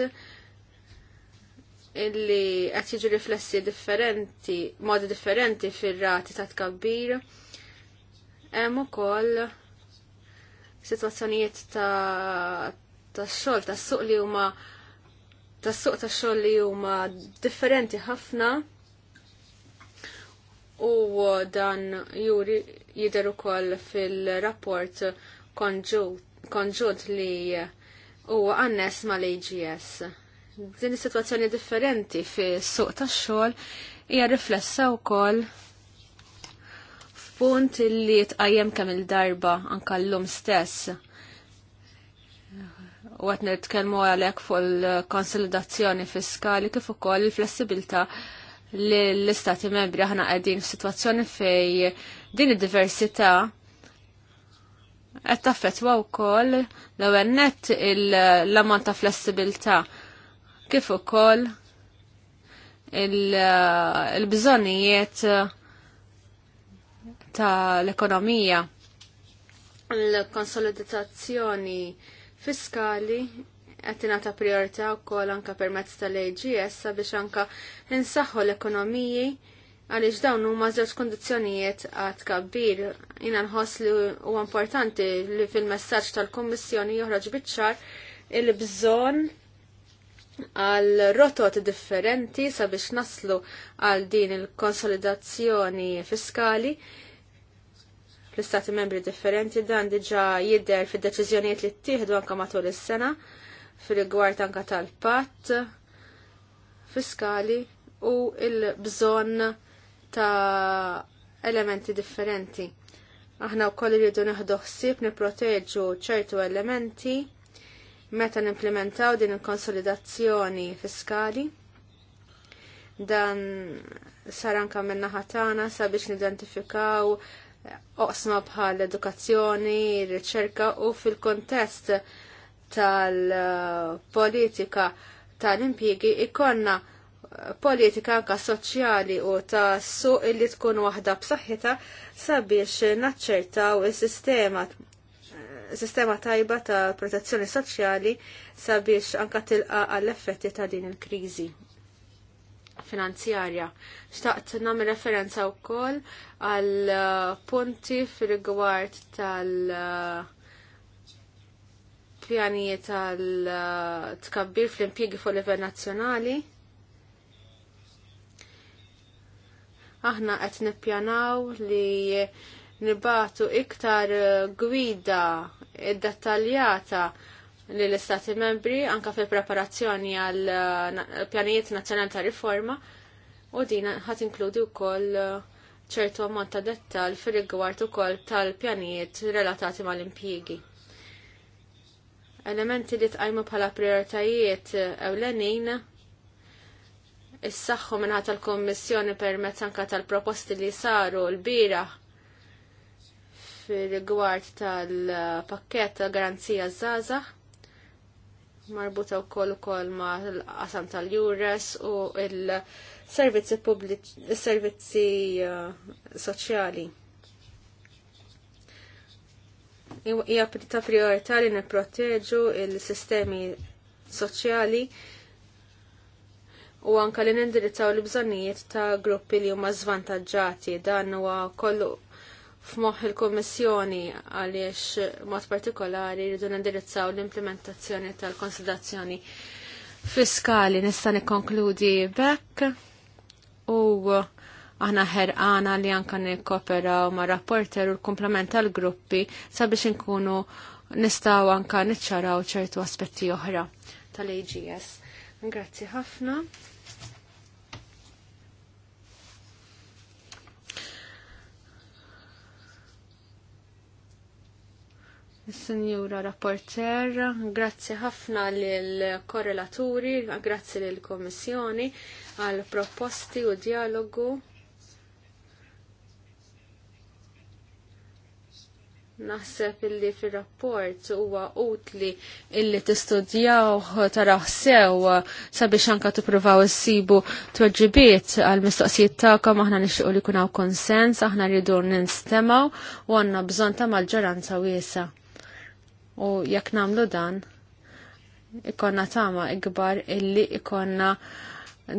illi qed jiġu riflessi differenti, modi differenti fir-rati ta' tkabbir. Hemm ukoll sitwazzjonijiet ta' tax-xogħol tas-suq li huma tas-suq tax-xogħol li huma differenti ħafna u dan juri jidher ukoll fil-rapport konġud li huwa għannes mal-AGS. Din situazzjoni differenti fis-suq tax-xogħol hija riflessa koll punt li tqajjem kemm il-darba anka l-lum stess. U għat nitkellmu għalhekk fuq l konsolidazzjoni fiskali kif ukoll il-flessibilità li l-istati membri aħna qegħdin f'sitwazzjoni fej din id-diversità qed taffettwa wkoll l-ewwel nett l-ammont ta' flessibilità kif ukoll il-bżonnijiet tal-ekonomija. L-konsolidazzjoni fiskali għattina ta' priorita u kol anka permezz tal-AGS sabiex anka insaħħu l-ekonomiji għaliex dawn huma żewġ kondizzjonijiet għad kabbir. Jina nħoss li huwa importanti li fil-messaġġ tal-Kummissjoni joħroġ biċ-ċar il-bżonn għal rotot differenti sabiex naslu għal din il-konsolidazzjoni fiskali fl-istati membri differenti dan diġa jidher fid-deċiżjonijiet li ttieħdu anke matul is-sena fil-rigward anka tal-patt fiskali u il-bżonn ta' elementi differenti. Aħna wkoll irridu naħdu ħsieb nipproteġu ċertu elementi meta nimplementaw din il-konsolidazzjoni fiskali. Dan sar anka minna ħatana sabiex nidentifikaw oqsma bħal edukazzjoni, riċerka u fil-kontest tal-politika tal-impjegi ikonna politika anka soċjali u ta' suq illi tkun waħda b'saħħitha sabiex naċċertaw is-sistema sistema tajba ta' protezzjoni soċjali sabiex anka tilqa għall-effetti ta' din il-kriżi finanzjarja. Xtaqt nagħmel referenza wkoll għal punti fir-rigward tal- eh, pjanijiet tal eh, tkabbir fl-impjiegi fuq livell nazzjonali Aħna qed nippjanaw li nibatu iktar eh, gwida dettaljata li l-Istati membri anka fil-preparazzjoni għal eh, pjanijiet nazzjonali ta' riforma u din ħat inkludi wkoll eh, ċertu ammont ta' dettal fir rigward ukoll tal-pjanijiet relatati mal-impjiegi. Elementi li tqajmu bħala prioritajiet ewlenin Is-saħħu minnħat tal-Kommissjoni permezz anka tal-proposti li saru l-bira fil-rigward tal-pakket ta' garanzija zaza marbuta u koll kol ma l-qasam tal-Jures u il-servizzi pubbliċi, il-servizzi eh, soċjali. Ija ta' priorità li niproteġu il-sistemi soċjali u anka li nindirizzaw l-bżonnijiet ta' gruppi li huma zvantaġġati dan huwa kollu f'moħħ il-Kummissjoni għaliex mod partikolari rridu nindirizzaw l-implementazzjoni tal-konsidrazzjoni fiskali nista' nikkonkludi bekk u aħna ħerqana li anka nikkoperaw ma' rapporter u l-komplement tal-gruppi sabiex inkunu nistaw anka niċċaraw ċertu aspetti oħra tal-AGS. Grazzi ħafna. Signora Rapporter, grazzi ħafna l-korrelaturi, grazie l-Komissjoni għal proposti u dialogu. Naħseb illi fil-rapport huwa utli illi tistudjaw taraħ sew sabiex anka tippruvaw issibu tweġibiet għal mistoqsijiet tagħkom aħna nixtiequ li jkun hawn konsens, aħna rridu ninstemaw u għandna bżonn ta' maġġoranza wiesa' u jekk namlu dan ikonna tama ikbar illi ikonna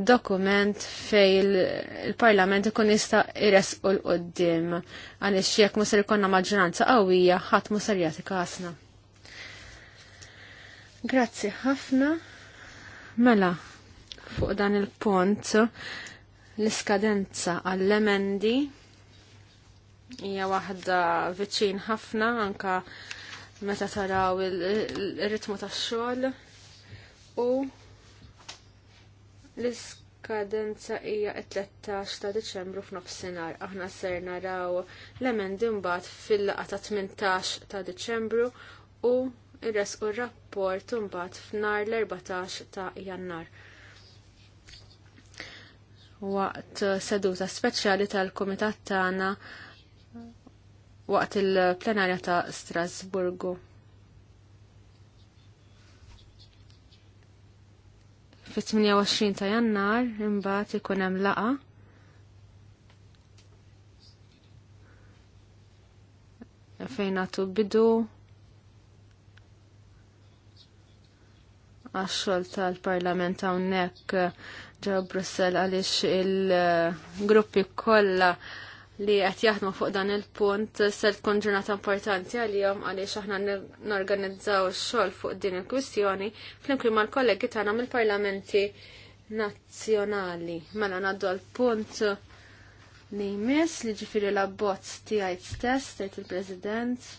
dokument fej il-parlament ikun jista ires u l-qoddim għalix jekk musar ikonna maġġoranza qawwija ħadd musar jati kasna. Grazzi ħafna. Mela, fuq dan il-pont l-iskadenza għall-emendi hija waħda viċin ħafna anka meta taraw il-ritmu tax-xogħol u l-iskadenza hija t-13 ta' Diċembru f'nofsinhar. Aħna ser naraw l-emendi mbagħad fil-laqgħa ta' 18 ta' Diċembru u res u rapport mbagħad f'nar l-14 ta' Jannar. Waqt seduta speċjali tal-Kumitat tagħna ta waqt il-plenarja ta' Strasburgu. Fit-28 ta' jannar imbagħad ikun hemm laqa' fejn għatu bidu għaxxol tal-parlament hawnhekk ġew Brussel għaliex il-gruppi kollha li qed jaħdmu fuq dan il-punt se tkun ġurnata importanti għalihom għaliex aħna norganizzaw x-xogħol fuq din il-kwistjoni flimkien mal-kollegi tagħna mill-parlamenti nazzjonali. Mela ngħaddu għal punt li jmiss li ġifieri l-abbozz tiegħi stess tgħid il-President.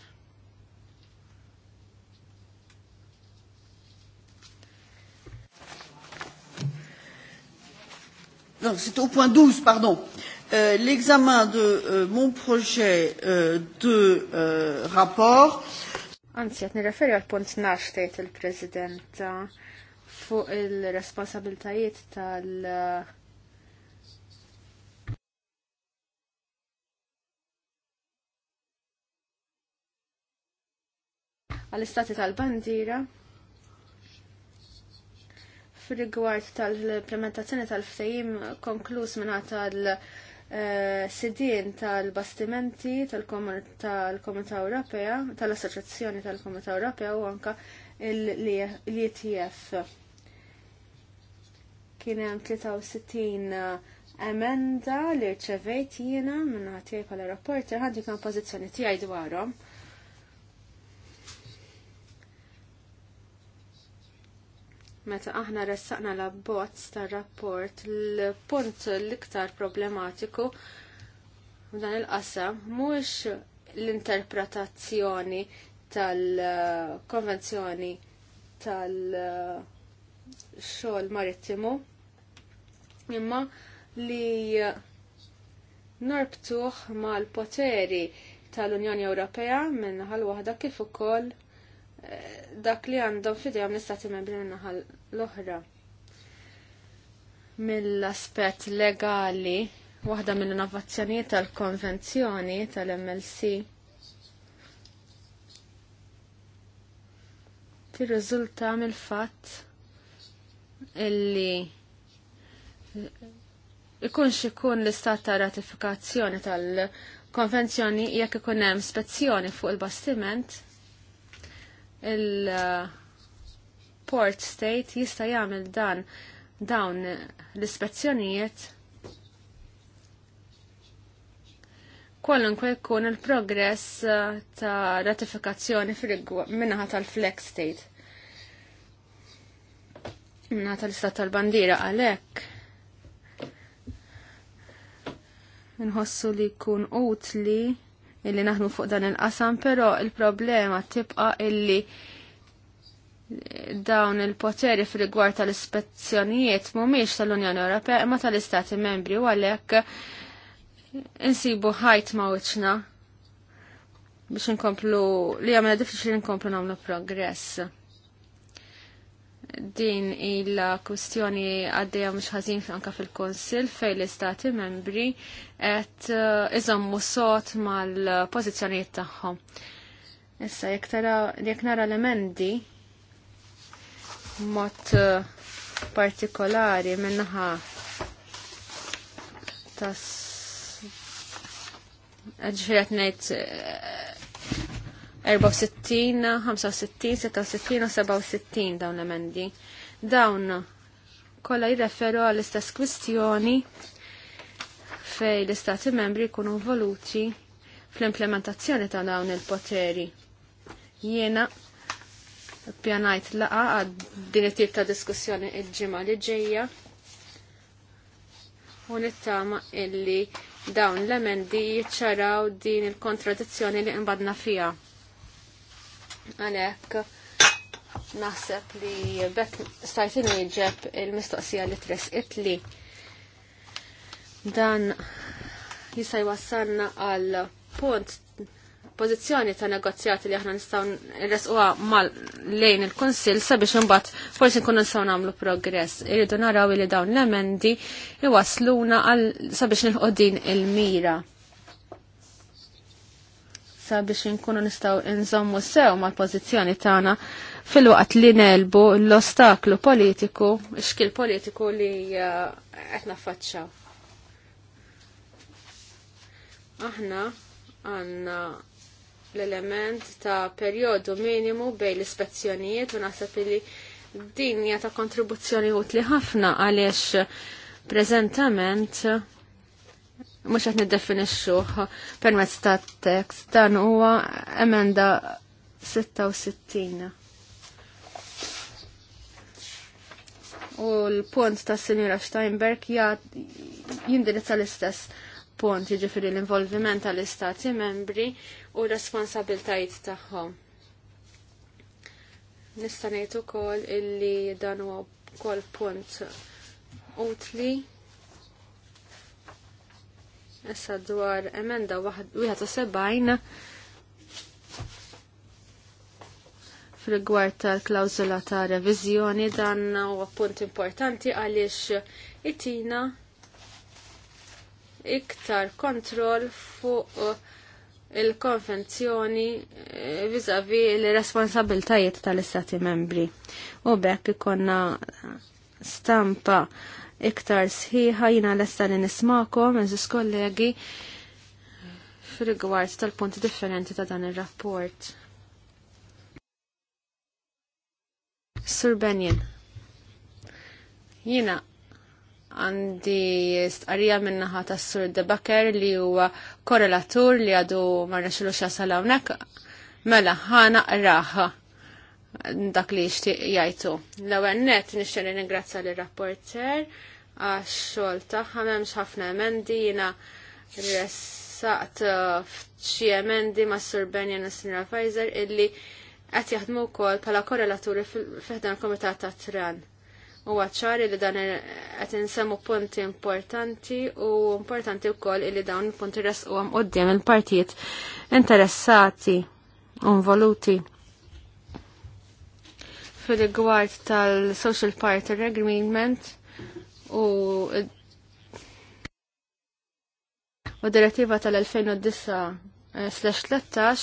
Non, c'est au point 12, pardon. Euh, Euh, l'examen de euh, mon projet euh, de euh, rapport. Anzi, għatni referi għal punt naċtejt il-President eh, fuq il-responsabiltajiet tal- eh, għal-istati tal-bandira fil-rigward tal-implementazzjoni tal ftajim konkluż minna tal-, -tal Eh, sidien tal-bastimenti tal-Komunità Ewropea, tal-Assoċjazzjoni tal-Komunità Ewropea u anka l-ETF. Kien hemm 63 eh, emenda li rċevejt jiena minn ħatijaj pala rapporter ħandi kan pożizzjoni tiegħi dwarhom. meta aħna ressaqna la bozz tar rapport l-punt l-iktar problematiku dan il-qasam mhux l-interpretazzjoni tal-konvenzjoni tal-xogħol marittimu imma li norbtuh mal-poteri tal-Unjoni Ewropea ħal waħda kif ukoll dak li għandhom fidejhom l-istati membri minnaħal l-oħra. Mill-aspett legali, waħda mill-innovazzjonijiet tal-konvenzjoni tal-MLC tirriżulta mill-fatt illi ikunx ikun l-istat ta' ratifikazzjoni tal-konvenzjoni jekk ikun hemm spezzjoni fuq il-bastiment il-Port State jista' jagħmel dan dawn l-ispezzjonijiet kwalunkwe jkun il-progress uh, ta' ratifikazzjoni minnaħa tal-Flex State. Minnaħa tal-Istat tal-Bandira għalek. Nħossu li kun utli illi naħdmu fuq dan il-qasam, però il-problema tibqa illi dawn il-poteri fil-gwar tal-ispezzjonijiet mumiex tal-Unjoni Ewropea imma tal-Istati membri u għalhekk insibu ħajt ma' wiċċna biex nkomplu li għamela diffiċli nkomplu nagħmlu progress din il-kustjoni għaddeja mux ħazin anka fil-konsil fej l-istati membri et eh, iżommu sot mal-pozizjoniet tagħhom. Issa, jek jek nara l-emendi mot eh, partikolari minnaħa tas ġifiri nejt 64, 65, 66, 67 dawn l-emendi. Dawn kolla jirreferu għall-istess kwistjoni fej l-istati membri kunu voluti fl-implementazzjoni ta' dawn il-poteri. Jiena pjanajt laqa għad din it-tip ta' diskussjoni il-ġimgħa li ġejja u nittama illi dawn l-emendi jiċċaraw din il-kontradizzjoni li imbadna fija. Għalhekk naħseb li bekk stajt inwieġeb il-mistoqsija li tresqit li dan jista' jwassalna għal punt pożizzjoni ta' negozjati li aħna nistgħu nresquha mal lejn il-Kunsill sabiex imbagħad forsi nkunu nistgħu nagħmlu progress. Irridu naraw li dawn l-emendi iwasluna għal sabiex nilħu din il-mira biex inkunu nistaw inżommu sew mal-pozizjoni tagħna fil-waqt li nelbu l-ostaklu politiku, xkil politiku li uh, qed naffaċċaw. Aħna għandna l-element ta' perjodu minimu bejn l-ispezzjonijiet u naħseb li din hija ta' kontribuzzjoni utli ħafna għaliex preżentament mux għet niddefinixxuh permezz ta' tekst dan huwa emenda 66. U l-punt ta' Sinjura Steinberg jindirizza l-istess punt, jiġifieri l-involviment tal-istati membri u responsabiltajiet tagħhom. Nista' ngħid ukoll illi dan huwa kol punt utli Issa dwar emenda 71 fil-gwar tal-klawzula ta' revizjoni dan huwa punt importanti għaliex itina iktar kontroll fuq il-konvenzjoni vizavi l-responsabiltajiet tal-istati membri. U bekk ikonna stampa iktar sħiħa jina l-esta li nismakom, eżis kollegi, fil-rigward tal-punti differenti ta' dan il-rapport. Sur Benjen, jina għandi stqarrija minnaħa ta' Sur Debaker li huwa korrelatur li għadu marna xilu xasal hawnhekk, mela ħana raħa dak li jixtieq jgħidu. L-ewwel nett nixtieq ningrazzja lir rapporter għax-xogħol tagħha m'hemmx ħafna emendi jiena ressaqt uh, f'xi emendi ma' Sur Benjen u Sinra Pfizer illi qed jaħdmu wkoll bħala korrelaturi f'ħdan il-Kumitat ta' Tran. U għacċari li dan qed insemmu punti importanti u importanti wkoll illi dawn il-punti resquhom qudiem il-partijiet interessati u involuti fil-rigward tal-Social party Agreement u u direttiva tal-2009-13 eh,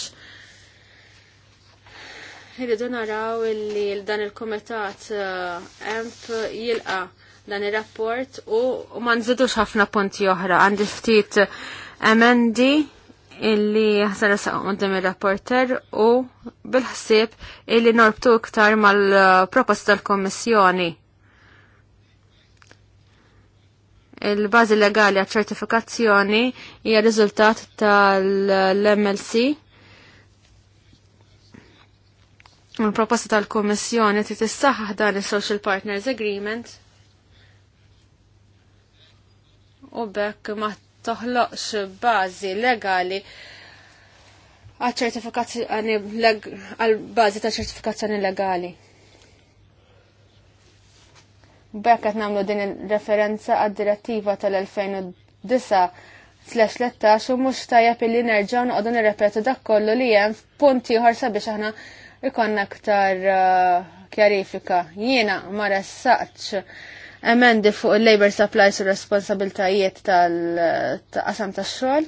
irridu naraw illi dan il-komitat eh, EMP jilqa dan il-rapport u ma nżidux ħafna punti oħra għandi ftit emendi illi ħsar għoddim il-rapporter u bil-ħsib illi norbtu iktar mal-proposta tal-Kommissjoni il-bażi legali għat ċertifikazzjoni hija riżultat tal-MLC. Il-proposta tal-Kummissjoni trid tissaħħaħ dan is-Social Partners Agreement u bekk ma toħloqx bażi legali għal ċertifikazzjoni għal bażi ta' ċertifikazzjoni legali. Bekk qed nagħmlu din il-referenza għad-direttiva tal-2009/13 u mhux tajjeb illi nerġgħu noqogħdu nirrepetu dak kollu li hemm f'punt ieħor sabiex aħna ikonna aktar uh, kjarifika. Jiena ma ressaqx emendi fuq il-labor supplies u responsabiltajiet tal-qasam uh, tax-xogħol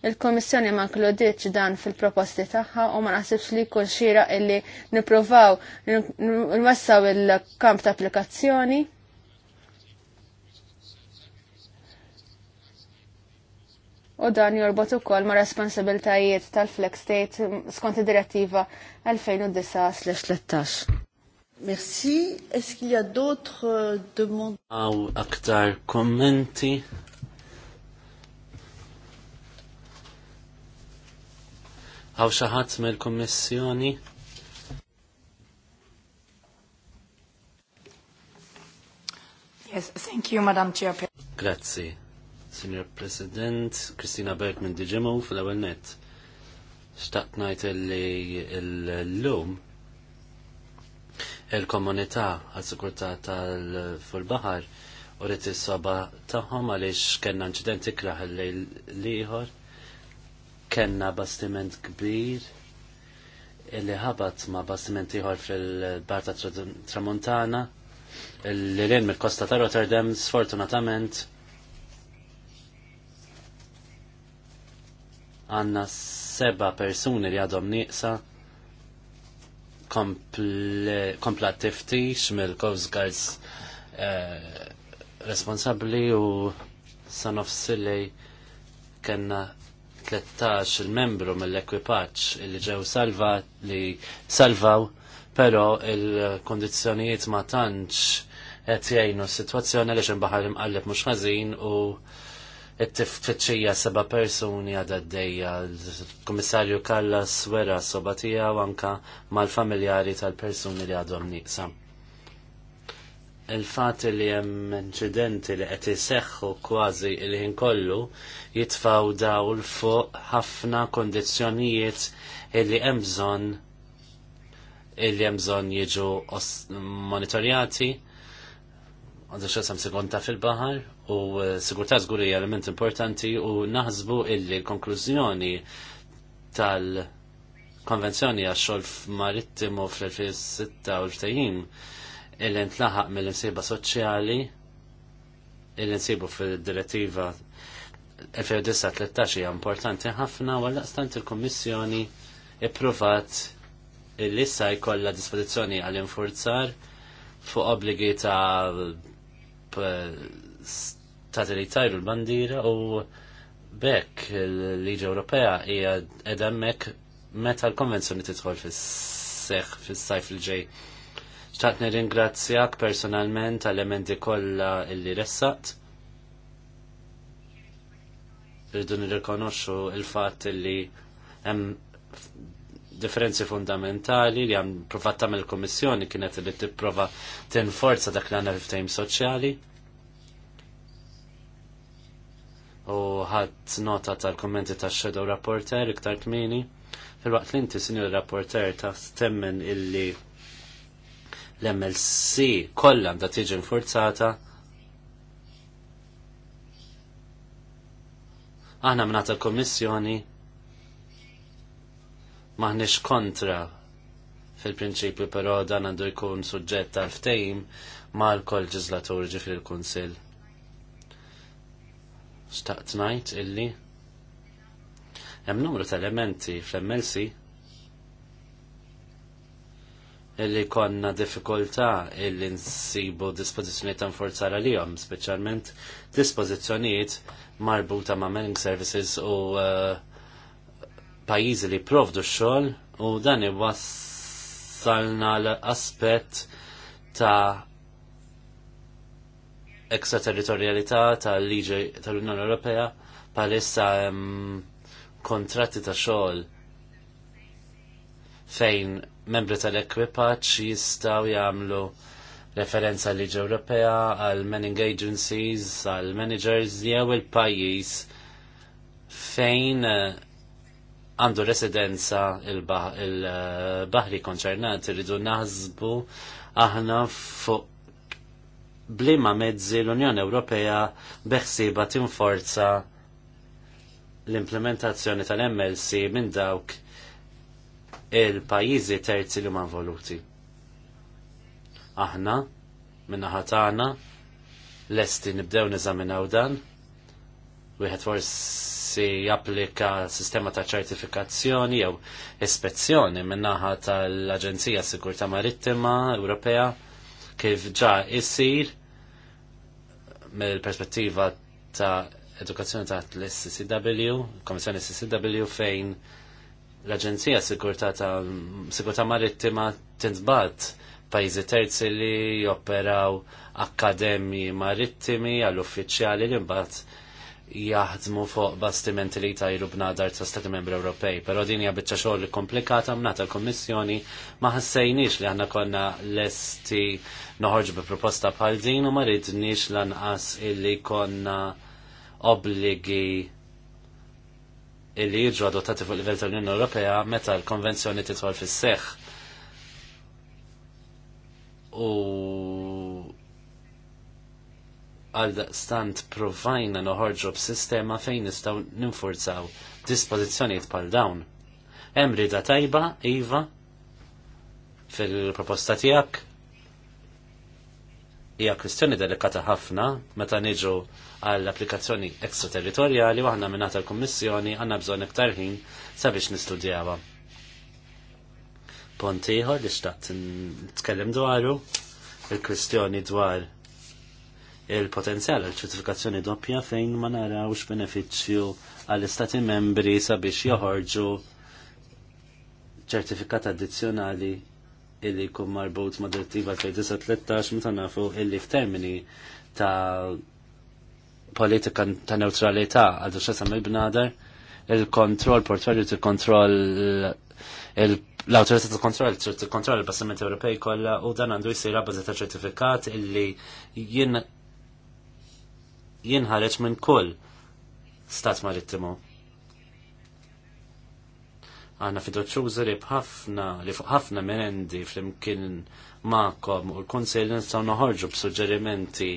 Il-Komissjoni ma nkludiċ dan fil-proposti tagħha u ma naħsibx li kull xira illi nippruvaw nwassaw il-kamp ta' applikazzjoni. U dan jorbot ukoll ma' responsabiltajiet tal-Flex State skont id-direttiva 2009/13. Merci. Est-ce qu'il y a d'autres euh, demandes? Ou, aktar kommenti? Għaw xaħat mill-Kommissjoni? Yes, thank you, Madam Chair. Grazzi. Signor President, Kristina Bergman minn Digimo fl-ewel net. Xtaqt najt li l-lum il-komunità għal-sikurtà fulbahar u rrit s-soba taħħom għalix kena inċidenti kraħ l-liħor Kenna bastiment kbir illi ħabat ma bastiment ieħor fil barta ta' Tramontana li lejn mill-kosta ta' Rotterdam sfortunatament għanna seba persuni li għadhom nieqsa kompla tiftix mill-Coast eh, responsabli u sanofsili kena 13 il-membru mill-ekwipaċ li ġew salva li salvaw, pero il-kondizjonijiet ma tantx qed jgħinu s-sitwazzjoni għaliex imbaħar imqalleb mhux ħażin u it-tiffiċċija seba' persuni għadha għaddejja, L-Kummissarju Kallas wera soba tiegħu anka mal-familjari tal-persuni li għadhom nieqsam il-fat li hemm inċidenti li qed iseħħu kważi il-ħin kollu jitfaw dawl fuq ħafna kundizzjonijiet li hemm bżonn illi hemm bżonn jiġu monitorjati għandu sam sekonda fil-bahar u eh, sigurtà żgur hija element importanti u naħsbu illi l-konklużjoni tal-konvenzjoni għax-xogħol marittimu fl-2006 u l-ftehim il-intlaħaq mill-insiba soċjali il-insibu fil-direttiva 2013 e hija importanti ħafna u għallaqstant il-Kommissjoni ipprovat il-lissa jkollha dispożizzjoni għal infurzar fuq obbligi ta' ta' li tajru l-bandira u bekk l-Liġi Ewropea hija edha meta l-konvenzjoni tidħol fis-seħħ fis-sajf il-ġej ċat nirringrazzjak personalment għal emendi kollha illi ressaqt. Rridu nirrikonoxxu il-fatt illi hemm differenzi fundamentali li għam provat tamel kommissjoni kienet li t-prova t-inforza dak l għanna fil-ftajm soċjali. U ħadd nota tal-kommenti ta' Shadow Rapporter iktar kmini. Fil-waqt li inti, Sinjor Rapporter, ta' stemmen illi l-MLC kollha da tiġi nfurzata. Aħna mnata l-Kommissjoni maħniex kontra fil-prinċipju però dan għandu jkun suġġett tal ftejim mal ġizlatur ġifri l-Kunsill. Xtaqt ngħid illi hemm numru ta' elementi fl-MLC illi konna diffikulta illi nsibu dispozizjoniet ta' nforzar jom, speċjalment dispożizzjonijiet marbuta ma' mailing services u uh, eh, pajjiżi li provdu x-xogħol u dan iwassalna l-aspett ta' ekstraterritorjalità tal-liġi tal-Unjoni Ewropea palissa um, kontratti ta' xogħol fejn membri tal-ekwipaġġ jistgħu jagħmlu referenza liġi Ewropea għal manning agencies, għal managers jew il-pajjiż fejn eh, għandu residenza il-bahri konċernat irridu naħsbu aħna fuq blima mezzi l-Unjoni Ewropea beħsiba tinforza l-implementazzjoni tal-MLC minn dawk il-pajizi terzi li ma' involuti. Aħna, minna ħatana, lesti nibdew nizaminaw dan, wieħed forsi japplika sistema ta' ċertifikazzjoni jew ispezzjoni minnaħa tal-Aġenzija Sigurta Marittima Ewropea kif ġa isir mill-perspettiva ta' edukazzjoni ta' l-SCCW, Komissjoni SCCW fejn l-Aġenzija Sigurtà ta' Sigurtà Marittima tintbat pajjiżi terzi li joperaw akkademji marittimi għall uffiċjali li mbagħad jaħdmu fuq bastimenti li tajru b'nadar ta' Stati Membri Ewropej. Però din hija biċċa xogħol komplikata mnata l-Kommissjoni ma ħassejniex li aħna konna lesti noħorġu bi proposta bħal din u ma ridniex lanqas illi konna obbligi illi jiġu adottati fuq livell tal-Unjoni Ewropea meta l-konvenzjoni titwal fis seħħ U għal stand provajna noħorġu b'sistema fejn nistgħu ninfurzaw dispożizzjonijiet bħal dawn. Hemm rida tajba, iva, fil-proposta tiegħek. Hija kwistjoni delikata ħafna meta niġu għall-applikazzjoni ekstraterritorjali waħna minnata l-Kommissjoni għanna bżon iktar ħin sabiex nistudjawa. Pontiħor ieħor li xtaqt n-tkellem dwaru il-kwistjoni dwar il-potenzjal għal-ċertifikazzjoni doppja fejn ma narawx benefiċċju għall-istati membri sabiex joħorġu ċertifikat addizzjonali illi jkun marbut ma' direttiva 2013 meta nafu illi f'termini ta' politika ta' neutralità għadu xasam il-bnader il-kontroll portfolio ti kontroll l-autorità ta' kontroll trid tikkontroll il passament Ewropej kollha u dan għandu jsir bażi ta' ċertifikat illi jien jinħareġ minn kull stat marittimu. Għanna fiduċużi li ħafna li fuq ħafna menendi flimkien ma'kom u l konsil nistgħu noħorġu b'suġġerimenti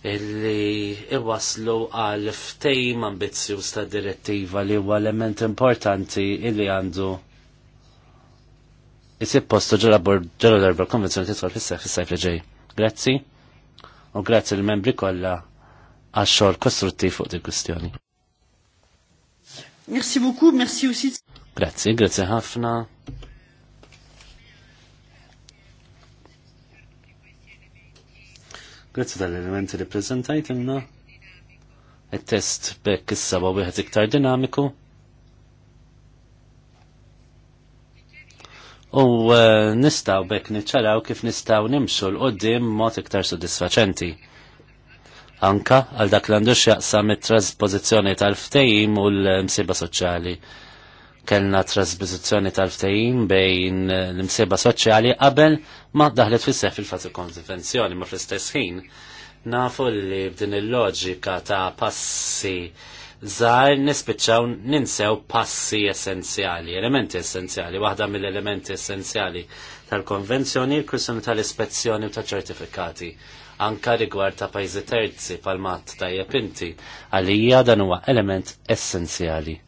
Illi iwaslu għal ftejm ambizzju sta' direttiva li huwa element importanti illi għandu jisib postu ġara ġara l-erba konvenzjoni titħol fis-seħ fis ġej. Grazzi u grazzi l-membri kollha għax-xogħol kostruttiv fuq dik kwistjoni. Merci beaucoup, merci aussi. Grazzi, grazzi ħafna. Grazzi tal-elementi li prezentajt ilna. Il-test bekk s-saba u wieħed iktar dinamiku. U eh, nistaw bekk niċċaraw kif nistaw nimxu l-qoddim mod iktar sodisfaċenti. Anka għal dak l għandux jaqsam it-traspożizzjoni tal-ftejim u l-msiba soċjali kellna trasbizizzjoni tal-ftehim bejn l-imsieba soċjali qabel ma daħlet fis il fil-fazi konvenzjoni ma fl-istess ħin. Nafu li b'din il-loġika ta' passi żgħar nispiċċaw ninsew passi essenzjali, elementi essenzjali, waħda mill-elementi essenzjali tal-konvenzjoni l-kwissjoni tal-ispezzjoni u tal-ċertifikati anka rigward ta' pajzi terzi pal-mat tajjeb jepinti għalija dan huwa element essenzjali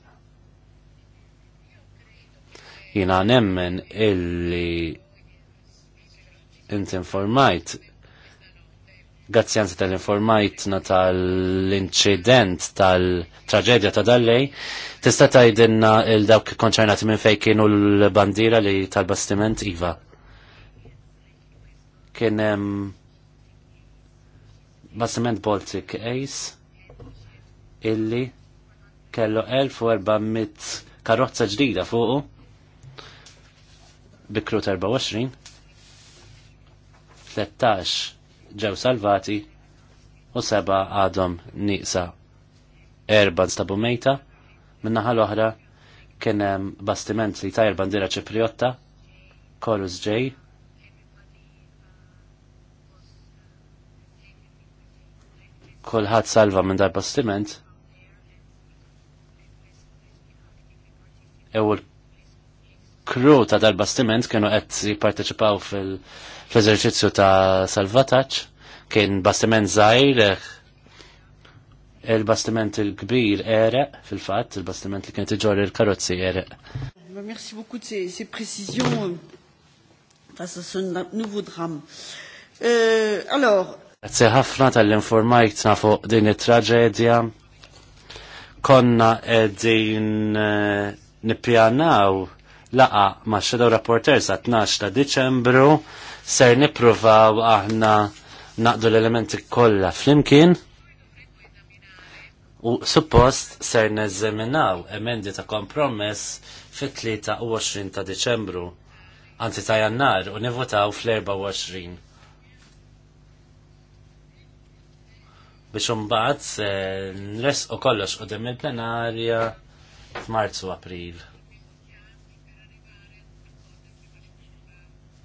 Jina nemmen illi inti informajt għazzjanzi tal-informajtna tal-inċident tal-traġedja ta' dallej, tista' tgħidilna il dawk konċernati minn fejn kienu l-bandira li tal-bastiment iva. Kien hemm bastiment Baltic Ace illi kellu 1400 karozza ġdida fuqu bikru 24, 13 ġew salvati u seba għadhom nieqsa erba nstabu mejta, minnaħa l-oħra kien hemm bastiment li tajr bandira ċipriotta, Chorus J, kolħat salva minn dar bastiment, ew kru ta' dal-bastiment kienu qed jipparteċipaw fil-eżerċizzju ta' salvataġġ kien bastiment żgħir il-bastiment il-kbir ereq fil-fatt, il-bastiment li kien tiġor il-karozzi ereq. Merci beaucoup de ces, ces précisions euh, face à ce nouveau drame. Euh, alors. Grazie ħafna tal-informajt fuq din it-traġedja. Konna din eh, nippjanaw laqa ma' Shadow Rapporters sa' 12 ta' Diċembru ser nipruvaw aħna naqdu l-elementi kollha flimkien u suppost ser neżeminaw emendi ta' kompromess fit-23 ta' Diċembru anzi ta' jannar u nivotaw fl-24. biex umbaħt nres u kollox u il-plenarja f'Marzu April.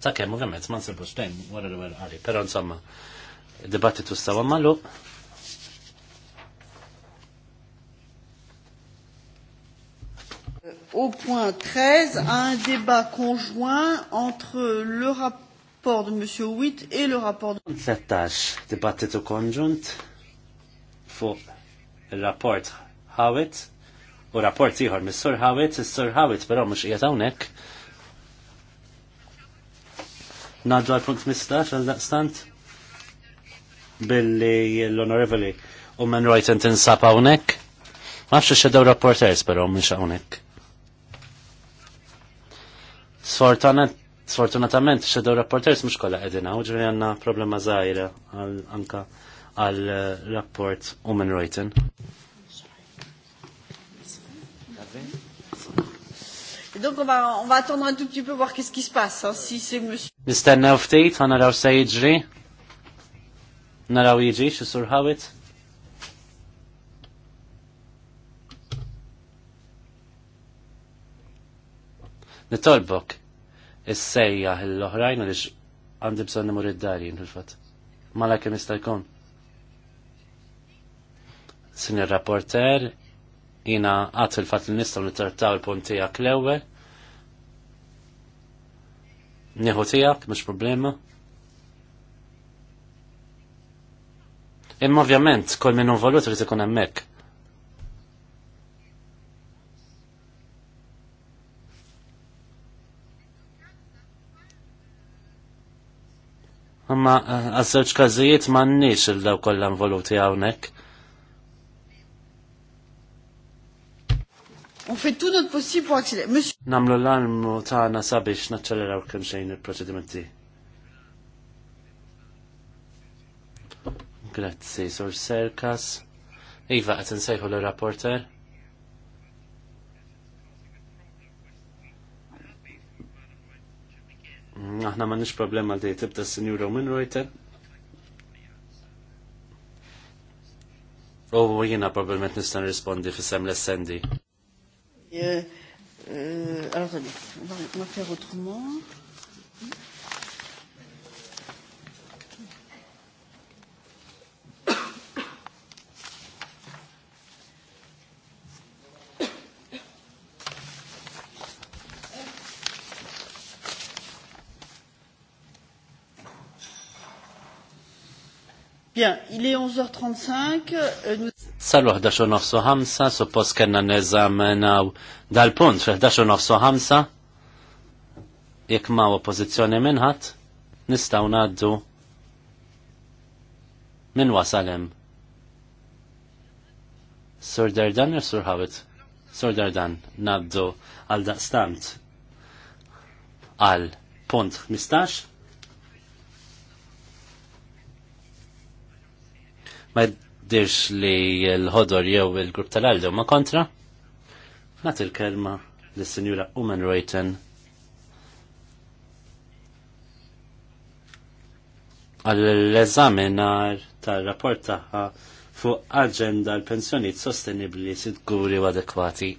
Sa' kemm ovvjament ma nsibux dejjem wara l-ewwel qari, però insomma dibattitu stawa malu. Au point 13, un débat conjoint entre le rapport de M. Witt et le rapport de... 13, dibattitu conjoint fuq il-rapport Howitt u rapport ieħor mis-Sur Howitt, is-Sur Howitt però mhux qiegħed hawnhekk Naddu punt mistax għal daqstant billi l-onorevoli u men rajten tinsab hawnhekk. Nafx xedew rapporters però mhux hawnhekk. Sfortunatament xedew rapporters mhux kollha qegħdin hawn, ġifieri għandna problema żgħira anka għal rapport u men rajten. Et donc on va, on va attendre un tout petit peu voir qu'est-ce qui se passe, hein, si c'est monsieur. Mr. Nafti, on a għan naraw se jiġri. Naraw jiġri, xisur ħawit. Nitolbok, is-sejja l-oħrajn għalix għandi bżon nimur id-darjien fil-fat. Mala kemm jista' jkun. Signor rapporter, jina għat il-fat li nistaw nittartaw il-punt tijak l ewe Nieħu tijak, mux problema. Imma ovvjament, kol minn valut rrit ikun hemmhekk. Imma eh, għazzewċ kazijiet każijiet m'għandniex il daw kollha involuti hawnhekk. On fait tout notre possible pour accélérer. Monsieur... Namlu l-armu tagħna sabiex naċċeleraw kemm xejn il-proċedimenti. Grazie, sor Serkas. Iva, qed insejħu l-rapporter. Aħna ma nix problema li tibda s-senjura Roman Reuter. U jiena probablement nista' nirrispondi fis-sem l-essendi. Euh, euh, alors, attendez, on va, on va faire autrement. Bien, il est 11h35. Euh, nous sal-11 suppost kena n neżamenaw dal-punt fl-11 jek 5, jekk ma' oppozizjoni minnħat, nistaw naddu minn wasalem. Sur Derdan jew Sur Hawit? Sur Derdan, naddu għal daqstant għal punt 15 ma dirx li l-ħodor jew il-grupp tal għaldu ma kontra. Nat il-kelma l-Sinjura Umen Reuten għall-eżaminar tal-rapport taħħa fuq agenda l-pensjoniet sostenibli, sidguri u adekwati.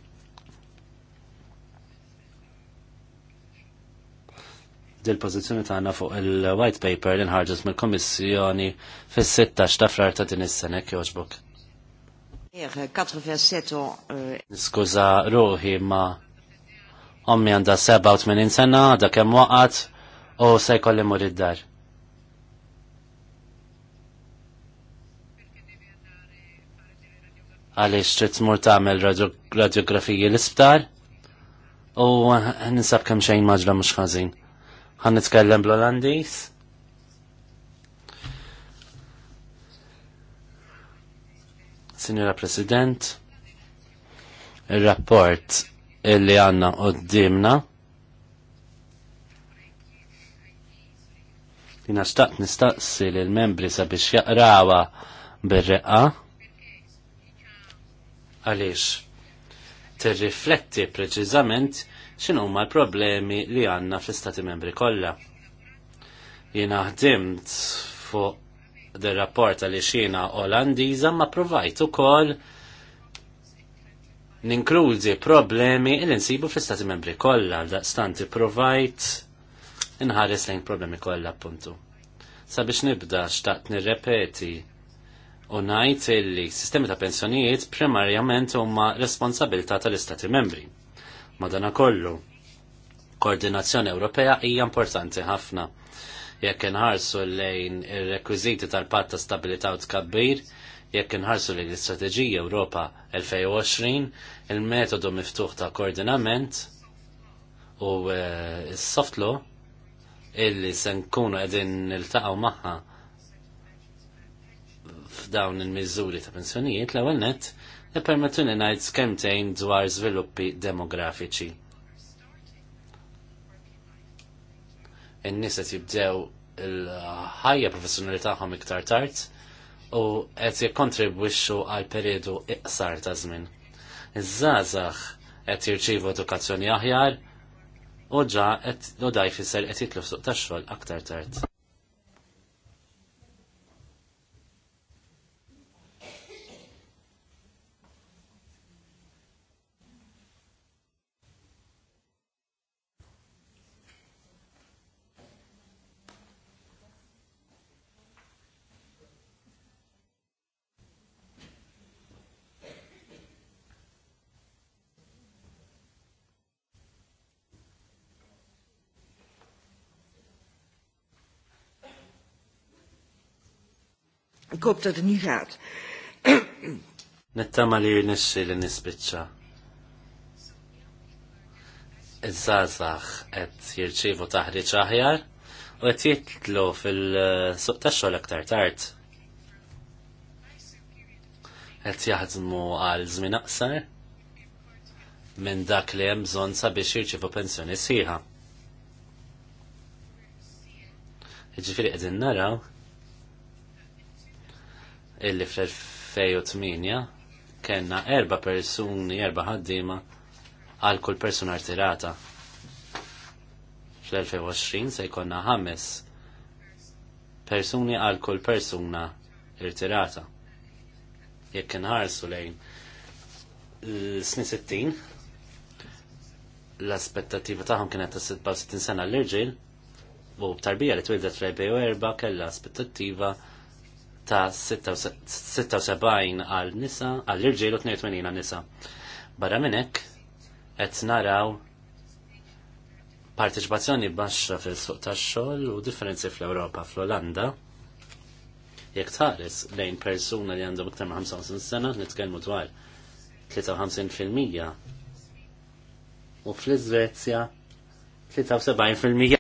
dil-pozizjoni tagħna fuq il-white paper li nħarġet mill-Kommissjoni fis-16 ta' frar ta' din is-sena jogħġbok. Euh, Niskuża ruħi ma ommi għandha 87 sena għadha kemm waqgħet u se jkolli mur id-dar. Għaliex trid tmur tagħmel radiografiji l-isptar u ninsab kemm xejn maġra mhux ħażin. Għan nitkellem bl-Olandis. Signora President, il-rapport illi għanna d-dimna. jina xtaqt nistaqsi li l-membri sabiex jaqrawa bil-reqqa għalix tirrifletti preċiżament xinu ma l-problemi li għandna fl-Istati Membri kollha. Jina ħdimt fuq del rapport li xina Olandiża ma provajtu ukoll ninkludi problemi li nsibu fl-Istati Membri kollha stanti provajt inħares lejn problemi kollha appuntu. Sabiex nibda xtaqt nirrepeti u ngħid li sistemi ta' pensjonijiet primarjament huma responsabilità tal-Istati Membri Madana kollu, koordinazzjoni Ewropea hija importanti ħafna. Jekk inħarsu lejn ir-rekwiżiti tal-patt ta' stabilità u tkabbir, jekk inħarsu lejn l-Istrateġija Ewropa 2020, il-metodu miftuħ ta' koordinament u eh, s-soft law illi se nkunu qegħdin niltaqgħu magħha f'dawn il-miżuri ta' pensjonijiet l-ewwel nett E permettuni najt skemtejn dwar sviluppi demografiċi. In-nies qed jibdew il-ħajja professjonali tagħhom iktar tard u qed jikkontribwixxu għal periodu iqsar ta' żmien. Iż-żgħażagħ qed jirċievu edukazzjoni aħjar u ġa qed u daj qed jitlu suq tax-xogħol aktar tard. hoop dat het nu gaat. Nittama li nisċi li nispicċa. Iż-żazax qed jirċievu taħriġ aħjar u qed jitlu fil-suq tax aktar tard. Qed jaħdmu għal żmien aqsar minn dak li hemm bżonn sabiex jirċievu pensjoni siħa. Jiġifieri għedin naraw illi fl-2008 kena erba persuni, erba ħaddima għal kull persuna artirata. Fl-2020 se jkonna ħames persuni għal kull persuna irtirata. Jekk nħarsu lejn l-snin 60 l-aspettativa tagħhom kienet ta' 66 sena l-irġiel u b'tarbija li twildet fl-2004 kellha aspettattiva ta' 76 għal nisa għal irġiel u 82 għal nisa. Barra minnek et naraw parteċipazzjoni baxxa fil-suq tax-xogħol u differenzi fl-Ewropa fl-Olanda. Jekk tħares lejn persuna li għandhom iktar ma' 55 sena nitkellmu dwar 53% u fl-Iżvezja 73%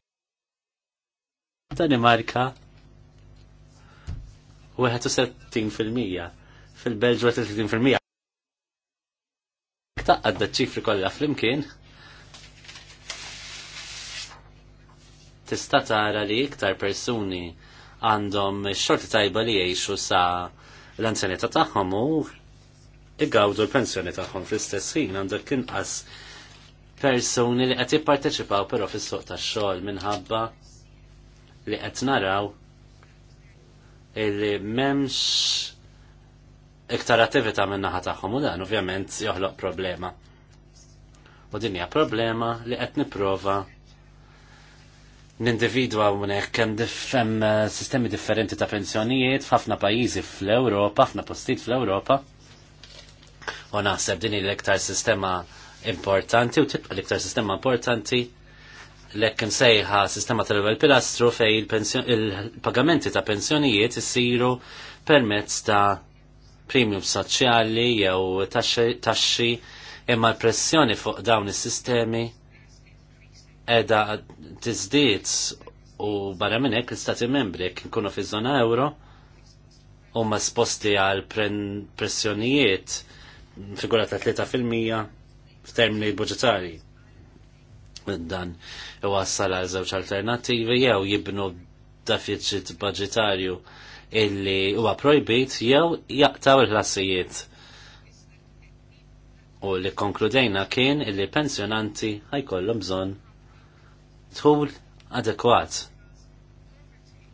Danimarka u 61% fil-Belġu 30%. Taqqad għadda ċifri kollha imkien Tista' tara li iktar persuni għandhom xorti tajba li jgħixu sa l anzjonieta tagħhom u igawdu l-pensjoni tagħhom fl-istess ħin għandek inqas persuni li qed jipparteċipaw però fis-suq tax-xogħol minħabba li qed naraw illi memx iktar attività minn naħa tagħhom u dan ovvjament joħloq problema. U din hija problema li qed nipprova nindividwa individwa unek kem sistemi differenti ta' pensjonijiet f'ħafna pajjiżi fl-Ewropa, ħafna postijiet fl-Ewropa. U naħseb din l-iktar sistema importanti u tibqa l-iktar sistema importanti l ekken sejħa sistema tal-ewwel pilastru fej il-pagamenti ta' pensjonijiet isiru permezz ta' premium soċjali jew taxxi imma l-pressjoni fuq dawn is-sistemi edha tiżdied u barra minn hekk l-istati membri jekk inkunu fiż-żona euro huma sposti għal pressjonijiet figura ta' 3% f'termini budġetarji dan iwassal għal żewġ alternattivi jew jibnu deficit budgetarju illi huwa projbit jew jaqtaw il-ħlasijiet. U li konkludejna kien illi pensjonanti ħajkollhom bżonn tħul adekwat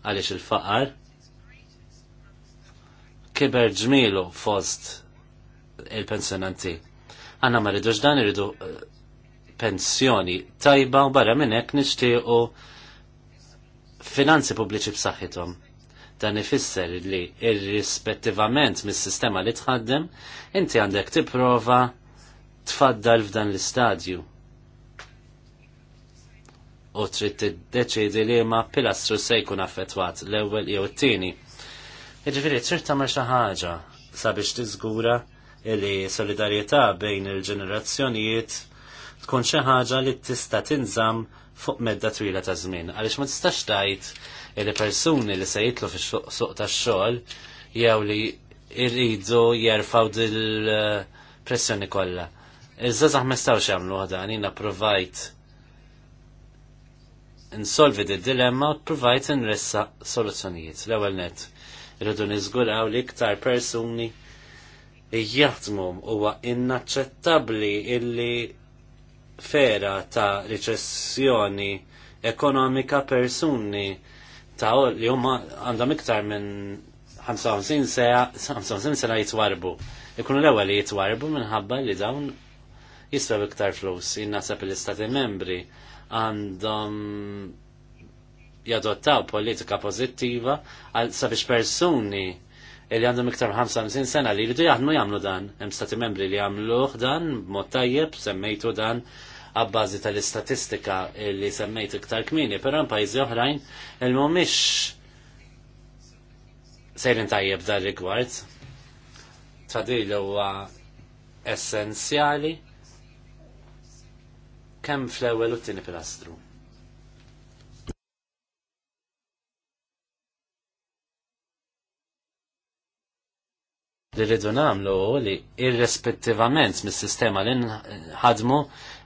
għaliex il-faqar kiber ġmilu fost il-pensjonanti. Għanna ma rridux dan irridu pensjoni tajba u barra minn hekk nixtiequ finanzi pubbliċi b'saħħithom. Dan ifisser li irrispettivament mis-sistema li tħaddem, inti għandek tipprova tfaddal f'dan l-istadju. U trid tiddeċidi li ma pilastru se jkun affettwat l-ewwel jew it-tieni. Jiġifieri trid tagħmel xi ħaġa sabiex tiżgura li solidarjetà bejn il-ġenerazzjonijiet tkun xi ħaġa li tista' tinżamm fuq medda twila ta' żmien. Għaliex ma tistax tgħid li persuni li se jitlu fis-suq tax-xogħol jew li jridu jerfaw dil-pressjoni eh, kollha. Iż-żazax ma jistgħux jagħmlu ħadan, jiena provajt insolvi di dilemma u provajt inressa soluzzjonijiet. L-ewwel net, irridu niżguraw li iktar persuni jaħdmu huwa inaċċettabbli illi fera ta' riċessjoni ekonomika persuni ta' li huma għandhom iktar minn 55 sena jitwarbu. Ikunu l-ewwel li jitwarbu minħabba li dawn jiswew iktar flus. Jinnaħseb l-istati membri għandhom jadottaw politika pożittiva għal sabiex persuni li għandhom iktar 55 sena li jridu jaħdmu jagħmlu dan. Hemm stati membri li jagħmluh dan b'mod tajjeb, semmejtu dan għabbażi tal-istatistika li semmejt iktar kmini, però hemm pajjiżi oħrajn il mhumiex sejrin tajjeb dan rigward. Tadil huwa essenzjali kemm fl-ewwel u t-tieni pilastru. li rridu namlu li irrespettivament mis-sistema li nħadmu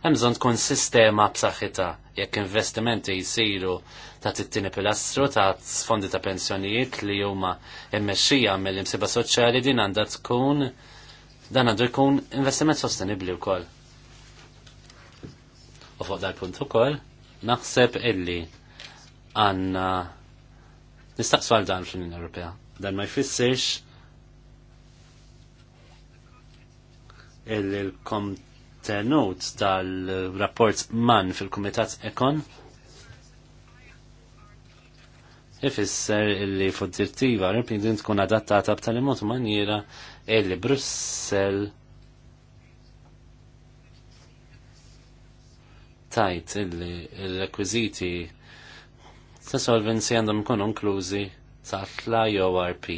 hemm bżonn tkun sistema b'saħħitha jekk investimenti jsiru ta' tittini pilastru ta' fondi ta' pensjonijiet li huma mmexxija mill-imsiba soċjali din għandha tkun dan għandu jkun investiment sostenibbli wkoll. U fuq dal-punt ukoll naħseb illi għandna nistaqsu għal dan fl-Unjoni Ewropea. Dan ma jfissirx il-kontenut tal-rapport man fil-Kumitat Ekon ifisser illi fuq direttiva l-impjindin tkun adattata b'tali mod maniera illi Brussel tajt il-li il-rekwiziti ta' solvenzi għandhom ikunu unklużi ta' tla jew RP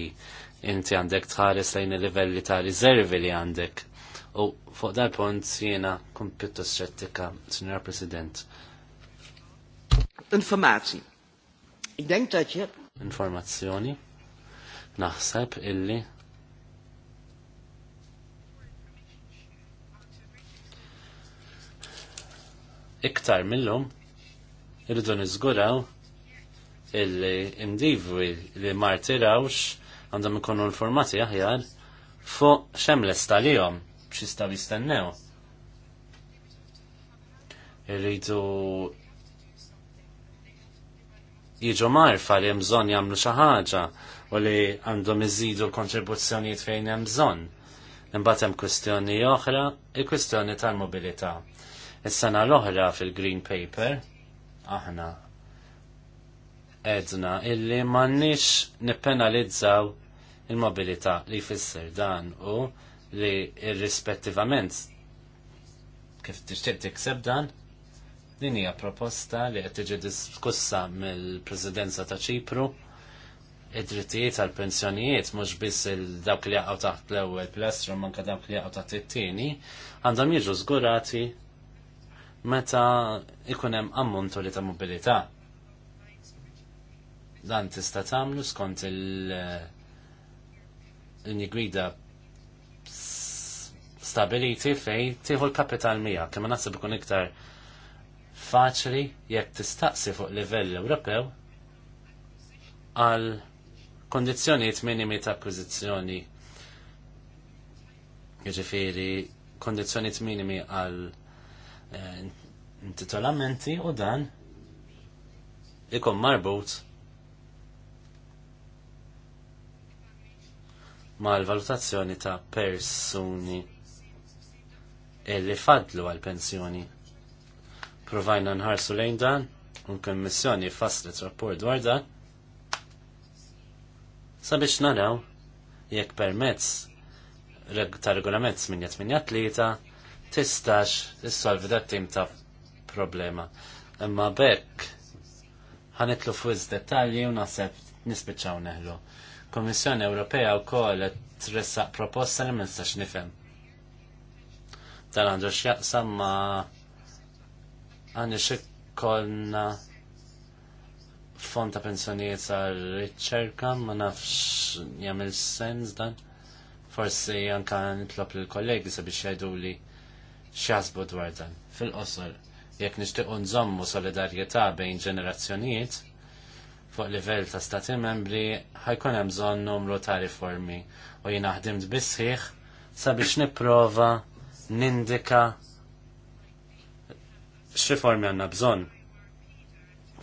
inti għandek tħares lejn il-livelli ta' riservi li għandek U fuq dal punt jiena kun pjuttost xettika, Signor President. Informazzjoni. Idem Informazzjoni. Naħseb illi iktar millum irridu niżguraw illi individwi li martirawx għandhom ikunu l-formati aħjar fuq xemles tal-jom xista jistennew. Irridu jiġu marfa li jemżon jamlu xaħġa u li għandhom iżidu kontribuzzjonijiet fejn jemżon. Imbagħad hemm kwistjoni oħra, il-kwistjoni tal-mobilità. Is-sena l-oħra fil-Green Paper aħna edna illi mannix nippenalizzaw il-mobilità li jfisser dan u li irrispettivament kif tixtieq tikseb dan, din hija proposta li qed tiġi diskussa mill-Presidenza ta' Ċipru id-drittijiet tal pensjonijiet mhux biss dawk li jaqgħu taħt l-ewwel plastru manka dawk li jaqgħu taħt it-tieni għandhom jiġu żgurati meta ikun hemm ammonturi ta' mobilità. Dan tista' tagħmlu skont il-gwida stabiliti fej tieħu l-kapital mija, kemma nasib ikun iktar faċli jekk tistaqsi fuq livell Ewropew għal kondizjoniet minimi ta' akkużizzjoni. Jiġifieri kondizjoniet minimi għal eh, intitolamenti u dan ikun marbut mal-valutazzjoni ta' persuni illi fadlu għal-pensjoni. Provajna nħarsu lejn dan, un-kommissjoni faslet rapport dwar dan, sabiex naraw jekk permezz ta' regolament 883 tistax tissolvi dat tim ta' problema. Imma bekk ħanitlu fuq dettalji u naħseb nispiċċaw neħlu. Kommissjoni Ewropea wkoll qed tressaq proposta li ma nistax nifhem. Dan għandu x'jaqsam ma għandi xikolna fond ta' pensjonijiet għal riċerka ma nafx jamil sens dan. Forsi anka nitlob lill kollegi sabiex jajdu li x'jaħsbu dwar dan. Fil-qosor, jekk nixtiequ nżommu solidarjetà bejn ġenerazzjonijiet, fuq livell ta' stati membri ħajkun hemm bżonn numru ta' riformi u jien ħdimt bisħiħ sabiex nipprova nindika xi formi għandna bżonn.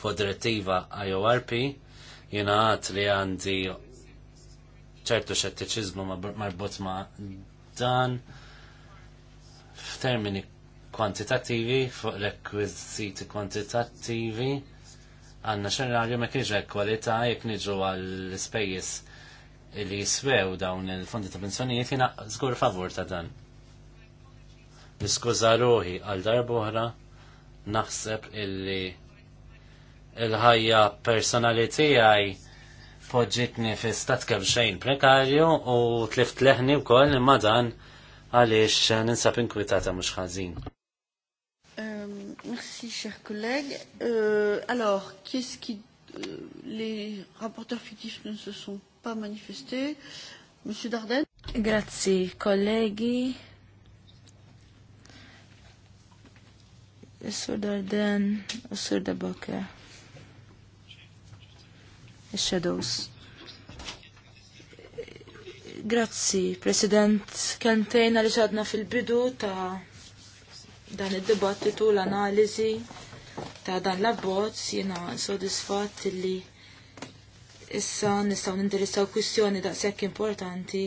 Fuq direttiva IORP jiena għad li għandi ċertu xettiċiżmu marbut ma' dan f'termini kwantitattivi fuq rekwiziti kwantitattivi għanna xerrarju ma kienx kwalità jekk niġu għall ispejjeż li jiswew dawn il-fondi ta' pensjonijiet jiena żgur favur ta' dan. Niskuża ruħi għal darbohra naħseb illi il-ħajja personali tiegħi poġġitni fi stat kemxejn xejn prekarju u tlift leħni wkoll imma dan għaliex ninsab inkwitata mhux ħażin. Ehm, merci, chers collègues. Euh, alors, qu'est-ce qui... Euh, les rapporteurs fictifs ne se sont pas manifestés. Monsieur Dardenne Grazie, colleghi. Is-Sur Darden u s-Sur Daboke. Is-Shadows. Grazzi, President. Kentejna li xadna fil-bidu ta' dan id-dibattitu l-analizi ta' dan l-abbozz jiena sodisfatt li issa nistgħu nindirizzaw kwistjoni daqshekk importanti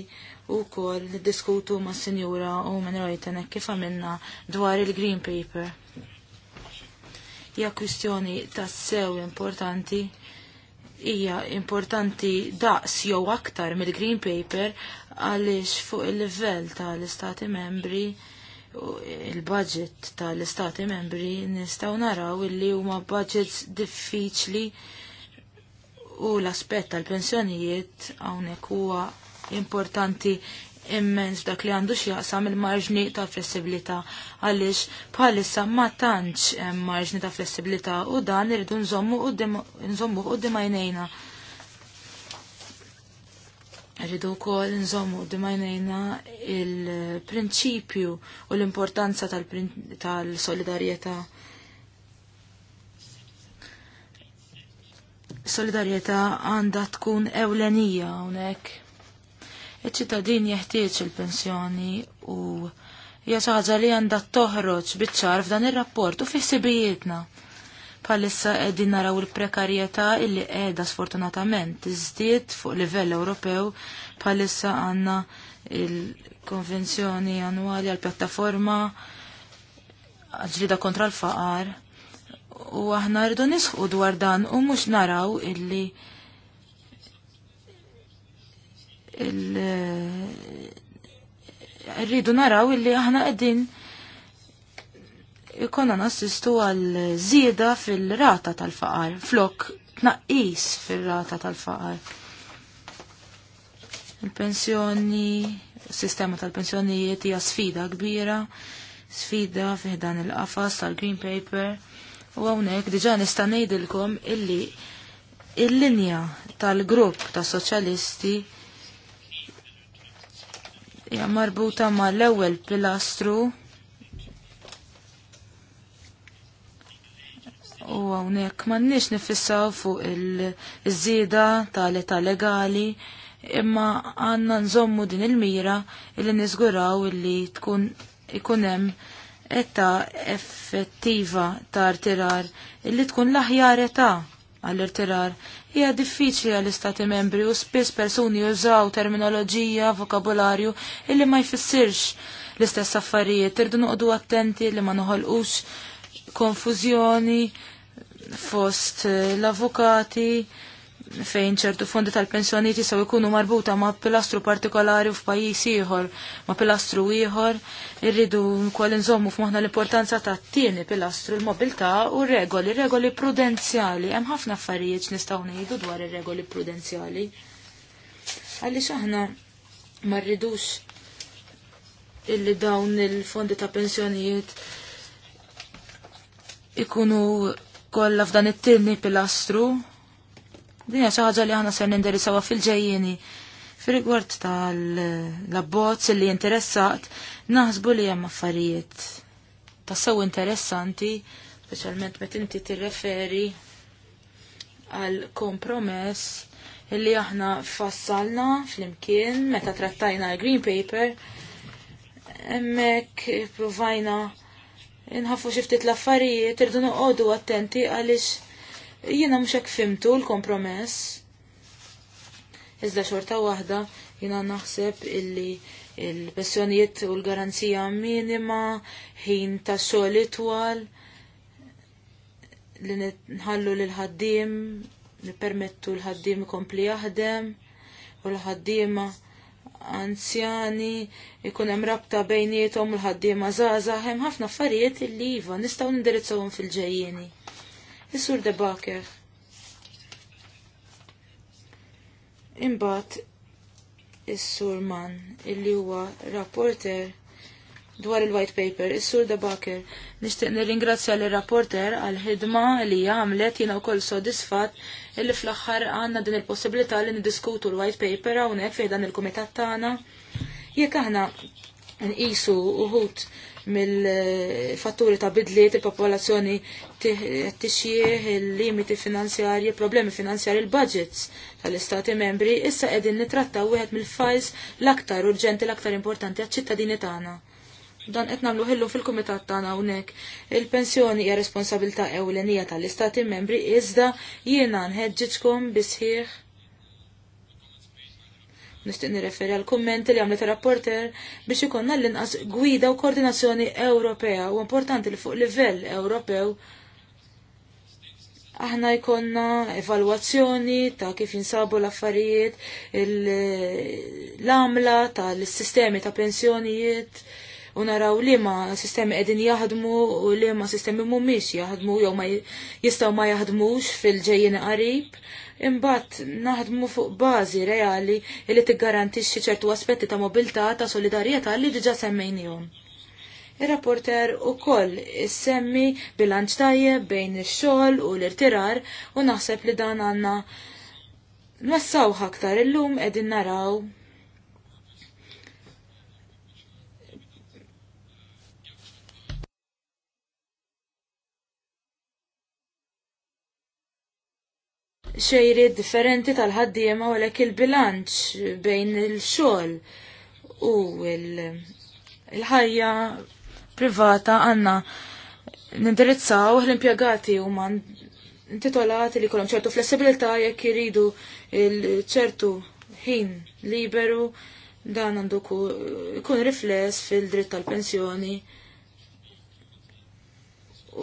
u kol diskutu ma' Sinjura Omen Reuten kif għamilna dwar il-Green Paper hija kwistjoni ta' sew importanti hija importanti daqs jew aktar mill-Green Paper għaliex fuq il-livell tal-Istati membri il-budget tal-Istati membri nistgħu naraw illi huma budgets diffiċli u l-aspett tal-pensjonijiet hawnhekk huwa importanti immens dak li għandu jaqsam il-marġni ta' flessibilità għaliex bħalissa ma tantx hemm marġni ta' flessibilità u dan irridu nżommu qudiem għajnejna. Rridu wkoll nżommu qudiem għajnejna il-prinċipju u l-importanza tal-solidarjetà. Solidarjetà għandha tkun ewlenija hawnhekk iċ-ċittadin jeħtieġ il-pensjoni u hija xi ħaġa li għandha toħroġ biċ-ċar f'dan ir-rapport u fissibijietna. sibijietna Palissa qegħdin naraw il-prekarjetà illi qiegħda sfortunatament iżdiet fuq livell Ewropew palissa għandna il-konvenzjoni annwali għal pjattaforma ġrida kontra l-faqar u aħna rridu nisħu dwar dan u mhux naraw illi rridu naraw illi aħna qegħdin ikonna nassistu għal zieda fil-rata tal-faqar, flok tnaqqis fil-rata tal-faqar. Il-pensjoni, sistema tal-pensjonijiet hija sfida kbira, sfida fiħdan il-qafas tal-Green Paper, u hawnhekk diġà nista' ngħidilkom illi il-linja tal-grupp tas-soċjalisti hija marbuta mal-ewwel pilastru u hawnhekk m'għandniex nifissaw fuq il-żieda tal-età legali imma għandna nżommu din il-mira illi niżguraw illi tkun ikun hemm età effettiva ta' tirar illi tkun l-aħjar età għall-irtirar hija diffiċli għal istati membri u spiss persuni jużaw terminoloġija, vokabularju illi ma jfissirx l-istess affarijiet. Irdu noqdu attenti li ma noħolqux konfużjoni fost l-avukati fejn ċertu fondi tal-pensjoniet jistgħu jkunu marbuta ma' pilastru partikolari f'pajjiż ieħor, ma' pilastru ieħor, irridu wkoll inżommu f'moħħna l-importanza ta' tieni pilastru l-mobilità u regoli, regoli prudenzjali. Hemm ħafna affarijiet nistgħu ngħidu dwar ir-regoli prudenzjali. Għaliex aħna ma rridux illi dawn il-fondi ta' pensjonijiet ikunu kollha f'dan it-tieni pilastru Dinja xi ħaġa li aħna ser nindirisawha fil-ġejjieni. Fir-rigward tal-abbozz li interessat, naħsbu li hemm affarijiet tassew interessanti, speċjalment meta inti tirreferi għal kompromess illi aħna fassalna fl-imkien meta trattajna l-Green Paper, emmek provajna nħaffu xiftit l-affarijiet, irdu noqogħdu attenti għaliex. Jiena mxek fimtu l-kompromess. Iżda xorta waħda jiena naħseb illi il-pensjonijiet u l-garanzija minima, ħin ta' xogħol itwal, li nħallu l ħaddim nippermettu l-ħaddim kompli jaħdem, u l-ħaddiema anzjani, ikun hemm rabta bejnietom l-ħaddiema żgħażagħ hemm ħafna affarijiet illi iva nistgħu nindirizzawhom fil-ġejjieni. Is-sur Debaker. Imbagħad is-sur Mann illi huwa rapporter dwar il-white paper, is-sur Debaker. Nixtieq nirringrazzja l rapporter għal ħidma li għamlet jiena wkoll sodisfatt illi fl-aħħar għandna din il-possibilità li niddiskutu l-white paper hawnhekk fejn dan il-kumitat tagħna. Jekk aħna nqisu uħut mill-fatturi ta' bidliet, il-popolazzjoni t tixjieħ, il-limiti finanzjarji, problemi finanzjarji, il-budgets tal-istati membri, issa edin nitrattaw wieħed mill-fajs l-aktar urġenti, l-aktar importanti għal-ċittadini tagħna. Dan qed nagħmlu ħillu fil-kumitat tagħna hawnhekk. Il-pensjoni hija responsabilità ewlenija tal-istati membri iżda jiena nħeġġitkom bisħieħ Nixtieq nirreferi għal kummenti li għamlet rapporter biex ikonna l-inqas gwida u koordinazzjoni Ewropea u importanti li fuq livell Ewropew aħna jkonna evalwazzjoni ta' kif jinsabu l-affarijiet, l-għamla l sistemi ta' pensjonijiet, u naraw li ma sistemi edin jaħdmu u li ma sistemi mumiex jaħdmu jew ma jistaw ma jaħdmux fil-ġejjien qarib imbagħad naħdmu fuq bażi reali li tiggarantixxi ċertu aspetti ta' mobilità ta' solidarjetà li diġà semmejnihom. Ir-rapporter ukoll issemmi bilanċ tajjeb bejn ix-xogħol u l-irtirar u naħseb li dan għandna nwessawha aktar illum qegħdin naraw xejri differenti tal-ħaddiema u għalek il-bilanċ bejn il-xol u il-ħajja privata għanna nindirizzaw l-impiegati u man intitolati li kolom ċertu flessibilità jekk iridu ċertu ħin liberu dan għandu kun rifless fil-dritt tal-pensjoni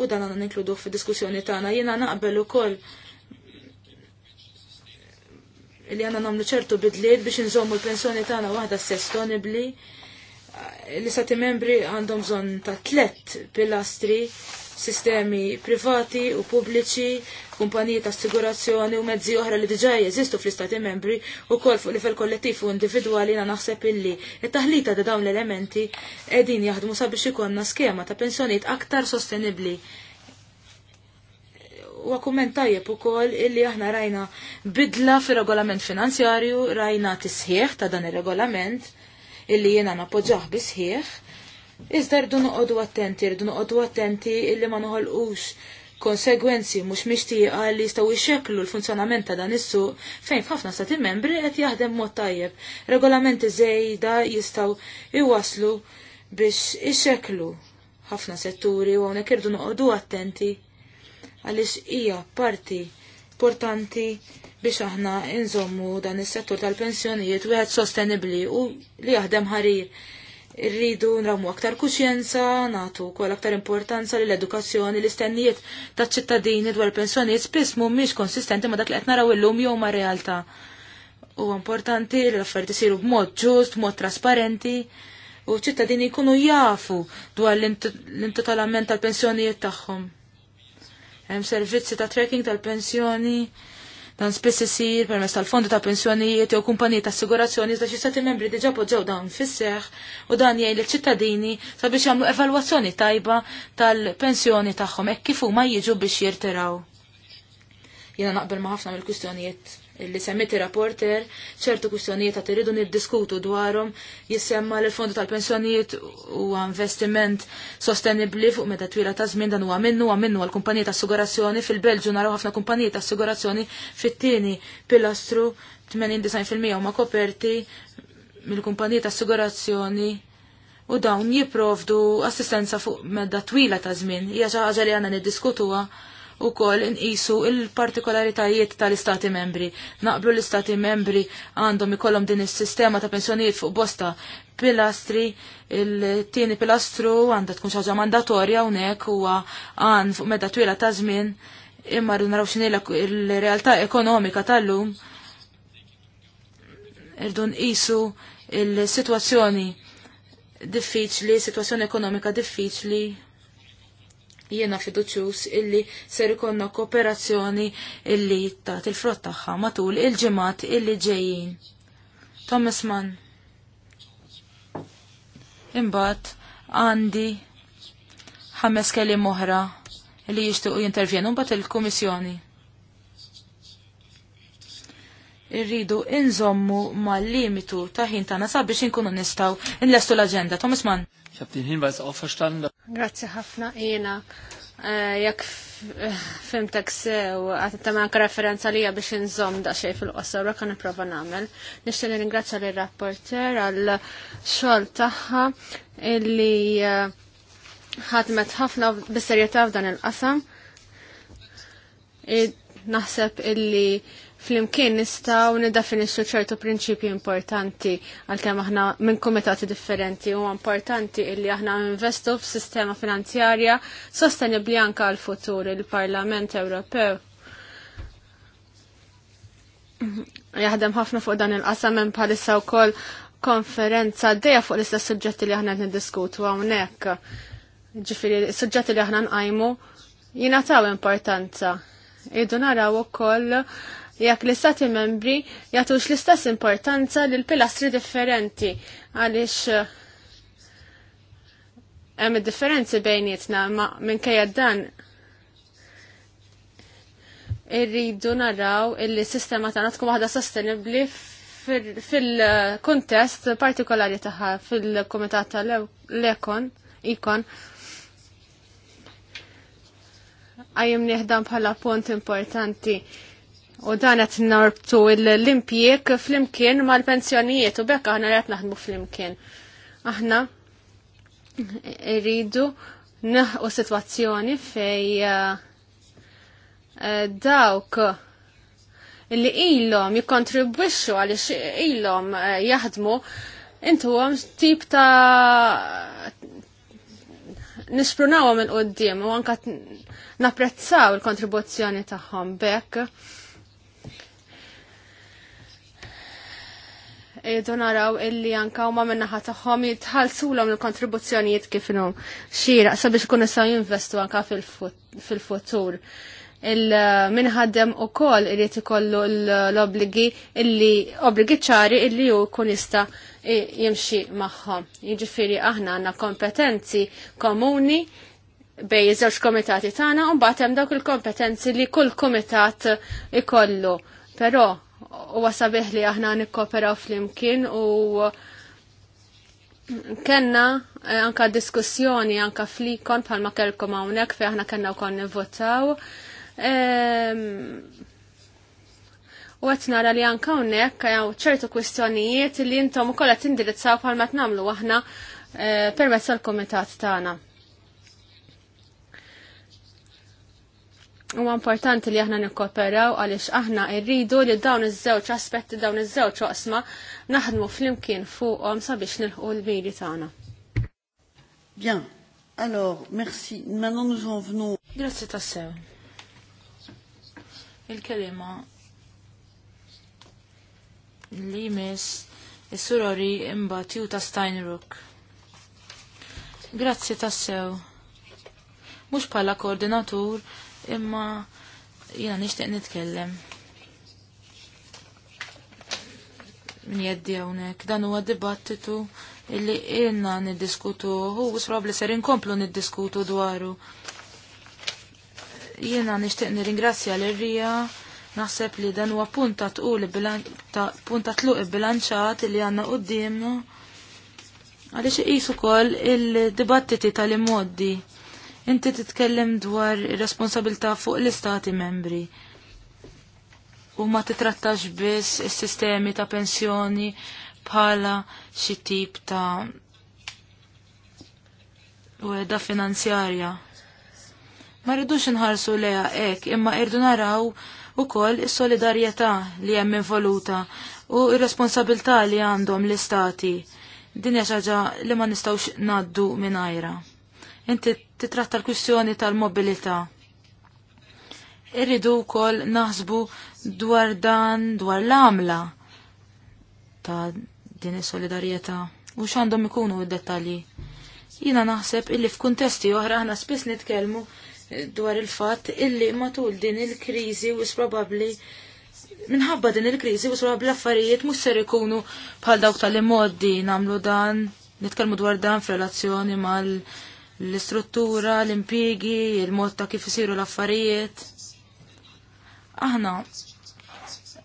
u dan għandu ninkludu fil-diskussjoni tagħna jiena naqbel ukoll koll li għanna namlu ċertu bidliet biex nżommu l-pensjoni tagħna waħda sestonibli li sati membri għandhom bżon ta' tlet pilastri, sistemi privati u pubbliċi, kumpaniji ta' assigurazzjoni u mezzi oħra li diġa jeżistu fl-istati membri u kol fuq livell kollettiv u individwali na naħseb illi it-taħlita ta' dawn l-elementi edin jaħdmu sabiex ikonna skema ta' pensjoniet aktar sostenibli u kumment tajjeb ukoll illi aħna rajna bidla fir regolament finanzjarju, rajna tisħieħ ta' dan ir-regolament illi jiena napoġġaħ bisħieħ. Iżda rridu noqogħdu attenti, rdu noqogħdu attenti illi ma noħolqux konsegwenzi mhux mixtieqa li jistgħu jxekklu l-funzjonament ta' dan is-suq fejn f'ħafna stati membri qed jaħdem mod tajjeb. Regolamenti żejda jistgħu iwaslu biex ixekklu ħafna setturi u hawnhekk irdu noqogħdu attenti għaliex hija parti importanti biex aħna inżommu dan is-settur tal-pensjonijiet wieħed sostenibbli u li jaħdem ħarir. Irridu nramu aktar kuxjenza, natu kol aktar importanza l edukazzjoni l-istennijiet ta' ċittadini dwar pensjonijiet spiss mhumiex konsistenti ma' dak li qed naraw illum jew ma' realtà. U importanti li l-affarijiet isiru b'mod ġust, b'mod trasparenti u ċittadini jkunu jafu dwar l-intitolament tal-pensjonijiet tagħhom Hemm servizzi ta' tracking tal-pensjoni dan spiss isir permezz tal-fondi ta' pensjonijiet jew kumpaniji ta' assigurazzjoni iżda xi stati membri diġà poġġew dawn fis-seħħ u dan jgħid liċ-ċittadini sabiex jagħmlu evalwazzjoni tajba tal-pensjoni tagħhom hekk kif huma jiġu biex jirtiraw. Jiena naqbel ma' ħafna mill-kwistjonijiet li semmiti rapporter, ċertu kustjonijiet għat irridu niddiskutu dwarhom jissemma l fondu tal-pensjonijiet u investiment sostenibli fuq meta twila ta' żmien dan huwa minnu għaminnu għal għall-kumpaniji ta' assigurazzjoni fil-Belġu naraw ħafna kumpaniji ta' assigurazzjoni fit-tieni pilastru 89% ma' koperti mill-kumpaniji ta' assigurazzjoni u dawn jipprovdu assistenza fuq medda twila ta' żmien. Hija xi ħaġa li għandna niddiskutuha u kol inqisu il-partikolaritajiet tal-istati membri. Naqblu l-istati membri għandhom ikollhom din is-sistema ta' pensjonijiet fuq bosta pilastri, il-tieni pilastru għandha tkun xaġa mandatorja hawnhekk huwa għan fuq meta twila ta' żmien imma rridu naraw x'inhi il-realtà ekonomika tal-lum. Irdu nqisu il-sitwazzjoni diffiċli, sitwazzjoni ekonomika diffiċli jiena fiduċus illi ser ikonna kooperazzjoni illi tat til frott tagħha matul il-ġimgħat illi ġejjin. Thomas Mann. Imbagħad għandi ħames keliem oħra li jixtiequ jintervjenu mbagħad il-Kummissjoni. Irridu inżommu mal-limitu ta' ħin tagħna sabiex inkunu nistgħu nlestu l-aġenda. Thomas Mann. Ich habe den Hinweis auch verstanden. Grazzi ħafna jena. Eh, jekk fimtek sew, għatta ma' manka referenza lija biex nżom da' xej fil-qosor, għak niprofa iprofa namel. Nishtin ringrazzja li rapporter għal xol taħħa illi eh, ħadmet ħafna bis-serjetà f'dan il-qasam. Naħseb illi flimkien nistaw nidafinixxu ċertu prinċipji importanti għalkemm aħna minn kumitati differenti u importanti illi aħna investu f'sistema finanzjarja sostenibbli anke għal futur il-Parlament Ewropew. Jaħdem ħafna fuq dan il-qasam hemm bħalissa wkoll konferenza għaddejja fuq l-istess suġġetti li aħna qed niddiskutu hawnhekk. Ġifieri suġġetti li aħna nqajmu jingħataw importanza. Idu naraw ukoll jekk l-istati membri jagħtux l-istess importanza lil pilastri differenti għaliex eh, hemm differenzi bejnietna ma minkejja dan irridu naraw il-sistema tagħna tkun waħda sostenibbli fil-kontest partikolari tagħha fil-Kumitat tal-Ekon ikon għajem nieħdam bħala punt importanti U dan qed narbtu l-impjieg flimkien mal-pensjonijiet u bekk aħna qed naħdmu flimkien. Aħna rridu neħqu sitwazzjoni fej eh, eh, dawk li ilhom jikkontribwixxu għaliex ilhom eh, jaħdmu intuhom tip ta' nisprunawa il qoddim u għankat napprezzaw il-kontribuzzjoni tagħhom bekk irridu naraw illi anka huma jitħalsu tagħhom jitħallsulhom il-kontribuzzjonijiet kif xira, xieraq sabiex ikun nistgħu jinvestu anka fil-futur. Il-minħaddem eh, u kol irrit ikollu l-obligi illi obligi ċari illi ju kun jista jimxi maħħom. Jiġifieri aħna għandna kompetenzi komuni bej iż-żewġ komitati tagħna u mbagħad hemm dawk il-kompetenzi li kull komitat ikollu. Però u wasabiħ li aħna nikkoperaw fl-imkien u kenna eh, anka diskussjoni anka flikon bħalma kelkom hawnhekk fi aħna kellna wkoll nivvotaw. Ehm, u qed nara li anka hawnhekk hawn ċertu kwistjonijiet li intom ukoll qed indirizzaw bħalma tnamlu aħna eh, permezz tal-kumitat tagħna. Huwa importanti li aħna nikkoperaw għaliex aħna rridu li dawn iż-żewġ aspetti dawn iż-żewġ oqsma naħdmu flimkien fuqhom sabiex nilħu l biri tagħna. Bien. Alors, merci. Maintenant nous en venons. Grazie tassew. Il-kelima li mis is-surori imbagħad ta' Steinrook. Grazzi tassew. Mhux bħala koordinatur imma jina nishtiq nitkellem. Min jeddi hawnhekk dan huwa dibattitu illi ilna niddiskutu hu probli ser inkomplu niddiskutu dwaru. Jiena nixtieq nirringrazzja l rija naħseb li dan huwa punta tqul punta tluq bilanċat li għandna u għaliex iqis ukoll il-dibattiti tal-immoddi. il dibattiti il dibattiti tal immoddi Inti titkellem dwar responsabilta fuq l-istati membri. U ma titrattax biss is-sistemi ta' pensjoni bħala xi tip ta' weda finanzjarja. Ma rridux nħarsu leja hekk, imma irdu naraw ukoll is-solidarjetà li hemm involuta u r-responsabilità li għandhom l-istati. Din hija xaġa li ma nistgħux ngħaddu mingħajra. Inti titratta l-kwistjoni tal-mobilità. Irridu wkoll naħsbu dwar dan dwar l amla ta' din is-solidarjetà u xandom ikunu d-dettalji. Jiena naħseb illi f'kuntesti oħra aħna spiss nitkellmu dwar il-fatt illi matul din il-kriżi u probabbli minħabba din il-kriżi u s-probabli affarijiet mhux ser ikunu bħal dawk tal-immoddi nagħmlu dan nitkellmu dwar dan f'relazzjoni mal- l-istruttura, l impigi il-mod ta' kif isiru l-affarijiet. Aħna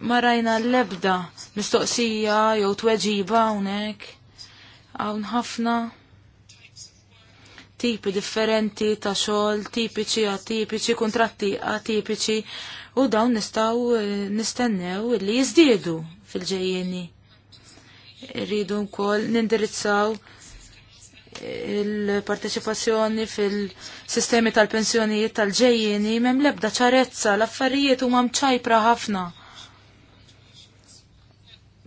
ma rajna l-ebda mistoqsija jew tweġiba hawnhekk hawn ħafna tipi differenti ta' xogħol, tipiċi atipiċi, kuntratti atipiċi u dawn nistgħu eh, nistennew li jiżdiedu fil-ġejjeni. Irridu wkoll nindirizzaw il-parteċipazzjoni fil-sistemi tal-pensjonijiet tal-ġejjeni mem lebda ċarezza l-affarijiet huma mċajpra ħafna.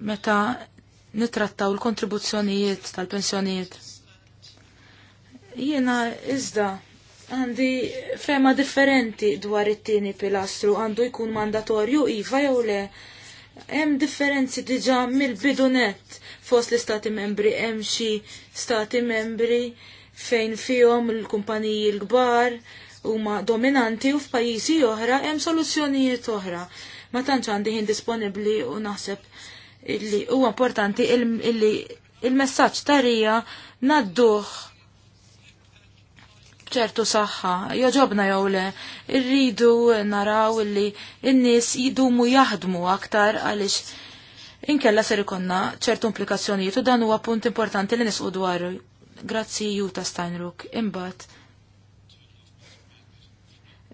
Meta nitrattaw l-kontribuzzjonijiet tal-pensjonijiet. Jiena iżda għandi fema differenti dwar it-tieni pilastru għandu jkun mandatorju iva jew le. Hemm differenzi diġà mill-bidunet fost l-istati membri hemm xi stati membri fejn fihom il-kumpaniji l-kbar huma dominanti u f'pajjiżi oħra hemm soluzzjonijiet oħra. Ma tantx għandi ħin disponibbli u naħseb illi huwa importanti illi il-messaġġ tarija nadduh ċertu saħħa, joġobna jew le, irridu naraw illi n-nies jidumu jaħdmu aktar għaliex inkella ser ikonna ċertu implikazzjonijiet u dan huwa punt importanti li nisqu dwar. Grazzi Juta Steinruk, imbat.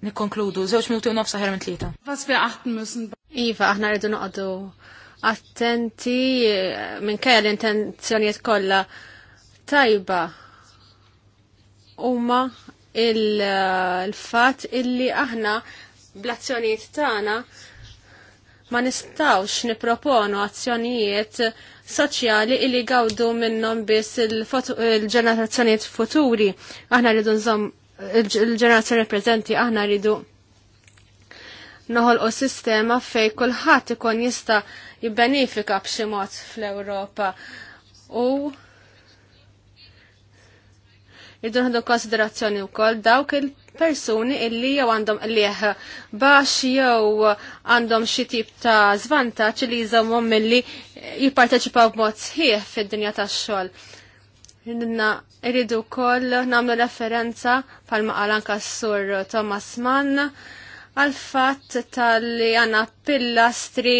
Nikkonkludu, żewġ minuti u nofsa ħermin tlieta. Was wir achten müssen. Iva, aħna rridu noqogħdu attenti eh, minkejja l-intenzjonijiet kollha tajba huma eh, il-fatt illi aħna blazzjonijiet tagħna ma nistawx niproponu azzjonijiet soċjali illi gawdu minnom biss il-ġenerazzjoniet il futuri. Aħna rridu nżom il-ġenerazzjoni prezenti, aħna rridu noħolqu sistema fej kulħadd ikun jista' jibbenefika b'xi mod fl-Ewropa. U irridu nħadu konsiderazzjoni wkoll dawk il- persuni illi jew għandhom liħ bax jew għandhom xi tip ta' żvantaġġ li jżommhom milli jipparteċipaw b'mod sħiħ fid-dinja tax-xogħol. Inna rridu wkoll nagħmlu referenza bħalma qal anke sur Thomas Mann għal fatt tal-li għandna pillastri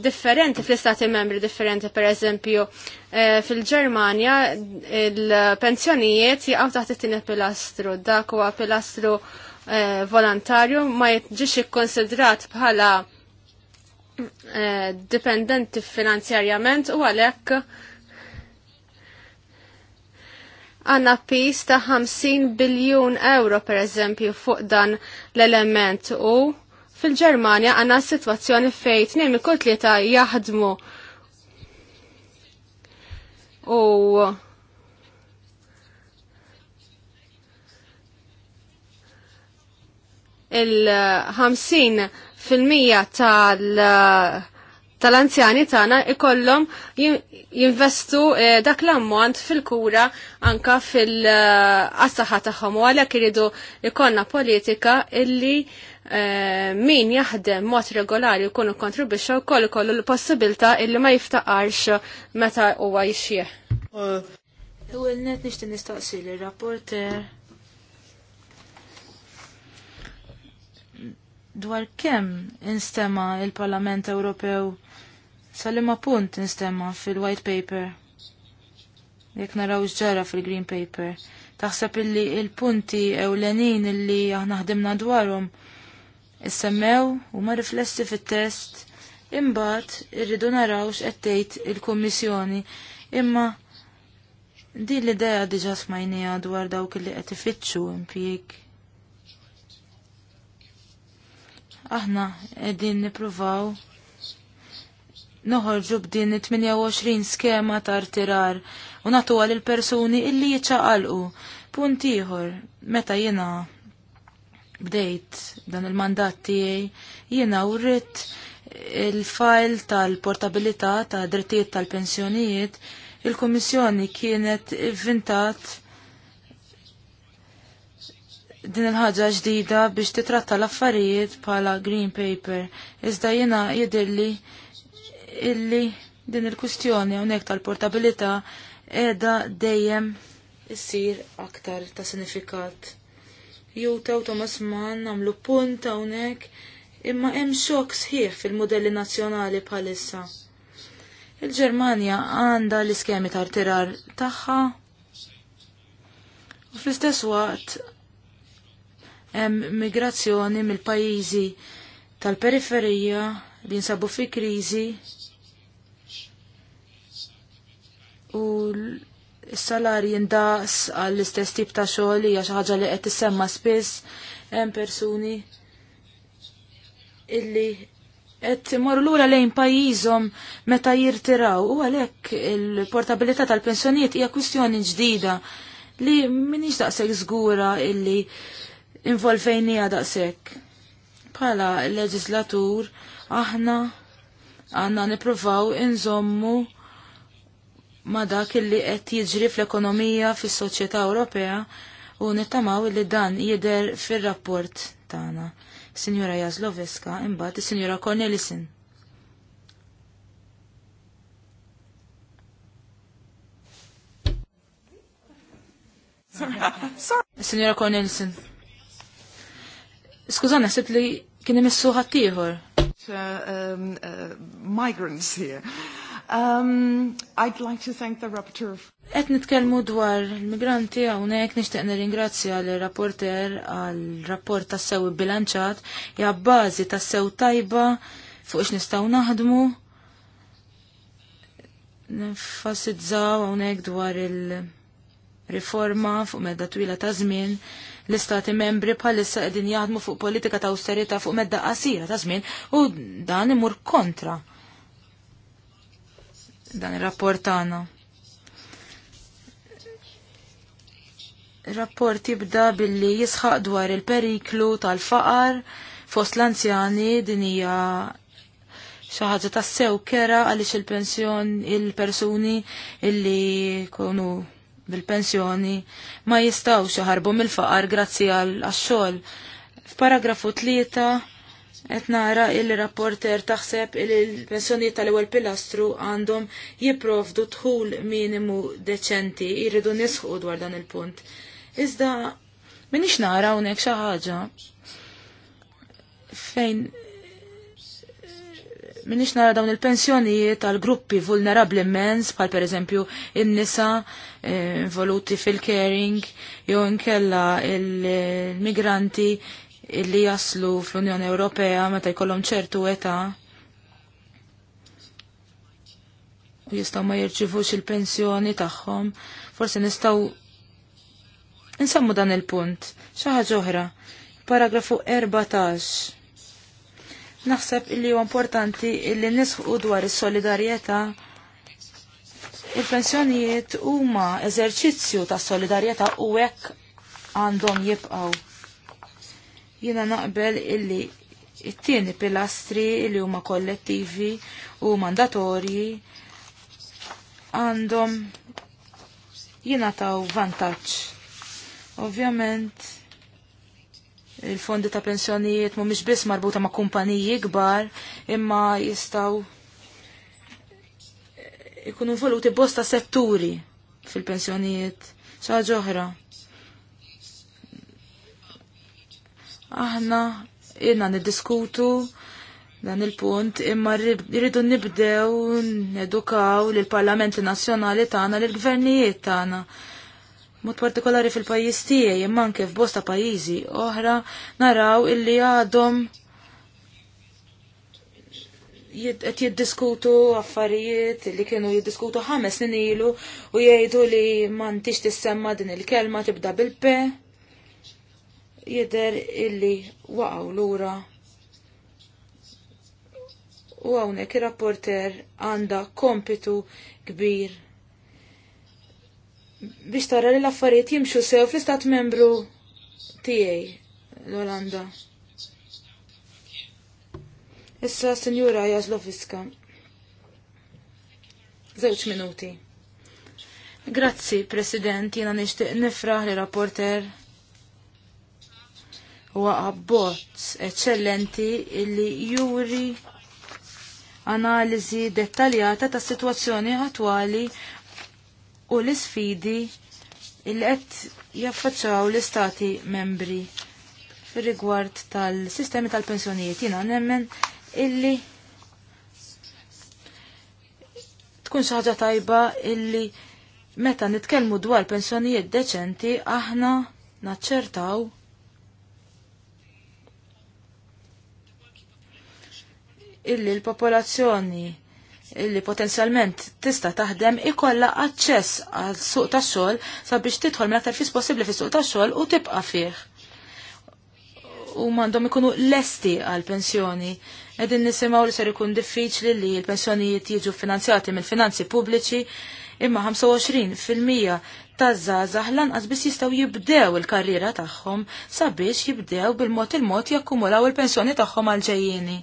differenti fl-istati membri differenti, per eżempju, eh, fil-Germania il-pensjonijiet jgħaw taħt it pilastru, dak huwa pilastru eh, volontarju ma jġiex ikkonsidrat bħala eh, dipendenti finanzjarjament u għalhekk għanna pis ta' 50 biljun euro per eżempju fuq dan l-element u Fil-Ġermanja għanna situazzjoni fej tnejn minn kull tlieta jaħdmu u il-50 fil-mija tal- tal-anzjani tagħna ikollhom jinvestu eh, dak l-ammont fil-kura anka fil eh, assaħa tagħhom u għalhekk iridu ikonna politika illi Eh, min jaħdem mod regolari jkunu kontribuċa u koll kollu l-possibilta illi ma jiftaqarx meta huwa għajxie. U l-net nistaqsi li rapporter dwar kemm instema il-Parlament Ewropew salima punt instema fil-White Paper jekk naraw ġara fil-Green Paper taħseb illi il-punti ewlenin illi aħna ħdimna dwarhom issemmew u ma riflessi fit-test imbagħad irridu naraw x'qed tgħid il-Kummissjoni imma din l-idea diġà smajnija dwar dawk li qed ifittxu impjieg. Aħna qegħdin nippruvaw noħorġu b'din 28 skema ta' artirar u natu għal il-persuni illi jiċċaqalqu. Punt ieħor, meta jiena bdejt dan il-mandat tiegħi jiena urrit il-fajl tal-portabilità ta' drittijiet tal-pensjonijiet il-Kummissjoni kienet inventat din il-ħaġa ġdida biex titratta l-affarijiet bħala Green Paper. Iżda jiena jidilli illi din il-kustjoni hawnhekk tal-portabilità qiegħda dejjem issir aktar ta' sinifikat. Juta Thomas Mann għamlu punt hawnhekk imma hemm xokk sħiħ fil-modelli nazzjonali bħalissa. Il-Ġermanja għandha l-iskemi tar-tirar tagħha u fl-istess waqt hemm migrazzjoni mill-pajjiżi tal-periferija li nsabu fi kriżi u Is-salar jindaqs għall-istess tip ta' xogħol hija xi ħaġa li qed tissemma spiss hemm persuni illi qed imorru lura lejn pajjiżhom meta jirtiraw u għalhekk il-portabilità tal-pensjonijiet hija kwistjoni ġdida li m'iniex daqshekk żgura illi involvejnija daqshekk. Bħala leġislatur aħna għandna nippruvaw inżommu ma dak illi qed jiġri fl-ekonomija fis-soċjetà Ewropea u nittamaw li dan jidher fir-rapport tagħna. Sinjora Jazloveska imbagħad is-Sinjora Cornelison. Sinjora Cornelison. Skużana, li kien imissu ħaddieħor. Uh, um, uh, migrants here. Um, I'd like to thank the rapporteur. Et nitkellmu dwar l-migranti hawnhekk nixtieq nirringrazzja l rapporter għal rapport tas-sew bilanċat ja bażi tas-sew tajba fuq x nistgħu naħdmu. Nfasizzaw hawnhekk dwar il-riforma fuq medda twila ta' żmien l-istati membri bħalissa qegħdin jaħdmu fuq politika ta' austerità fuq medda qasira ta' żmien u dan imur kontra dan ir-rapport tagħna. Il-rapport jibda billi jisħaq dwar il-periklu tal-faqar fost l-anzjani din hija xi ħaġa tassew kera għaliex il-pensjon il-persuni illi konu bil-pensjoni ma jistgħux jaħarbu mill-faqar grazzi għal għax-xogħol. F'paragrafu tlieta Qed nara il-rapporter taħseb il l-pensjonijiet tal-ewwel pilastru għandhom jipprovdu dħul minimu deċenti, jridu nisħu dwar dan il-punt. Iżda minix nara hawnhekk xi ħaġa fejn minix nara dawn il-pensjonijiet tal gruppi vulnerabli immens, bħal per eżempju in-nisa eh, involuti fil-caring, jew inkella il-migranti Illi jaslu fl-Unjoni Ewropea meta jkollhom ċertu età u jistgħu ma jirċivux il-pensjoni tagħhom, forsi nistgħu insammu dan il-punt. Xi ħaġa oħra, paragrafu 14. Naħseb illi huwa importanti illi nisħu dwar is-solidarjetà il-pensjonijiet huma eżerċizzju ta' solidarjetà u hekk għandhom jibqgħu. Jiena naqbel illi it-tieni pilastri li huma kollettivi u mandatorji għandhom jingħataw vantaġġ. Ovvjament il-fondi ta' pensjonijiet mhumiex biss marbuta ma' kumpaniji kbar imma jistgħu ikunu voluti bosta setturi fil-pensjonijiet. Saġoħra. oħra. Aħna inna niddiskutu dan il-punt imma rridu nibdew nedukaw lill-parlamenti nazzjonali tagħna lill-gvernijiet tagħna. Mod partikolari fil-pajjiż tiegħi imma anke f'bosta pajjiżi oħra naraw illi għadhom qed jiddiskutu affarijiet li kienu jiddiskutu ħames snin ilu u jgħidu li m'għandix tissemma din il-kelma tibda bil-pe jider illi waqaw lura u għawnek il-rapporter għanda kompitu kbir biex tara li l-affarijiet jimxu sew fl-istat membru tiegħi l-Olanda. Issa, Sinjura Jazloviska. Zewċ minuti. Grazzi, President, Jiena nishtiq nifraħ li rapporter huwa għabbot eċċellenti illi juri analiżi dettaljata ta' situazzjoni attwali u l-isfidi illi qed jaffaċċaw l-istati membri fir-rigward tal-sistemi tal-pensjonijiet jiena nemmen illi tkun xi ħaġa tajba illi meta nitkellmu dwar pensjonijiet deċenti aħna naċċertaw illi l-popolazzjoni illi potenzjalment tista' taħdem ikolla aċċess għal suq tax-xogħol sabiex tidħol mill-aktar fis possibbli fis-suq tax-xogħol u tibqa' fih. U m'għandhom ikunu lesti għal pensjoni. Qegħdin nisimgħu li ser ikun diffiċli li l-pensjonijiet jiġu finanzjati mill-finanzi pubbliċi imma 25% fil-mija taż-żgħażagħ lanqas biss jistgħu jibdew il-karriera tagħhom sabiex jibdew bil-mod il-mod jakkumulaw il-pensjoni tagħhom għal ġejjieni.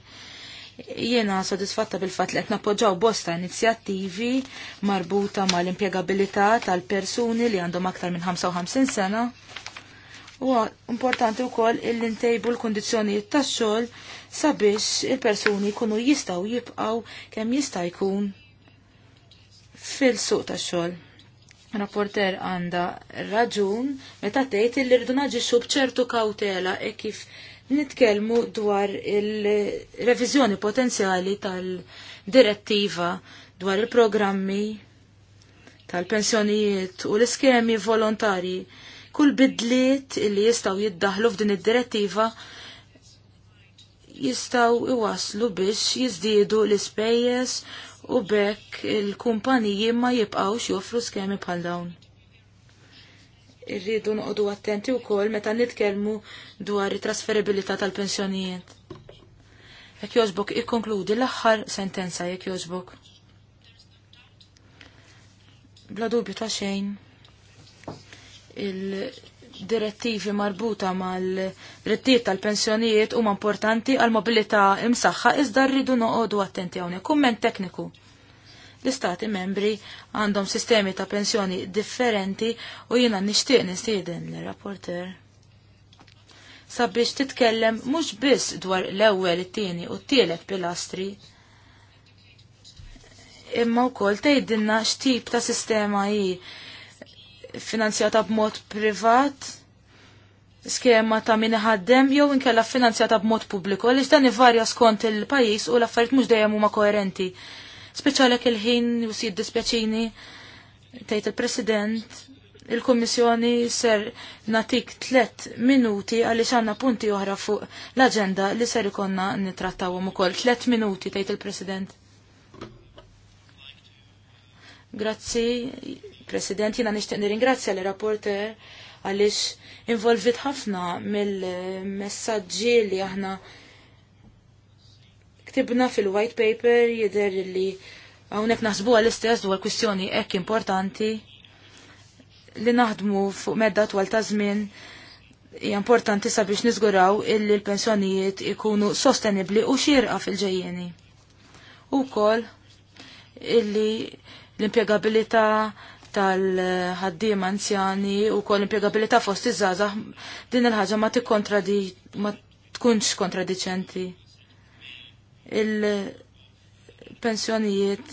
Jiena sodisfatta bil-fat li qed nappoġġaw bosta inizjattivi marbuta mal-impjegabilità tal-persuni li għandhom aktar minn 55 sena. U importanti wkoll illi ntejbu l-kundizzjonijiet tax-xogħol sabiex il-persuni jkunu jistgħu jibqgħu kemm jista' jkun fil-suq tax-xogħol. Rapporter għanda raġun meta tgħid li rridu naġixxu b'ċertu kawtela e kif nitkellmu dwar il-reviżjoni potenzjali tal-direttiva dwar il-programmi tal-pensjonijiet u l-iskemi volontari. Kull bidliet li jistaw jiddaħlu f'din id-direttiva jistaw iwaslu biex jizdidu l-ispejjeż u bekk il-kumpaniji ma jibqawx joffru skemi bħal dawn irridu noqdu attenti u kol meta nitkelmu dwar trasferibilità tal-pensjonijiet. Jek jogħġbok, ikkonkludi l-axħar sentenza jek jogħġbok. Bla dubju ta' xejn, il-direttivi marbuta mal-drittijiet tal-pensjonijiet huma importanti għal mobilità imsaħħa iżda rridu noqogħdu attenti hawnhekk. Kumment tekniku. L-istati membri għandhom sistemi ta' pensjoni differenti u jiena nixtieq nistieden l-rapporter. Sabiex titkellem mhux biss dwar l-ewwel, it-tieni u t-tielet pilastri, imma wkoll tgħidilna x'tip ta' sistema hi finanzjata b'mod privat, skema ta' min ħaddem jew inkella finanzjata b'mod pubbliku għaliex dan ivarja skont il-pajjiż u l-affarijiet mhux dejjem huma koerenti. Speċjalek il-ħin u si dispjaċini tgħid il-President il-Kommissjoni ser natik tlet minuti għaliex għandna punti oħra fuq l-aġenda li ser ikonna nitrattawhom ukoll. Tlet minuti tgħid il-President. Grazzi, President, jina nishtiq nirringrazzja l rapporter għaliex involvit ħafna mill-messagġi li aħna ktibna fil-white paper jidher li hawnhekk naħsbu l istess dwar kwistjoni hekk importanti li naħdmu fuq medda twal ta' żmien hija importanti sabiex niżguraw illi l-pensjonijiet ikunu sostenibli u xirqa fil-ġejjeni. Ukoll illi l-impjegabilità tal-ħaddiem anzjani u kol impjegabilità fost iż-żgħażagħ din il-ħaġa ma tikkontradi ma tkunx kontradiċenti il-pensjonijiet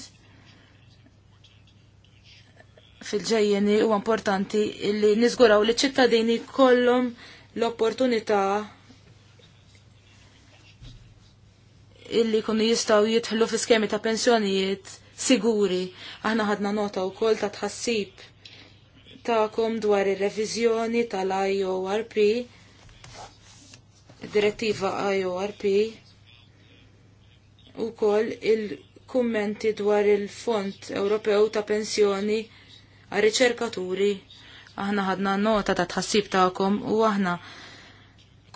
fil-ġejjeni u importanti illi nizguraw li ċittadini kollom l-opportunità illi kunu jistaw jitħlu fi skemi ta' pensjonijiet siguri. Aħna ħadna nota u koll ta' tħassib ta'kom dwar ir-reviżjoni tal-IORP, direttiva IORP, u koll il-kummenti dwar il-Fond Ewropew ta' Pensjoni għal riċerkaturi aħna ħadna nota ta' tħassib ta'kom u aħna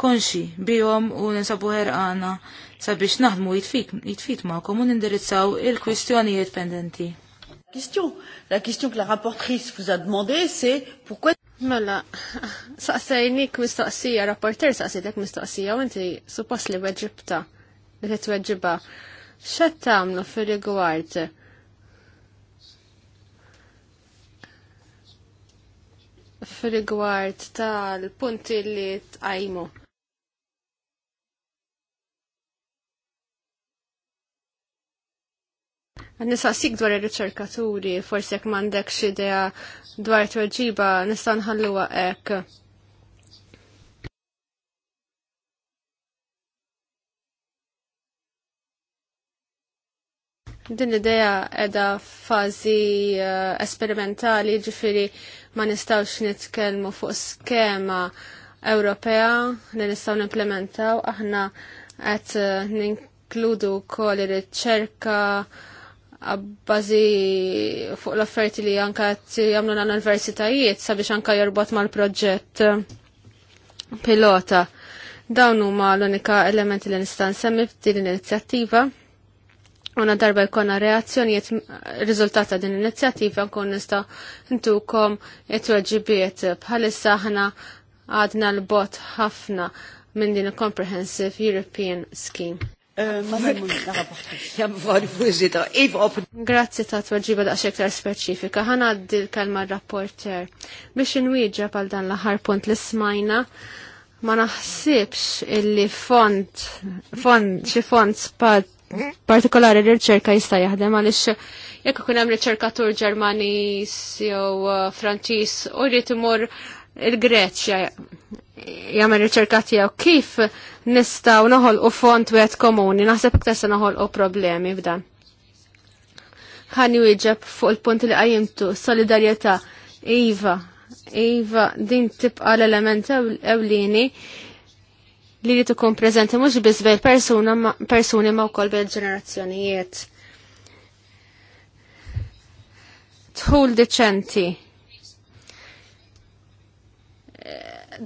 konxi bihom u ninsabu ħerqana sabiex naħdmu jitfit ma'kom u nindirizzaw il-kwistjonijiet pendenti. Question, la question que la rapportrice vous a demandé, c'est pourquoi Mela, (laughs) saqsajnik mistoqsija, rapporter saqsitek mistoqsija, u inti suppost li li it-tweġiba. X'qed tagħmlu fir-rigward fir-rigward tal-punti li tqajmu. sik dwar ir-riċerkaturi, forsi jekk m'għandekx idea dwar tweġiba nista' nħalluha hekk. Din l-ideja edha fazi uh, esperimentali, ġifiri ma nistawx nitkelmu fuq skema Ewropea li nistaw nimplementaw, aħna qed uh, eh, ninkludu wkoll ir-riċerka għabbażi fuq l-offerti li anka qed jagħmlu l-universitajiet sabiex anka jorbot mal-proġett pilota. Dawn huma l-unika elementi li nista' nsemmi f'din l-inizjattiva. Una darba jkonna reazzjonijiet riżultat ta' din l-inizjattiva nkun nista' ntukom it-tweġibiet bħalissa aħna għadna l-bot ħafna minn din il-Comprehensive European Scheme. Grazzi ta' tweġiba da' xektar speċifika. ħana għaddi l-kalma rapporter biex inwieġa pal dan l punt l-ismajna, ma naħsibx illi font, font, xi font spad partikolari r-riċerka jista' jaħdem għaliex jekk ikun hemm riċerkatur Ġermaniż jew uh, Franċiż u jrid imur il-Greċja jagħmel riċerka tiegħu kif nistgħu noħolqu font wieħed komuni, naħseb iktar se noħolqu problemi f'dan. Ħani wieġeb fuq il-punt li qajjimtu, solidarjetà, iva, iva, din tibqa l-element ewlieni. Ew li li tkun preżenti mhux biss bejn persuni ma wkoll bejn ġenerazzjonijiet. Tħul deċenti.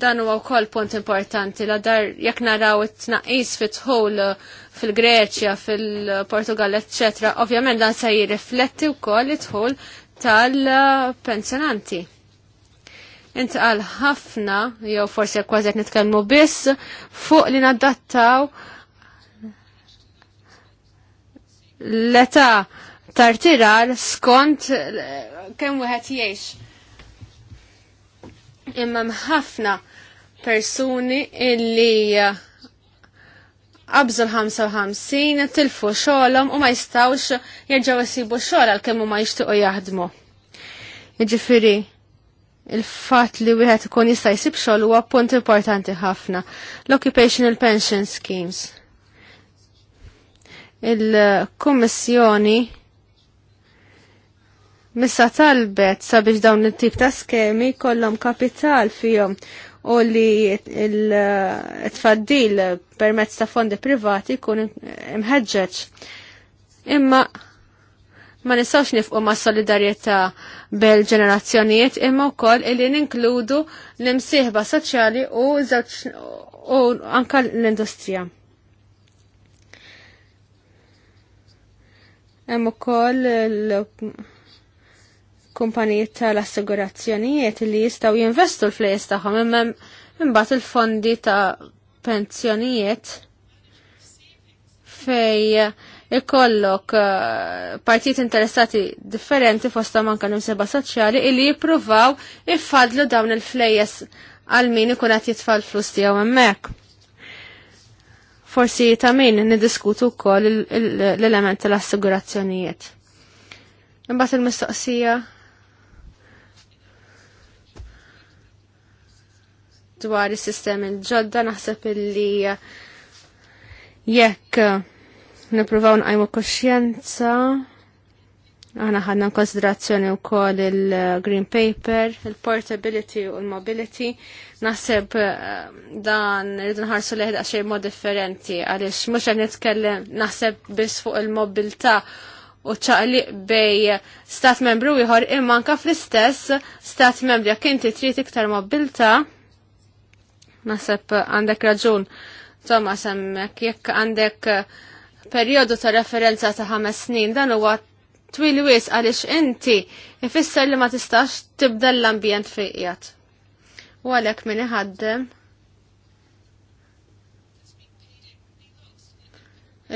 Dan huwa wkoll punt importanti la dar jekk naraw it-tnaqqis fit-tħul uh, fil-Greċja, fil-Portugal, etc. ovvjament dan se jirrifletti wkoll it-tħul tal-pensjonanti. Uh, intqal ħafna, jew forsi kważi qed nitkellmu biss, fuq li nadattaw l-età tartirar skont kemm wieħed jgħix. Imma ħafna persuni illi uh, qabżu l-55 tilfu xogħolhom u ma jistgħux jerġgħu jsibu xogħol għalkemm huma jixtiequ jaħdmu. Jiġifieri, il-fat li wieħed ikun jista' jsib xogħol huwa punt importanti ħafna. L-occupational pension schemes. Il-Kummissjoni missa talbet sabiex dawn it-tip ta' skemi kollhom kapital fihom u li t-tfaddil permezz ta' fondi privati kun imħeġġeġ. Imma ma nistawx nifqu ma' solidarjetà bel-ġenerazzjonijiet imma wkoll illi ninkludu l-imsieħba soċjali u u anka l-industrija. Hemm ukoll l-kumpanijiet tal-assigurazzjonijiet li jistgħu jinvestu l-flejes tagħhom imma imbagħad il-fondi ta' pensjonijiet fej ikollok eh, partijiet interessati differenti fosta manka nimseba soċjali illi jippruvaw iffadlu dawn il-flejjes għal min ikun qed jitfall flus tiegħu hemmhekk. Forsi ta' min niddiskutu wkoll l-element tal-assigurazzjonijiet. Imbagħad il-mistoqsija dwar is-sistemi l-ġodda naħseb illi jekk nipruvaw nqajmu koxjenza, aħna ħadna konsiderazzjoni wkoll il-Green Paper, il-Portability u l-Mobility. Naħseb eh, dan rridu nħarsu leħed għaxej mod differenti għaliex mhux qed nitkellem naħseb bis fuq il mobilta u ċaqliq bej stat membru ieħor imma anka fl-istess stat membru jekk inti trid iktar mobilità naħseb għandek raġun. Thomas jekk għandek uh, perjodu ta' referenza ta' ħames snin dan huwa twil wis għaliex inti ifisser li ma tistax tibda l-ambjent fejqiet. U għalhekk min iħaddem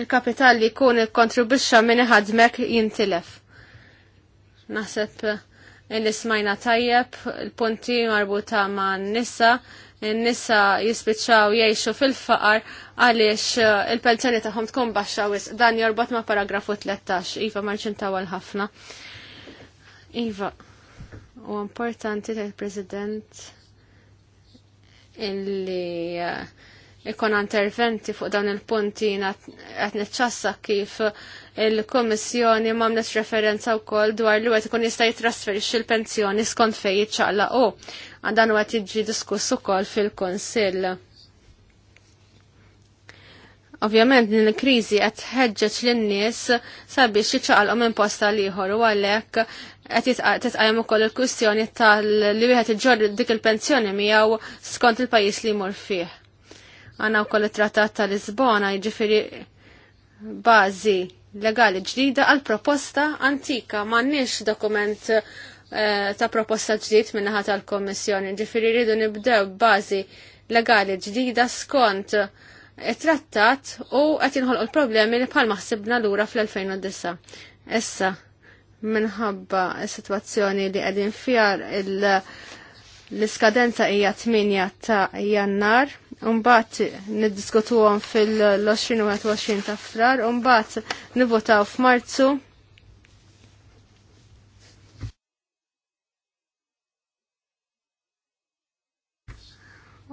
il-kapital li jkun il-kontribuxxa min iħadmek jintilef. Naħseb il-ismajna tajjeb, il-punti marbuta ma' nisa, n-nisa jispiċċaw jgħixu fil-faqar għaliex eh, il-pensjoni tagħhom tkun baxxa wis dan jorbot ma' paragrafu 13 iva marċin għal ħafna. Iva, u importanti tal-President illi eh, ikon interventi fuq dawn il-punti għat neċċassa kif il-Komissjoni mamlet referenza u kol dwar li għet ikun jista' jitrasferix il-pensjoni skont fej jitċaqla u għandan għat jiġi diskuss ukoll fil konsil Ovvjament din il-kriżi qed ħeġġeġ lin-nies sabiex jiċċaqalqhom minn posta liħor u għalhekk qed titqajjem ukoll il-kwistjoni tal-li wieħed iġor dik il-pensjoni miegħu skont il-pajjiż li jmur fih. u kol it-Trattat ta' Lisbona jiġifieri bażi legali ġdida għal proposta antika m'għandniex dokument Eh, ta' proposta ġdid min-naħa tal-Kommissjoni. Ġifiri rridu nibdew bażi legali ġdida skont trattat u qed jinħolqu l-problemi li bħal maħsibna lura fl-2009. Issa minħabba s-sitwazzjoni li qegħdin fiha l-iskadenza hija 8 ta' jannar, mbagħad niddiskutuhom fil-20 ta' frar, mbagħad nivvotaw f'Marzu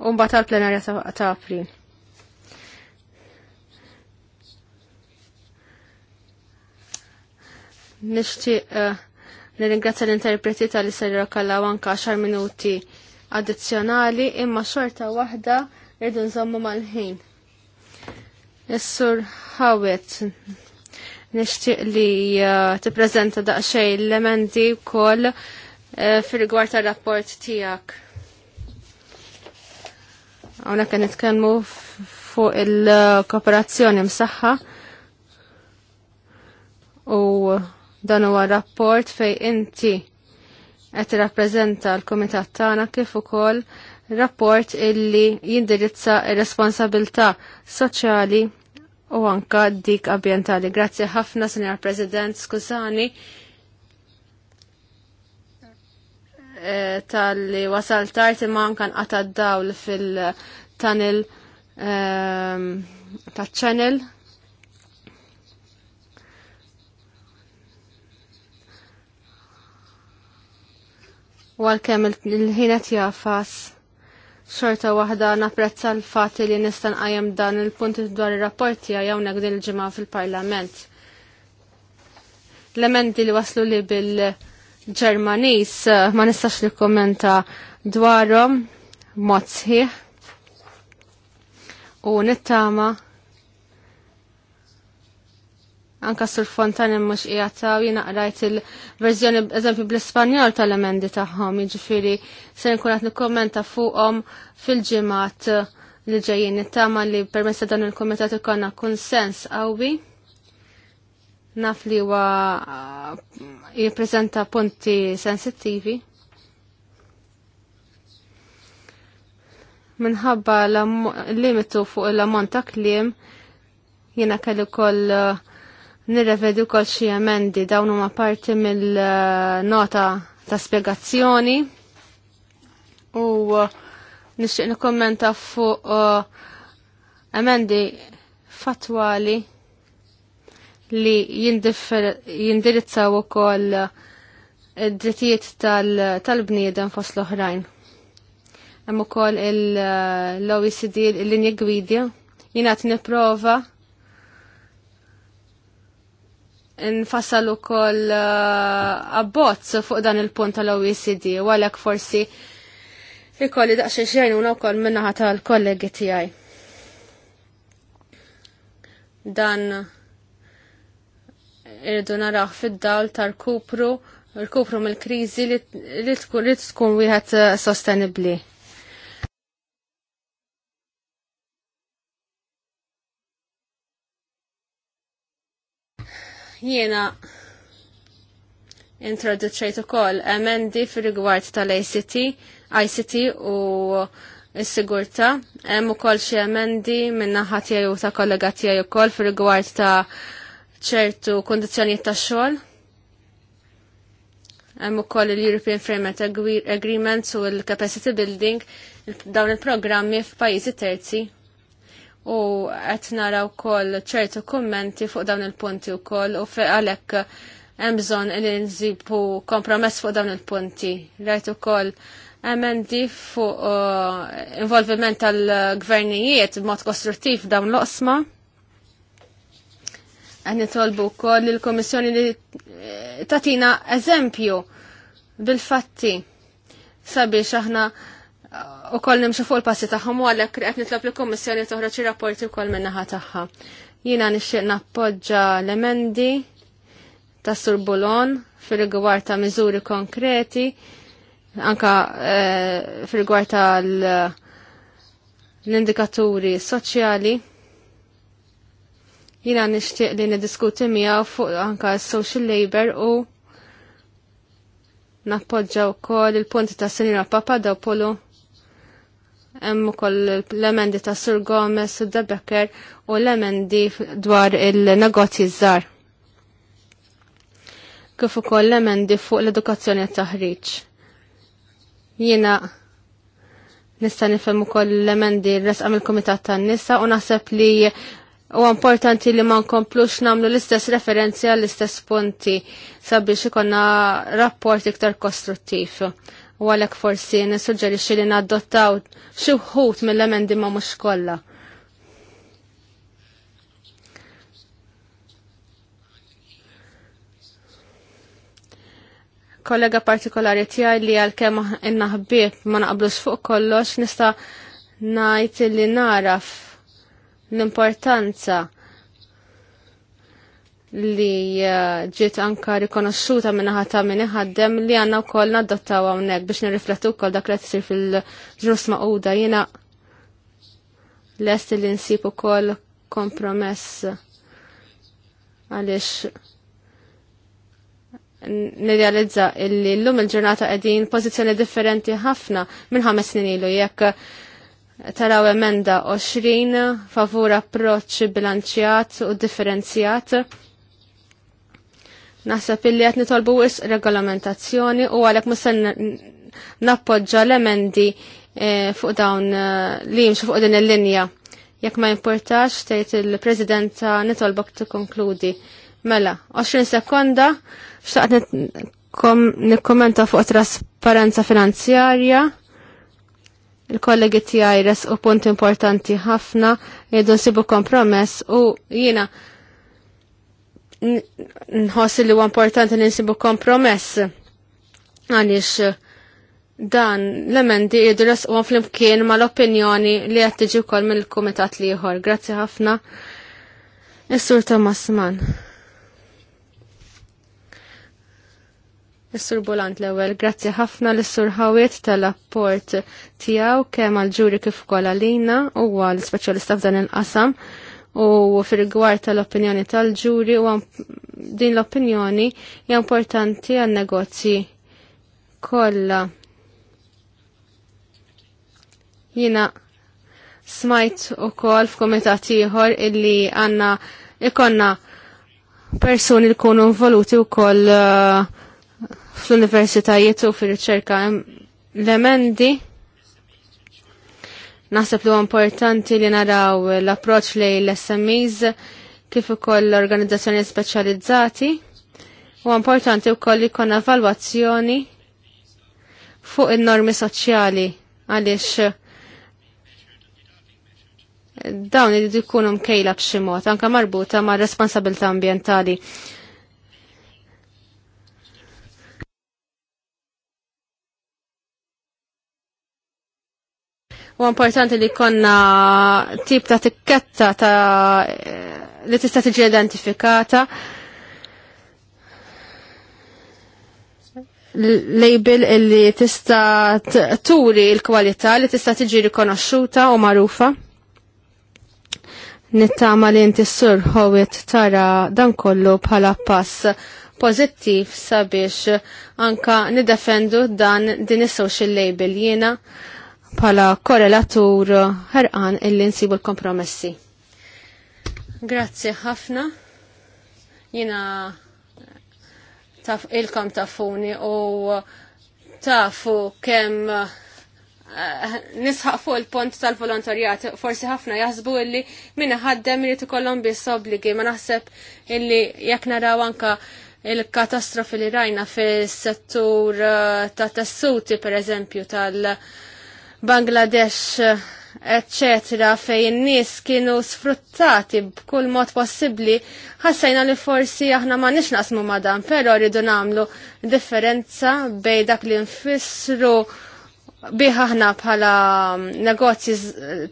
u mbagħad tal-plenarja ta' April. Nixtieq eh, nirringrazzja l-interpreti tal-li ser kalla wanka 10 minuti addizzjonali imma xorta waħda irdu nżommu mal-ħin. Is-sur Hawet nixtieq li eh, tippreżenta daqsxejn l-emendi wkoll eh, fil rigward rapport tiegħek. Għuna kan nitkelmu fuq il-kooperazzjoni msaħħa u dan huwa rapport fej inti qed rappreżenta l-kumitat tagħna kif ukoll rapport illi jindirizza ir-responsabilità soċjali u anka dik ambjentali. Grazzi ħafna, Sinjar President, skużani Eh, tal-li wasal tarti kan qatad dawl fil-tunnel ehm, ta' channel u il-ħinet jafas xorta wahda napprezza l-fat li nistan għajem dan il-punti dwar il-rapporti għajawnek din il-ġimgħa fil-parlament. L-emendi li waslu li bil- Ġermanis eh, ma nistax li kommenta dwarhom mozzi u nittama anka sur Fontani mux ijata u jina għrajt il-verżjoni eżempju bl-Ispanjol tal-emendi tagħhom, jiġifieri se kunat nikkommenta fuqhom fil-ġimgħat li ġejjin nittama li permessa dan il-kumitat ikonna konsens qawwi naf li huwa uh, jippreżenta punti sensittivi. Minħabba l-limitu fuq l-ammont ta' kliem jiena kelli wkoll uh, nirrevedu wkoll xi emendi dawn huma parti mill-nota ta' spjegazzjoni u uh, nixtieq nikkommenta fuq emendi fatwali li jindirizzaw ukoll id-drittijiet tal-bniedem fost l-oħrajn. Hemm ukoll l-OECD l-linja gwidja jiena qed nipprova nfassal ukoll uh, abbozz fuq dan il-punt tal-OECD u għalhekk forsi ikolli daqsxejn xejn u wkoll minnaħa tal-kollegi tiegħi. Dan irridu naraw fid-dawl tal-kupru il-kupru mill-kriżi li tkun li tkun wieħed eh, sostenibbli. Jiena introduċejt ukoll emendi fir-rigward tal-ICT, ICT u s-sigurta. Hemm ukoll xi emendi minn naħa tiegħi u ta' kollega tiegħi ukoll fir-rigward ta' ċertu kondizjonijiet ta' xogħol. Hemm ukoll il-European Framework Agreement u l-Capacity Building dawn il-programmi f'pajjiżi terzi. U qed naraw ukoll ċertu kummenti fuq dawn il-punti wkoll u għalhekk hemm bżonn li nżibu kompromess fuq dawn il-punti. Rajt ukoll emendi fuq uh, involviment tal-gvernijiet b'mod kostruttiv dawn l-osma. Għan nitolbu kol il-Komissjoni li eh, tatina eżempju bil-fatti sabiex aħna eh, u koll nimxu fuq il-passi taħħom u għalek qed nitlob il-Komissjoni toħroġ ir-rapporti wkoll minnaħa tagħha. Jiena nixtieq nappoġġa l-emendi ta' Surbulon fil-rigward ta' miżuri konkreti anka eh, fil-rigward ta' l-indikaturi soċjali Jina nishtiq li nidiskuti miegħu fuq anka social labor u nappoġġa wkoll il-punti ta' Senjora Papadopoulou hemm ukoll l-emendi ta' Sur Gomez u Debecker u l-emendi dwar il-negozji żgħar. Kif ukoll l-emendi fuq l-edukazzjoni taħriġ. Jiena nista' nifhem ukoll l-emendi resqam mill-Kumitat tan-nisa u naħseb li U importanti li ma nkomplux namlu l-istess referenzi għall-istess punti sabiex ikonna rapport iktar kostruttiv. U għalek forsi nissuġġerixxi li nadottaw xi wħud mill-emendi ma mhux kollha. Kollega partikolari tiegħi li għalkemm innaħbieb ma naqblux fuq kollox nista' ngħid li naraf l-importanza li uh, ġiet anka rikonosċuta minnaħa ta' minn ħaddem li għanna u koll naddottaw għawnek biex nirriflettu u koll dak li tsir fil-ġnus maquda jina l-est li nsib u koll kompromess għalix nirrealizza illi l-lum il-ġurnata għedin pozizjoni differenti ħafna minn ħames snin ilu jekk taraw emenda 20 favur approċċ bilanċjat u differenzjat. Naħseb illi qed nitolbu wis regolamentazzjoni u għalhekk musen nappoġġa l-emendi e, fuq dawn e, li jimxu fuq din il-linja. Jekk ma importax tgħid il-Presidenta nitolbok tikkonkludi. Mela, 20 sekonda xtaqt nikkommenta fuq trasparenza finanzjarja il-kollegi tijaj res u punt importanti ħafna jgħidu nsibu kompromess u jiena nħossi li huwa importanti li nsibu kompromess għaliex dan l-emendi jgħidu res u flimkien mal-opinjoni li qed tiġi wkoll mill-kumitat liħor. Grazzi ħafna. Is-Sur Thomas Mann. Is-Sur Bolant l-ewwel, grazzi ħafna lis-Sur Hawiet tal-apport tiegħu kemm għall-ġuri kif ukoll għalina huwa l-speċjalista f'dan il-qasam u fil-rigward tal-opinjoni tal-ġuri u din l-opinjoni hija importanti għan negozji kollha. Jina smajt u f'Kumitat f'komitat ieħor illi għanna ikonna persuni li kunu involuti u uh, fl-universitajiet u fil-riċerka l-emendi naħseb li importanti li naraw l-approċ li l-SMEs kif ukoll l-organizzazzjoni speċjalizzati u importanti wkoll li jkun evalwazzjoni fuq in-normi soċjali għaliex dawn li jkunu mkejla b'xi mod anke marbuta ma' responsabilità ambjentali. U importanti li konna tip ta' tikketta ta' li tista' tiġi identifikata. label illi tista turi l kwalità li tista tiġi rikonoxxuta u magħrufa. Nittama li inti sur tara dan kollu bħala pass pożittiv sabiex anka nidefendu dan din is-social label jiena pala korrelatur ħerqan illi nsibu l-kompromessi. Grazzi ħafna. Jina taf ilkom tafuni u tafu kemm uh, eh, nisħaq fuq il-pont tal-volontarjat, forsi ħafna jaħsbu illi minna ħaddem li tikollhom biss obbligi, ma naħseb illi jekk naraw anka il-katastrofi li rajna fis settur eh, ta' tessuti per eżempju tal- uh, Bangladesh, eccetera, fej n-nis kienu sfruttati b'kull mod possibli, ħassajna li forsi aħna ma nix nasmu madan, pero rridu namlu differenza bej dak li nfissru biħ aħna bħala negozji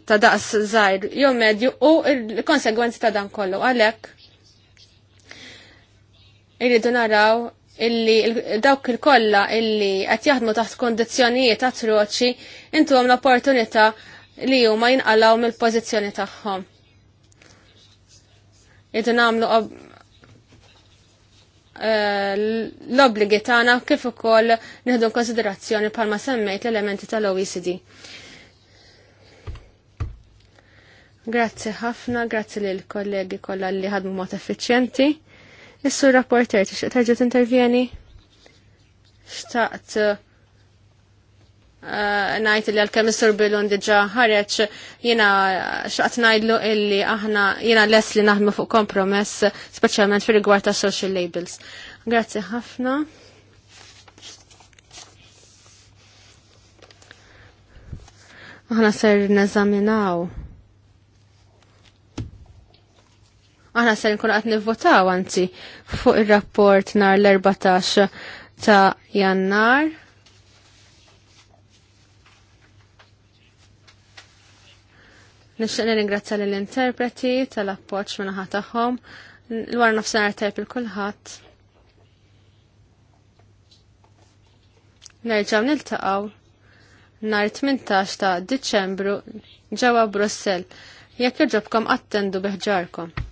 ta' daqs zaħir, jew medju, u il-konsegwenzi ta' dan kollu, għalek. Irridu naraw illi dawk il-kolla illi qed jaħdmu taħt kondizzjonijiet atroċi intuhom l-opportunità li huma jinqalgħu mill-pożizzjoni tagħhom. Idu nagħmlu eh, l-obligi tagħna kif ukoll nieħdu konsiderazzjoni bħalma semmejt l-elementi tal-OECD. Grazzi ħafna, grazzi lill kollegi kollha li ħadmu mod effiċjenti. Issu sur rapporter tixtieq t-intervjeni? Xtaqt eh, najt li għal-kem Mr. Bilun diġa ħareċ jena xaqt najdlu illi aħna jena les li naħdmu fuq kompromess specialment fil rigward ta' social labels. Grazie ħafna. Aħna ser neżaminaw Aħna se nkun qed nivvotaw anzi fuq ir-rapport nar l-14 ta' Jannar. Nixtieq nirringrazzja lill interpreti tal-appoġġ minaħa tagħhom. L-wara nofsinhar tajp il kulħadd. Nerġgħu niltaqgħu nhar 18 ta' Diċembru ġewwa Brussell. Jekk irġobkom attendu biħġarkom.